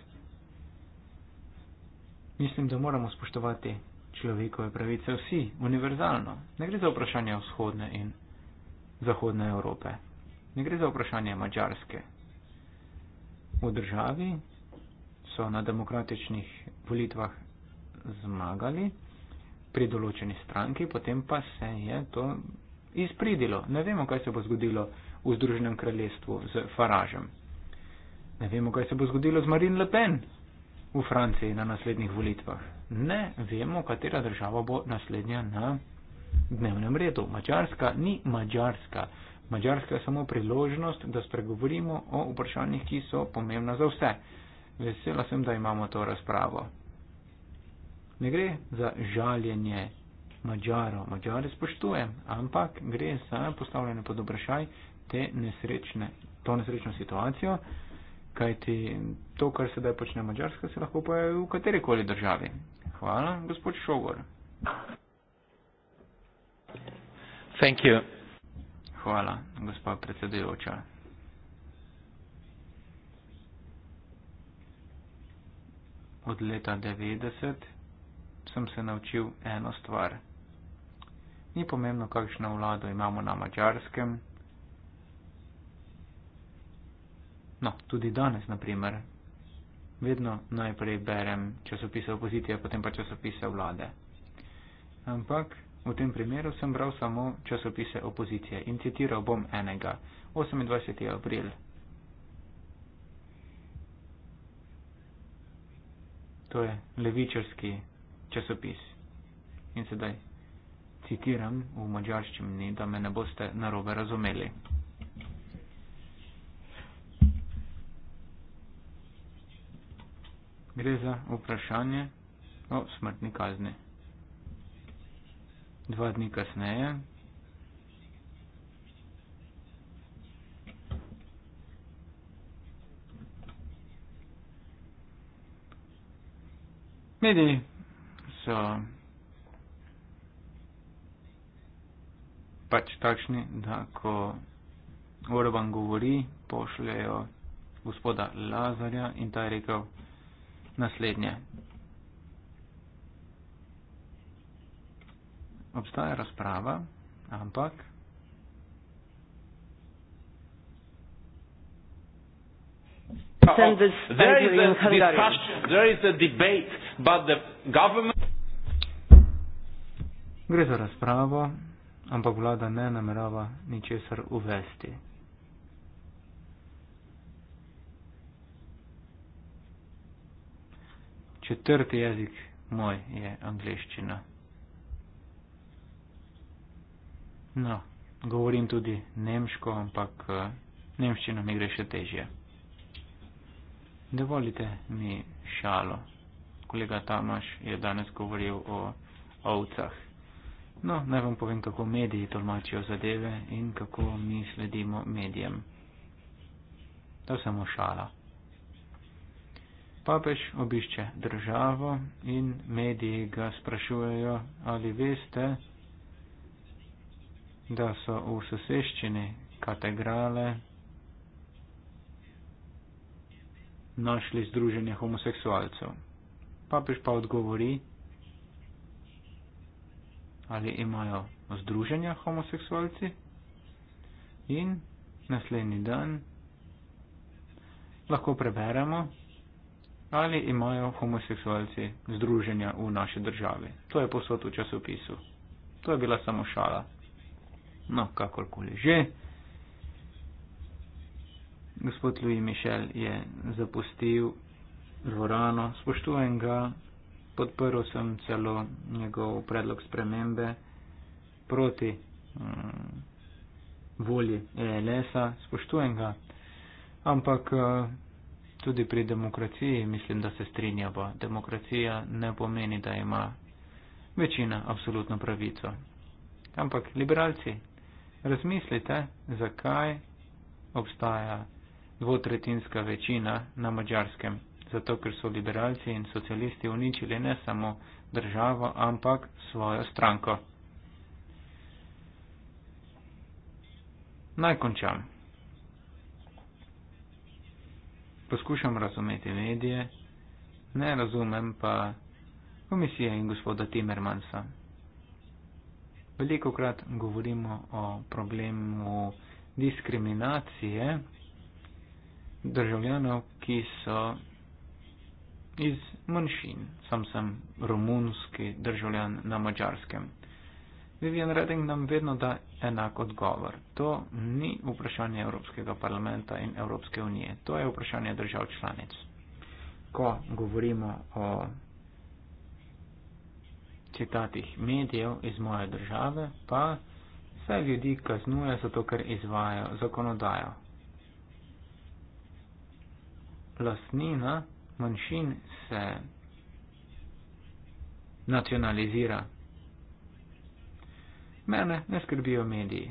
Mislim, da moramo spoštovati človekove pravice vsi, univerzalno. Ne gre za vprašanje vzhodne in zahodne Evrope. Ne gre za vprašanje mačarske. V državi so na demokratičnih volitvah zmagali pri določeni stranki, potem pa se je to izpridilo. Ne vemo, kaj se bo zgodilo v Združenem kraljestvu z Faražem. Ne vemo, kaj se bo zgodilo z Marine Le Pen v Franciji na naslednjih volitvah. Ne vemo, katera država bo naslednja na dnevnem redu. Mačarska ni mačarska. Mačarska je samo priložnost, da spregovorimo o vprašanjih, ki so pomembna za vse. Vesela sem, da imamo to razpravo. Ne gre za žaljenje Mačarov. Mačare spoštujem, ampak gre za postavljanje pod vprašaj te nesrečne, to nesrečno situacijo kajti to, kar sedaj počne Mačarska, se lahko pa je v kateri koli državi. Hvala, gospod Šogor. Thank you. Hvala, gospa predsedujoča. Od leta 90 sem se naučil eno stvar. Ni pomembno, kakšno vlado imamo na Mačarskem. No, tudi danes, naprimer, vedno najprej berem časopise opozicije, potem pa časopise vlade. Ampak v tem primeru sem bral samo časopise opozicije in citiral bom enega, 28. april. To je levičarski časopis. In sedaj citiram v mađarščini, da me ne boste narobe razumeli. gre za vprašanje o smrtni kazni. Dva dni kasneje mediji so pač takšni, da ko Orban govori, pošljajo gospoda Lazarja in ta je rekel, naslednje. Obstaja razprava, ampak gre za razpravo, ampak vlada ne namerava ničesar uvesti. četrti jezik moj je angliščina. No, govorim tudi nemško, ampak eh, nemščina mi gre še težje. Dovolite mi šalo. Kolega Tamaš je danes govoril o ovcah. No, naj vam povem, kako mediji tolmačijo zadeve in kako mi sledimo medijem. To je samo šala. Papež obišče državo in mediji ga sprašujejo, ali veste, da so v soseščini katedrale našli združenje homoseksualcev. Papež pa odgovori, ali imajo združenja homoseksualci in naslednji dan lahko preberemo, ali imajo homoseksualci združenja v naši državi. To je posod v časopisu. To je bila samo šala. No, kakorkoli že. Gospod Louis Michel je zapustil dvorano, spoštujem ga, podprl sem celo njegov predlog spremembe proti mm, volji ELS-a, spoštujem ga, ampak uh, tudi pri demokraciji mislim, da se strinjava. Demokracija ne pomeni, da ima večina absolutno pravico. Ampak liberalci, razmislite, zakaj obstaja dvotretinska večina na mačarskem. Zato, ker so liberalci in socialisti uničili ne samo državo, ampak svojo stranko. Naj končam. poskušam razumeti medije, ne razumem pa komisije in gospoda Timmermansa. Veliko krat govorimo o problemu diskriminacije državljanov, ki so iz manjšin. Sam sem romunski državljan na mačarskem. Vivian Redding nam vedno da enak odgovor. To ni vprašanje Evropskega parlamenta in Evropske unije, to je vprašanje držav članic. Ko govorimo o citatih medijev iz moje države, pa vse ljudi kaznuje zato, ker izvajo zakonodajo. Lastnina manjšin se nacionalizira Mene ne skrbijo mediji.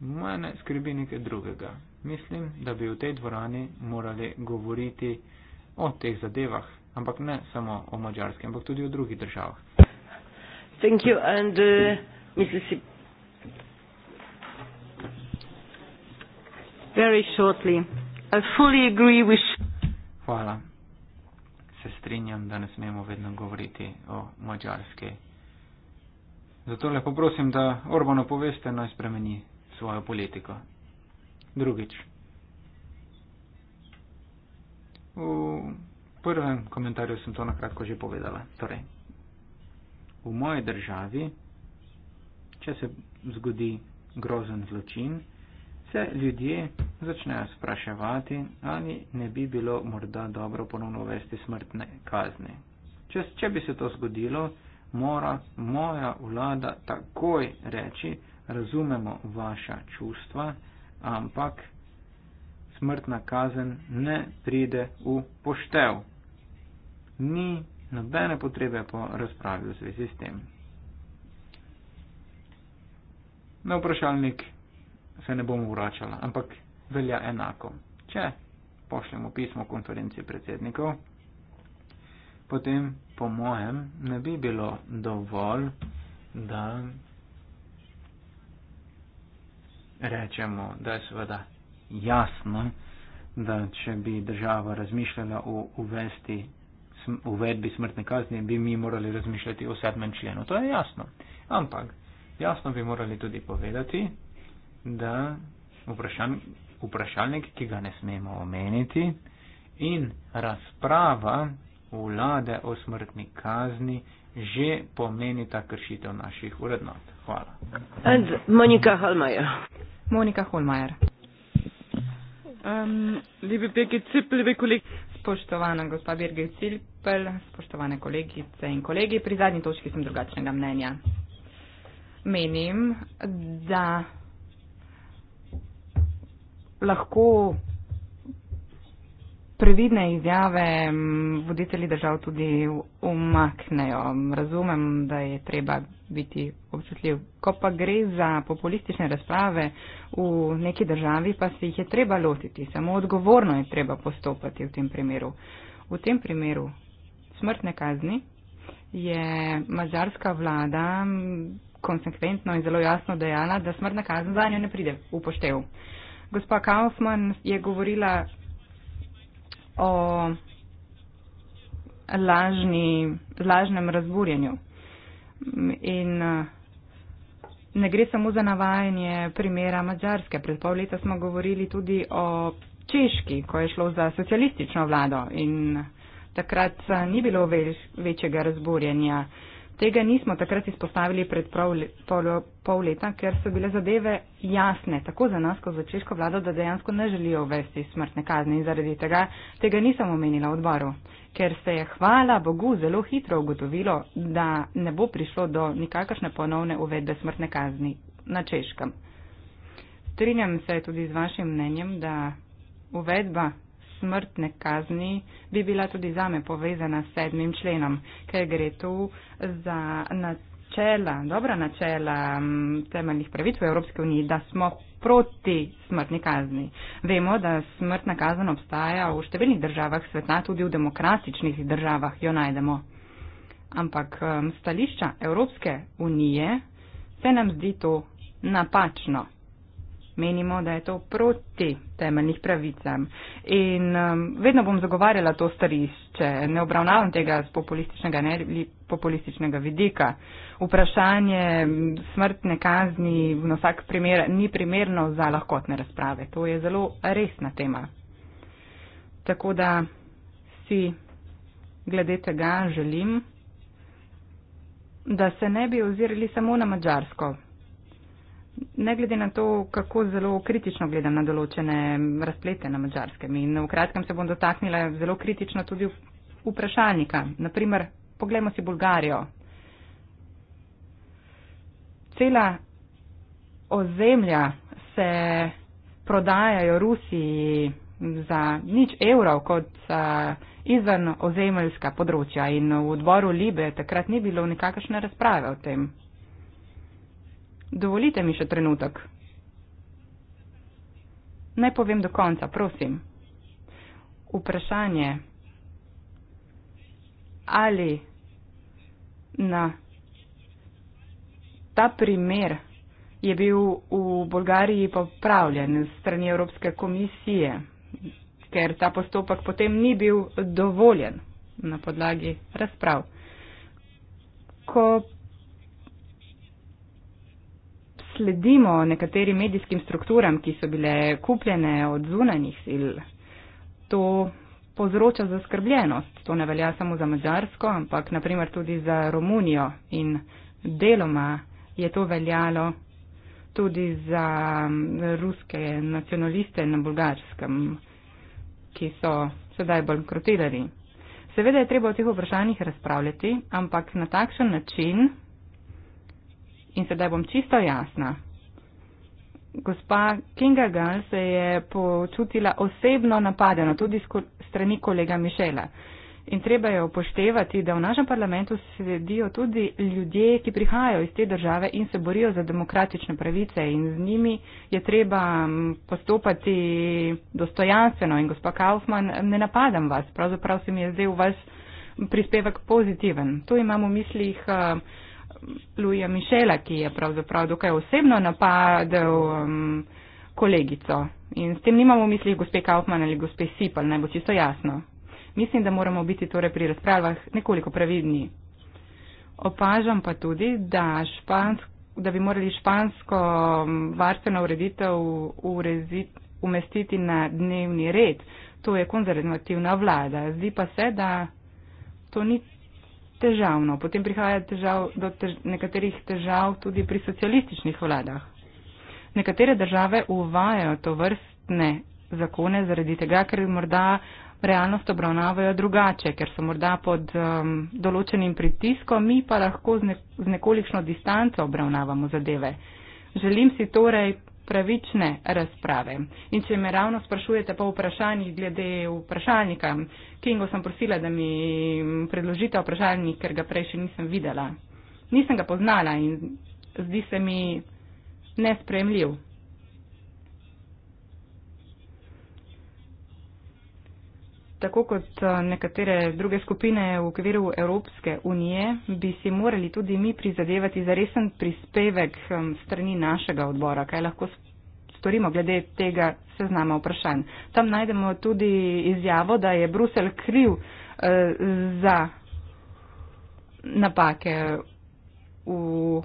Mene skrbi nekaj drugega. Mislim, da bi v tej dvorani morali govoriti o teh zadevah, ampak ne samo o mađarskem, ampak tudi o drugih državah. Thank you and uh, Mississippi. Very shortly. I fully agree with. Hvala. Se strinjam, da ne smemo vedno govoriti o mađarskem. Zato lepo prosim, da Orbano poveste naj spremeni svojo politiko. Drugič. V prvem komentarju sem to nakratko že povedala. Torej, v moji državi, če se zgodi grozen zločin, se ljudje začnejo spraševati, ali ne bi bilo morda dobro ponovno uvesti smrtne kazne. Če, če bi se to zgodilo, mora moja vlada takoj reči, razumemo vaša čustva, ampak smrtna kazen ne pride v poštev. Ni nobene potrebe po razpravi v zvezi s tem. Na vprašalnik se ne bomo vračala, ampak velja enako. Če pošljemo pismo konferenci predsednikov, potem po mojem ne bi bilo dovolj, da rečemo, da je seveda jasno, da če bi država razmišljala o uvesti, uvedbi smrtne kazni, bi mi morali razmišljati o sedmem členu. To je jasno. Ampak jasno bi morali tudi povedati, da vprašan, vprašalnik, ki ga ne smemo omeniti, in razprava, vlade o smrtni kazni že pomeni ta kršitev naših urednot. Hvala. Monika Holmajer. Monika Holmajer. Um, Spoštovana gospa Virgil Cilpel, spoštovane kolegice in kolegi, pri zadnji točki sem drugačnega mnenja. Menim, da lahko previdne izjave voditelji držav tudi umaknejo. Razumem, da je treba biti občutljiv. Ko pa gre za populistične razprave v neki državi, pa se jih je treba lotiti. Samo odgovorno je treba postopati v tem primeru. V tem primeru smrtne kazni je mađarska vlada konsekventno in zelo jasno dejala, da smrtna kazen za njo ne pride v poštev. Gospa Kaufman je govorila o lažni, lažnem razburjenju. In eh, ne gre samo za navajanje primera Mačarske. Pred pol leta smo govorili tudi o Češki, ko je šlo za socialistično vlado in eh, takrat eh, ni bilo večjega razburjenja. Tega nismo takrat izpostavili pred pol, pol, pol leta, ker so bile zadeve jasne, tako za nas, kot za češko vlado, da dejansko ne želijo uvesti smrtne kazni in zaradi tega tega nisem omenila odboru, ker se je hvala Bogu zelo hitro ugotovilo, da ne bo prišlo do nikakršne ponovne uvedbe smrtne kazni na češkem. Strinjam se tudi z vašim mnenjem, da uvedba smrtne kazni bi bila tudi zame povezana s sedmim členom, ker gre tu za načela, dobra načela temeljnih pravic v Evropske uniji, da smo proti smrtni kazni. Vemo, da smrtna kazen obstaja v številnih državah sveta, tudi v demokratičnih državah jo najdemo. Ampak stališča Evropske unije se nam zdi to napačno menimo, da je to proti temeljnih pravicam. In um, vedno bom zagovarjala to starišče, ne obravnavam tega z populističnega, ne, li, populističnega vidika. Vprašanje smrtne kazni v vsak primer ni primerno za lahkotne razprave. To je zelo resna tema. Tako da si glede tega želim, da se ne bi ozirali samo na Mačarsko, Ne glede na to, kako zelo kritično gledam na določene razplete na mačarskem in v kratkem se bom dotaknila zelo kritično tudi vprašalnika. Naprimer, poglejmo si Bulgarijo. Cela ozemlja se prodajajo Rusiji za nič evrov kot za izven ozemeljska področja in v odboru Libe takrat ni bilo nikakršne razprave o tem. Dovolite mi še trenutek. Naj povem do konca, prosim. Vprašanje, ali na ta primer je bil v Bolgariji popravljen strani Evropske komisije, ker ta postopek potem ni bil dovoljen na podlagi razprav. Ko sledimo nekaterim medijskim strukturam, ki so bile kupljene od zunanjih sil, to povzroča zaskrbljenost. To ne velja samo za Mačarsko, ampak naprimer tudi za Romunijo in deloma je to veljalo tudi za ruske nacionaliste na bulgarskem, ki so sedaj bankrotirali. Seveda je treba o teh vprašanjih razpravljati, ampak na takšen način, In sedaj bom čisto jasna. Gospa Kinga Gal se je počutila osebno napadena, tudi strani kolega Mišela. In treba je upoštevati, da v našem parlamentu sedijo tudi ljudje, ki prihajajo iz te države in se borijo za demokratične pravice in z njimi je treba postopati dostojanstveno. In gospa Kaufman, ne napadam vas, pravzaprav se mi je zdel vaš prispevek pozitiven. To imam v mislih. Uh, Luija Mišela, ki je pravzaprav dokaj osebno napadel um, kolegico. In s tem nimamo v mislih gospe Kaufman ali gospe Sipal, naj bo čisto jasno. Mislim, da moramo biti torej pri razpravah nekoliko previdni. Opažam pa tudi, da, špansko, da bi morali špansko um, varstveno ureditev urezit, umestiti na dnevni red. To je konzervativna vlada. Zdi pa se, da to ni težavno. Potem prihaja težav do tež, nekaterih težav tudi pri socialističnih vladah. Nekatere države uvajajo to vrstne zakone zaradi tega, ker morda realnost obravnavajo drugače, ker so morda pod um, določenim pritiskom, mi pa lahko z, ne, z nekolikšno distanco obravnavamo zadeve. Želim si torej pravične razprave. In če me ravno sprašujete po vprašanjih glede vprašalnika, Kingo sem prosila, da mi predložite vprašalnik, ker ga prej še nisem videla. Nisem ga poznala in zdi se mi nespremljiv. tako kot eh, nekatere druge skupine v okviru Evropske unije, bi si morali tudi mi prizadevati za resen prispevek strani našega odbora, kaj lahko storimo glede tega seznama vprašanj. Tam najdemo tudi izjavo, da je Brusel kriv eh, za napake v,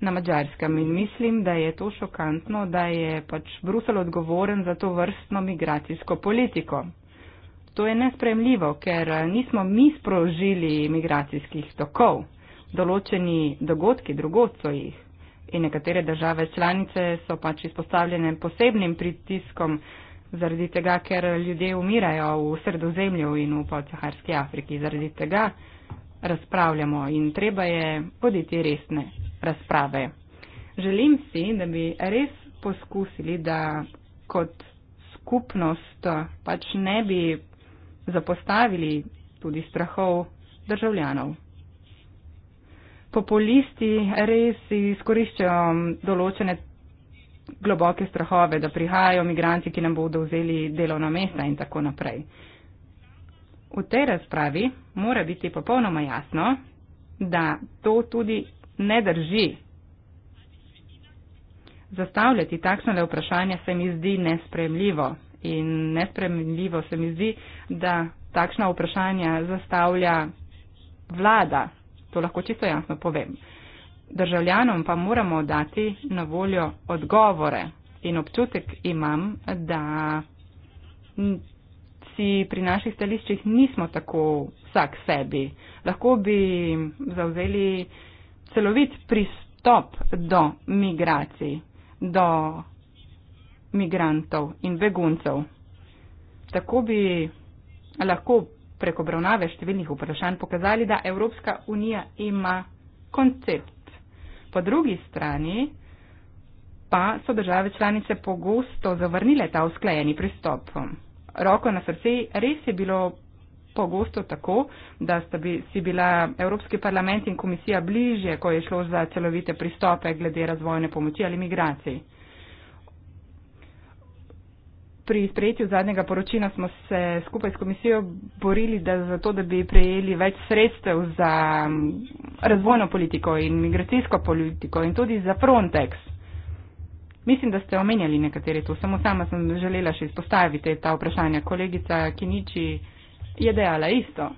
na mačarskem in mislim, da je to šokantno, da je pač Brusel odgovoren za to vrstno migracijsko politiko. To je nespremljivo, ker eh, nismo mi sprožili migracijskih tokov. Določeni dogodki drugod so jih. In nekatere države članice so pač izpostavljene posebnim pritiskom zaradi tega, ker ljudje umirajo v sredozemlju in v podsaharski Afriki. Zaradi tega razpravljamo in treba je voditi resne razprave. Želim si, da bi res poskusili, da kot skupnost eh, pač ne bi zapostavili tudi strahov državljanov. Populisti res izkoriščajo določene globoke strahove, da prihajajo migranti, ki nam bodo vzeli delovna mesta in tako naprej. V tej razpravi mora biti popolnoma jasno, da to tudi ne drži. Zastavljati takšne vprašanja se mi zdi nespremljivo in nespremenljivo se mi zdi, da takšna vprašanja zastavlja vlada. To lahko čisto jasno povem. Državljanom pa moramo dati na voljo odgovore in občutek imam, da si pri naših stališčih nismo tako vsak sebi. Lahko bi zauzeli celovit pristop do migracij, do migrantov in beguncev. Tako bi lahko prek obravnave številnih vprašanj pokazali, da Evropska unija ima koncept. Po drugi strani pa so države članice pogosto zavrnile ta usklajeni pristop. Roko na srce res je bilo pogosto tako, da sta bi, si bila Evropski parlament in komisija bliže, ko je šlo za celovite pristope glede razvojne pomoči ali migracij pri sprejetju zadnjega poročila smo se skupaj s komisijo borili da za to, da bi prejeli več sredstev za mm, razvojno politiko in migracijsko politiko in tudi za Frontex. Mislim, da ste omenjali nekatere tu, samo sama sem želela še izpostaviti ta vprašanja. Kolegica Kiniči je dejala isto.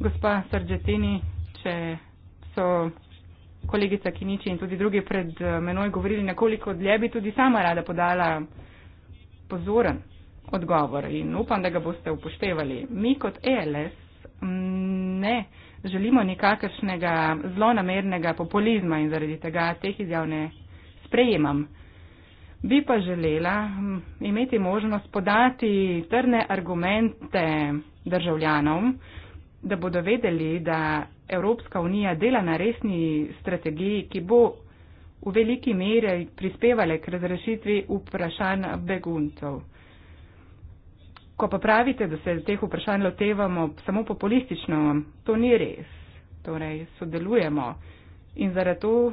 Gospa Srđetini, če so kolegica Kiniči in tudi drugi pred eh, menoj govorili nekoliko dlje, bi tudi sama rada podala pozoren odgovor in upam, da ga boste upoštevali. Mi kot ELS ne želimo nikakršnega zlonamernega populizma in zaradi tega teh izjav ne sprejemam. Bi pa želela imeti možnost podati trne argumente državljanom, da bodo vedeli, da Evropska unija dela na resni strategiji, ki bo v veliki meri prispevale k razrešitvi vprašanj beguncev. Ko pa pravite, da se teh vprašanj lotevamo samo populistično, to ni res. Torej, sodelujemo in zato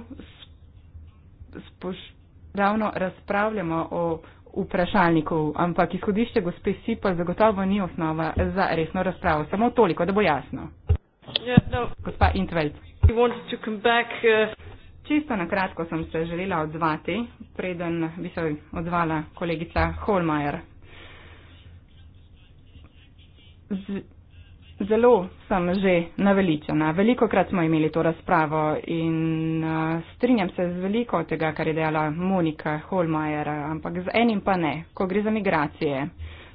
ravno razpravljamo o vprašalniku, ampak izhodišče gospe Sipa zagotovo ni osnova za resno razpravo. Samo toliko, da bo jasno. Yeah, no. Gospa Intveld čisto na kratko sem se želela odzvati, preden bi se odzvala kolegica Holmajer. Zelo sem že naveličena. Veliko krat smo imeli to razpravo in eh, strinjam se z veliko tega, kar je dejala Monika Holmajer, ampak z enim pa ne, ko gre za migracije.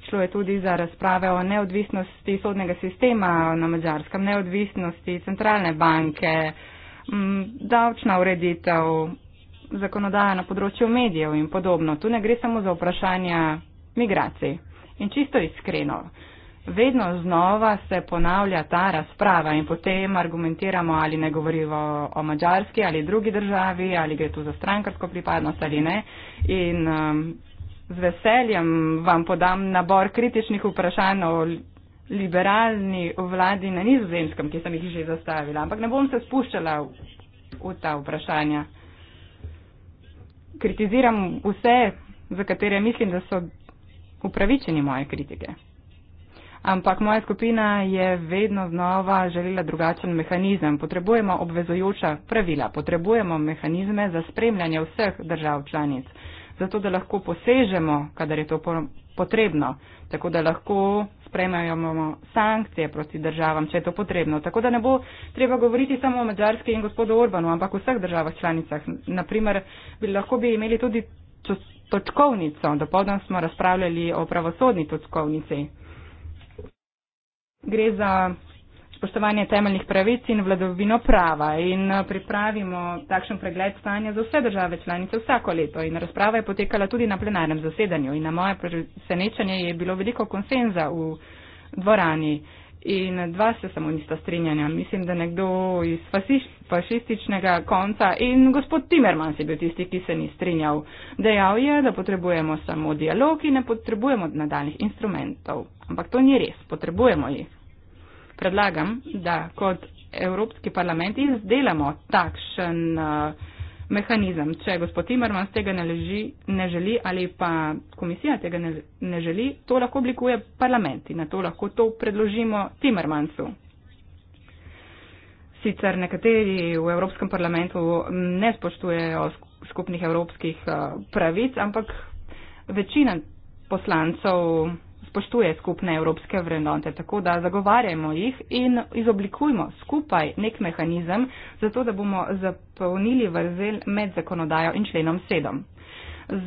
Šlo je tudi za razprave o neodvisnosti sodnega sistema na Mačarskem, neodvisnosti centralne banke, davčna ureditev, zakonodaja na področju medijev in podobno. Tu ne gre samo za vprašanja migracij. In čisto iskreno, vedno znova se ponavlja ta razprava in potem argumentiramo, ali ne govorimo o mađarski ali drugi državi, ali gre tu za strankarsko pripadnost ali ne. In um, z veseljem vam podam nabor kritičnih vprašanj o liberalni vladi na nizozemskem, ki sem jih že zastavila. Ampak ne bom se spuščala v, v ta vprašanja. Kritiziram vse, za katere mislim, da so upravičeni moje kritike. Ampak moja skupina je vedno znova želela drugačen mehanizem. Potrebujemo obvezojoča pravila, potrebujemo mehanizme za spremljanje vseh držav članic, zato da lahko posežemo, kadar je to potrebno, tako da lahko sprejmemo sankcije proti državam, če je to potrebno. Tako da ne bo treba govoriti samo o Mačarski in gospodu Orbanu, ampak o vseh državah članicah. Naprimer, bi lahko bi imeli tudi točkovnico. Dopoldan smo razpravljali o pravosodni točkovnici. Gre za spoštovanje temeljnih pravic in vladovino prava in eh, pripravimo takšen pregled stanja za vse države članice vsako leto. In razprava je potekala tudi na plenarnem zasedanju in na moje presenečenje je bilo veliko konsenza v dvorani. In dva se samo nista strinjanja. Mislim, da nekdo iz fašističnega konca in gospod Timerman si bil tisti, ki se ni strinjal. Dejal je, da potrebujemo samo dialog in ne potrebujemo nadaljnih instrumentov. Ampak to ni res, potrebujemo jih predlagam, da kot Evropski parlament izdelamo takšen uh, mehanizem. Če gospod Timmermans tega ne, leži, ne želi ali pa komisija tega ne, ne želi, to lahko oblikuje parlament in na to lahko to predložimo Timmermansu. Sicer nekateri v Evropskem parlamentu ne spoštujejo skupnih evropskih eh, pravic, ampak večina poslancev spoštuje skupne evropske vrednote, tako da zagovarjamo jih in izoblikujmo skupaj nek mehanizem, zato da bomo zapolnili vrzel med zakonodajo in členom sedem.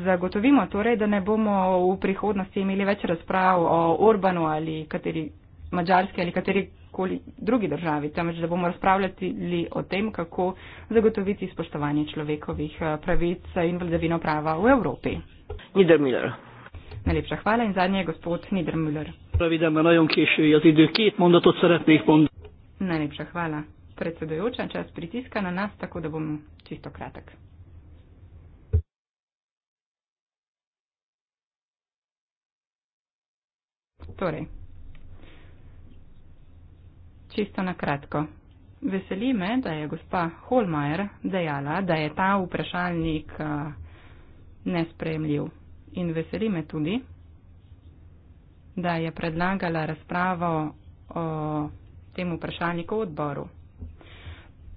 Zagotovimo torej, da ne bomo v prihodnosti imeli več razprav o Orbanu ali kateri mačarski ali kateri koli drugi državi, temveč da bomo razpravljali o tem, kako zagotoviti spoštovanje človekovih eh, pravic in vladavino prava v Evropi. Niedermüller. Najlepša hvala in zadnje je gospod Niedermüller. Pravi, da me najom kešijo, jaz idem kjet, bom da to srednjih pond. Najlepša hvala. Predsedujoča, čas pritiska na nas, tako da bom čisto kratek. Torej, čisto na kratko. Veseli me, da je gospa Holmajer dejala, da je ta vprašalnik uh, eh, nespremljiv in veseli me tudi, da je predlagala razpravo o tem vprašalniku v odboru.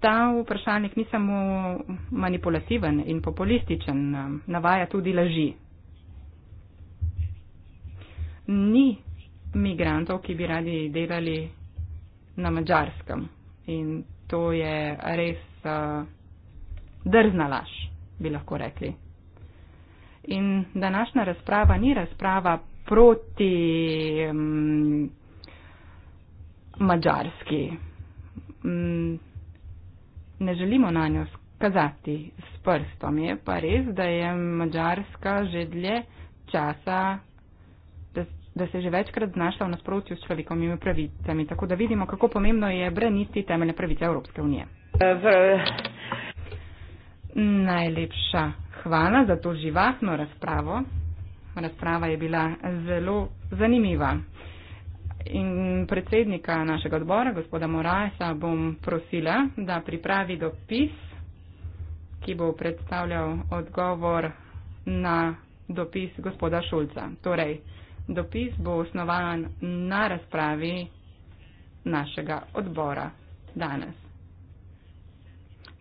Ta vprašalnik ni samo manipulativen in populističen, navaja tudi laži. Ni migrantov, ki bi radi delali na mačarskem in to je res uh, drzna laž, bi lahko rekli. In današnja razprava ni razprava proti um, mm, Mačarski. Um, mm, ne želimo na njo skazati s prstom. Je pa res, da je Mačarska že dlje časa, da, da se je že večkrat znašla v nasprotju s človekovimi pravicami. Tako da vidimo, kako pomembno je braniti temeljne pravice Evropske unije. Eh, Najlepša hvala za to živahno razpravo. Razprava je bila zelo zanimiva. In predsednika našega odbora, gospoda Morajsa, bom prosila, da pripravi dopis, ki bo predstavljal odgovor na dopis gospoda Šulca. Torej, dopis bo osnovan na razpravi našega odbora danes.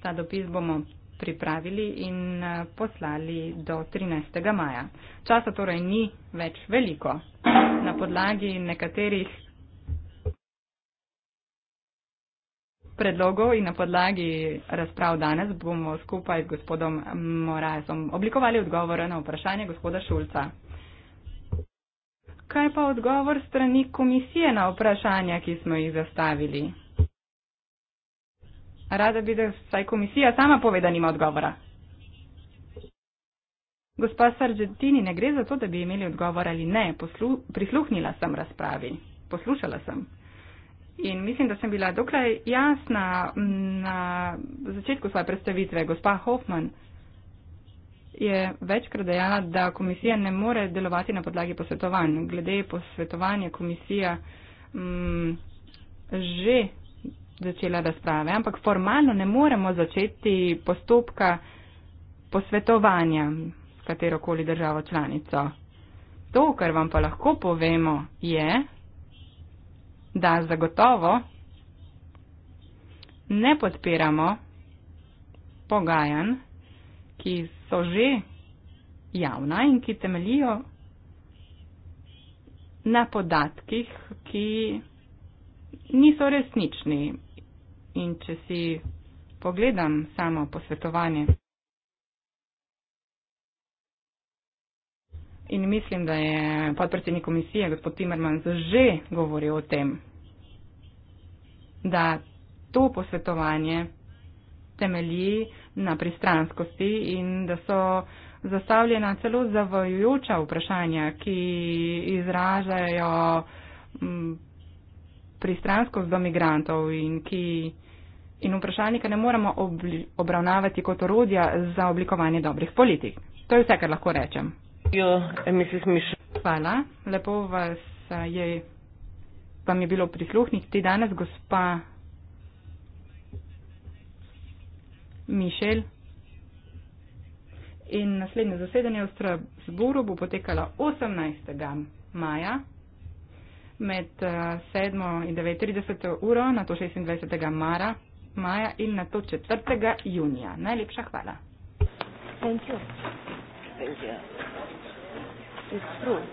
Ta dopis bomo pripravili in eh, poslali do 13. maja. Časa torej ni več veliko. Na podlagi nekaterih predlogov in na podlagi razprav danes bomo skupaj z gospodom Morajasom oblikovali odgovore na vprašanje gospoda Šulca. Kaj pa odgovor strani komisije na vprašanja, ki smo jih zastavili? Rada bi, da vsaj komisija sama pove, da nima odgovora. Gospa Sargentini, ne gre za to, da bi imeli odgovor ali ne. Poslu prisluhnila sem razpravi, poslušala sem. In mislim, da sem bila dokaj jasna na začetku svoje predstavitve. Gospa Hoffman je večkrat dejala, da komisija ne more delovati na podlagi posvetovanj. Glede posvetovanja komisija m, že začela razprave, ampak formalno ne moremo začeti postopka posvetovanja s katerokoli državo članico. To, kar vam pa lahko povemo, je, da zagotovo ne podpiramo pogajanj, ki so že javna in ki temelijo na podatkih, ki niso resnični in če si pogledam samo posvetovanje. In mislim, da je podpredsednik komisije, gospod Timmermans, že govoril o tem, da to posvetovanje temelji na pristranskosti in da so zastavljena celo zavajujoča vprašanja, ki izražajo mm, pristranskost do migrantov in ki in vprašalnika ne moremo obli, obravnavati kot orodja za oblikovanje dobrih politik. To je vse, kar lahko rečem. Jo, eh, Hvala, lepo vas eh, je, vam je bilo prisluhniti danes, gospa Mišel. In naslednje zasedanje v Strasburu bo potekalo 18. maja med 7. Eh, in 39. uro, na to 26. Mara, maja in na to 4. junija. Najlepša hvala. Thank you. Thank you. It's true.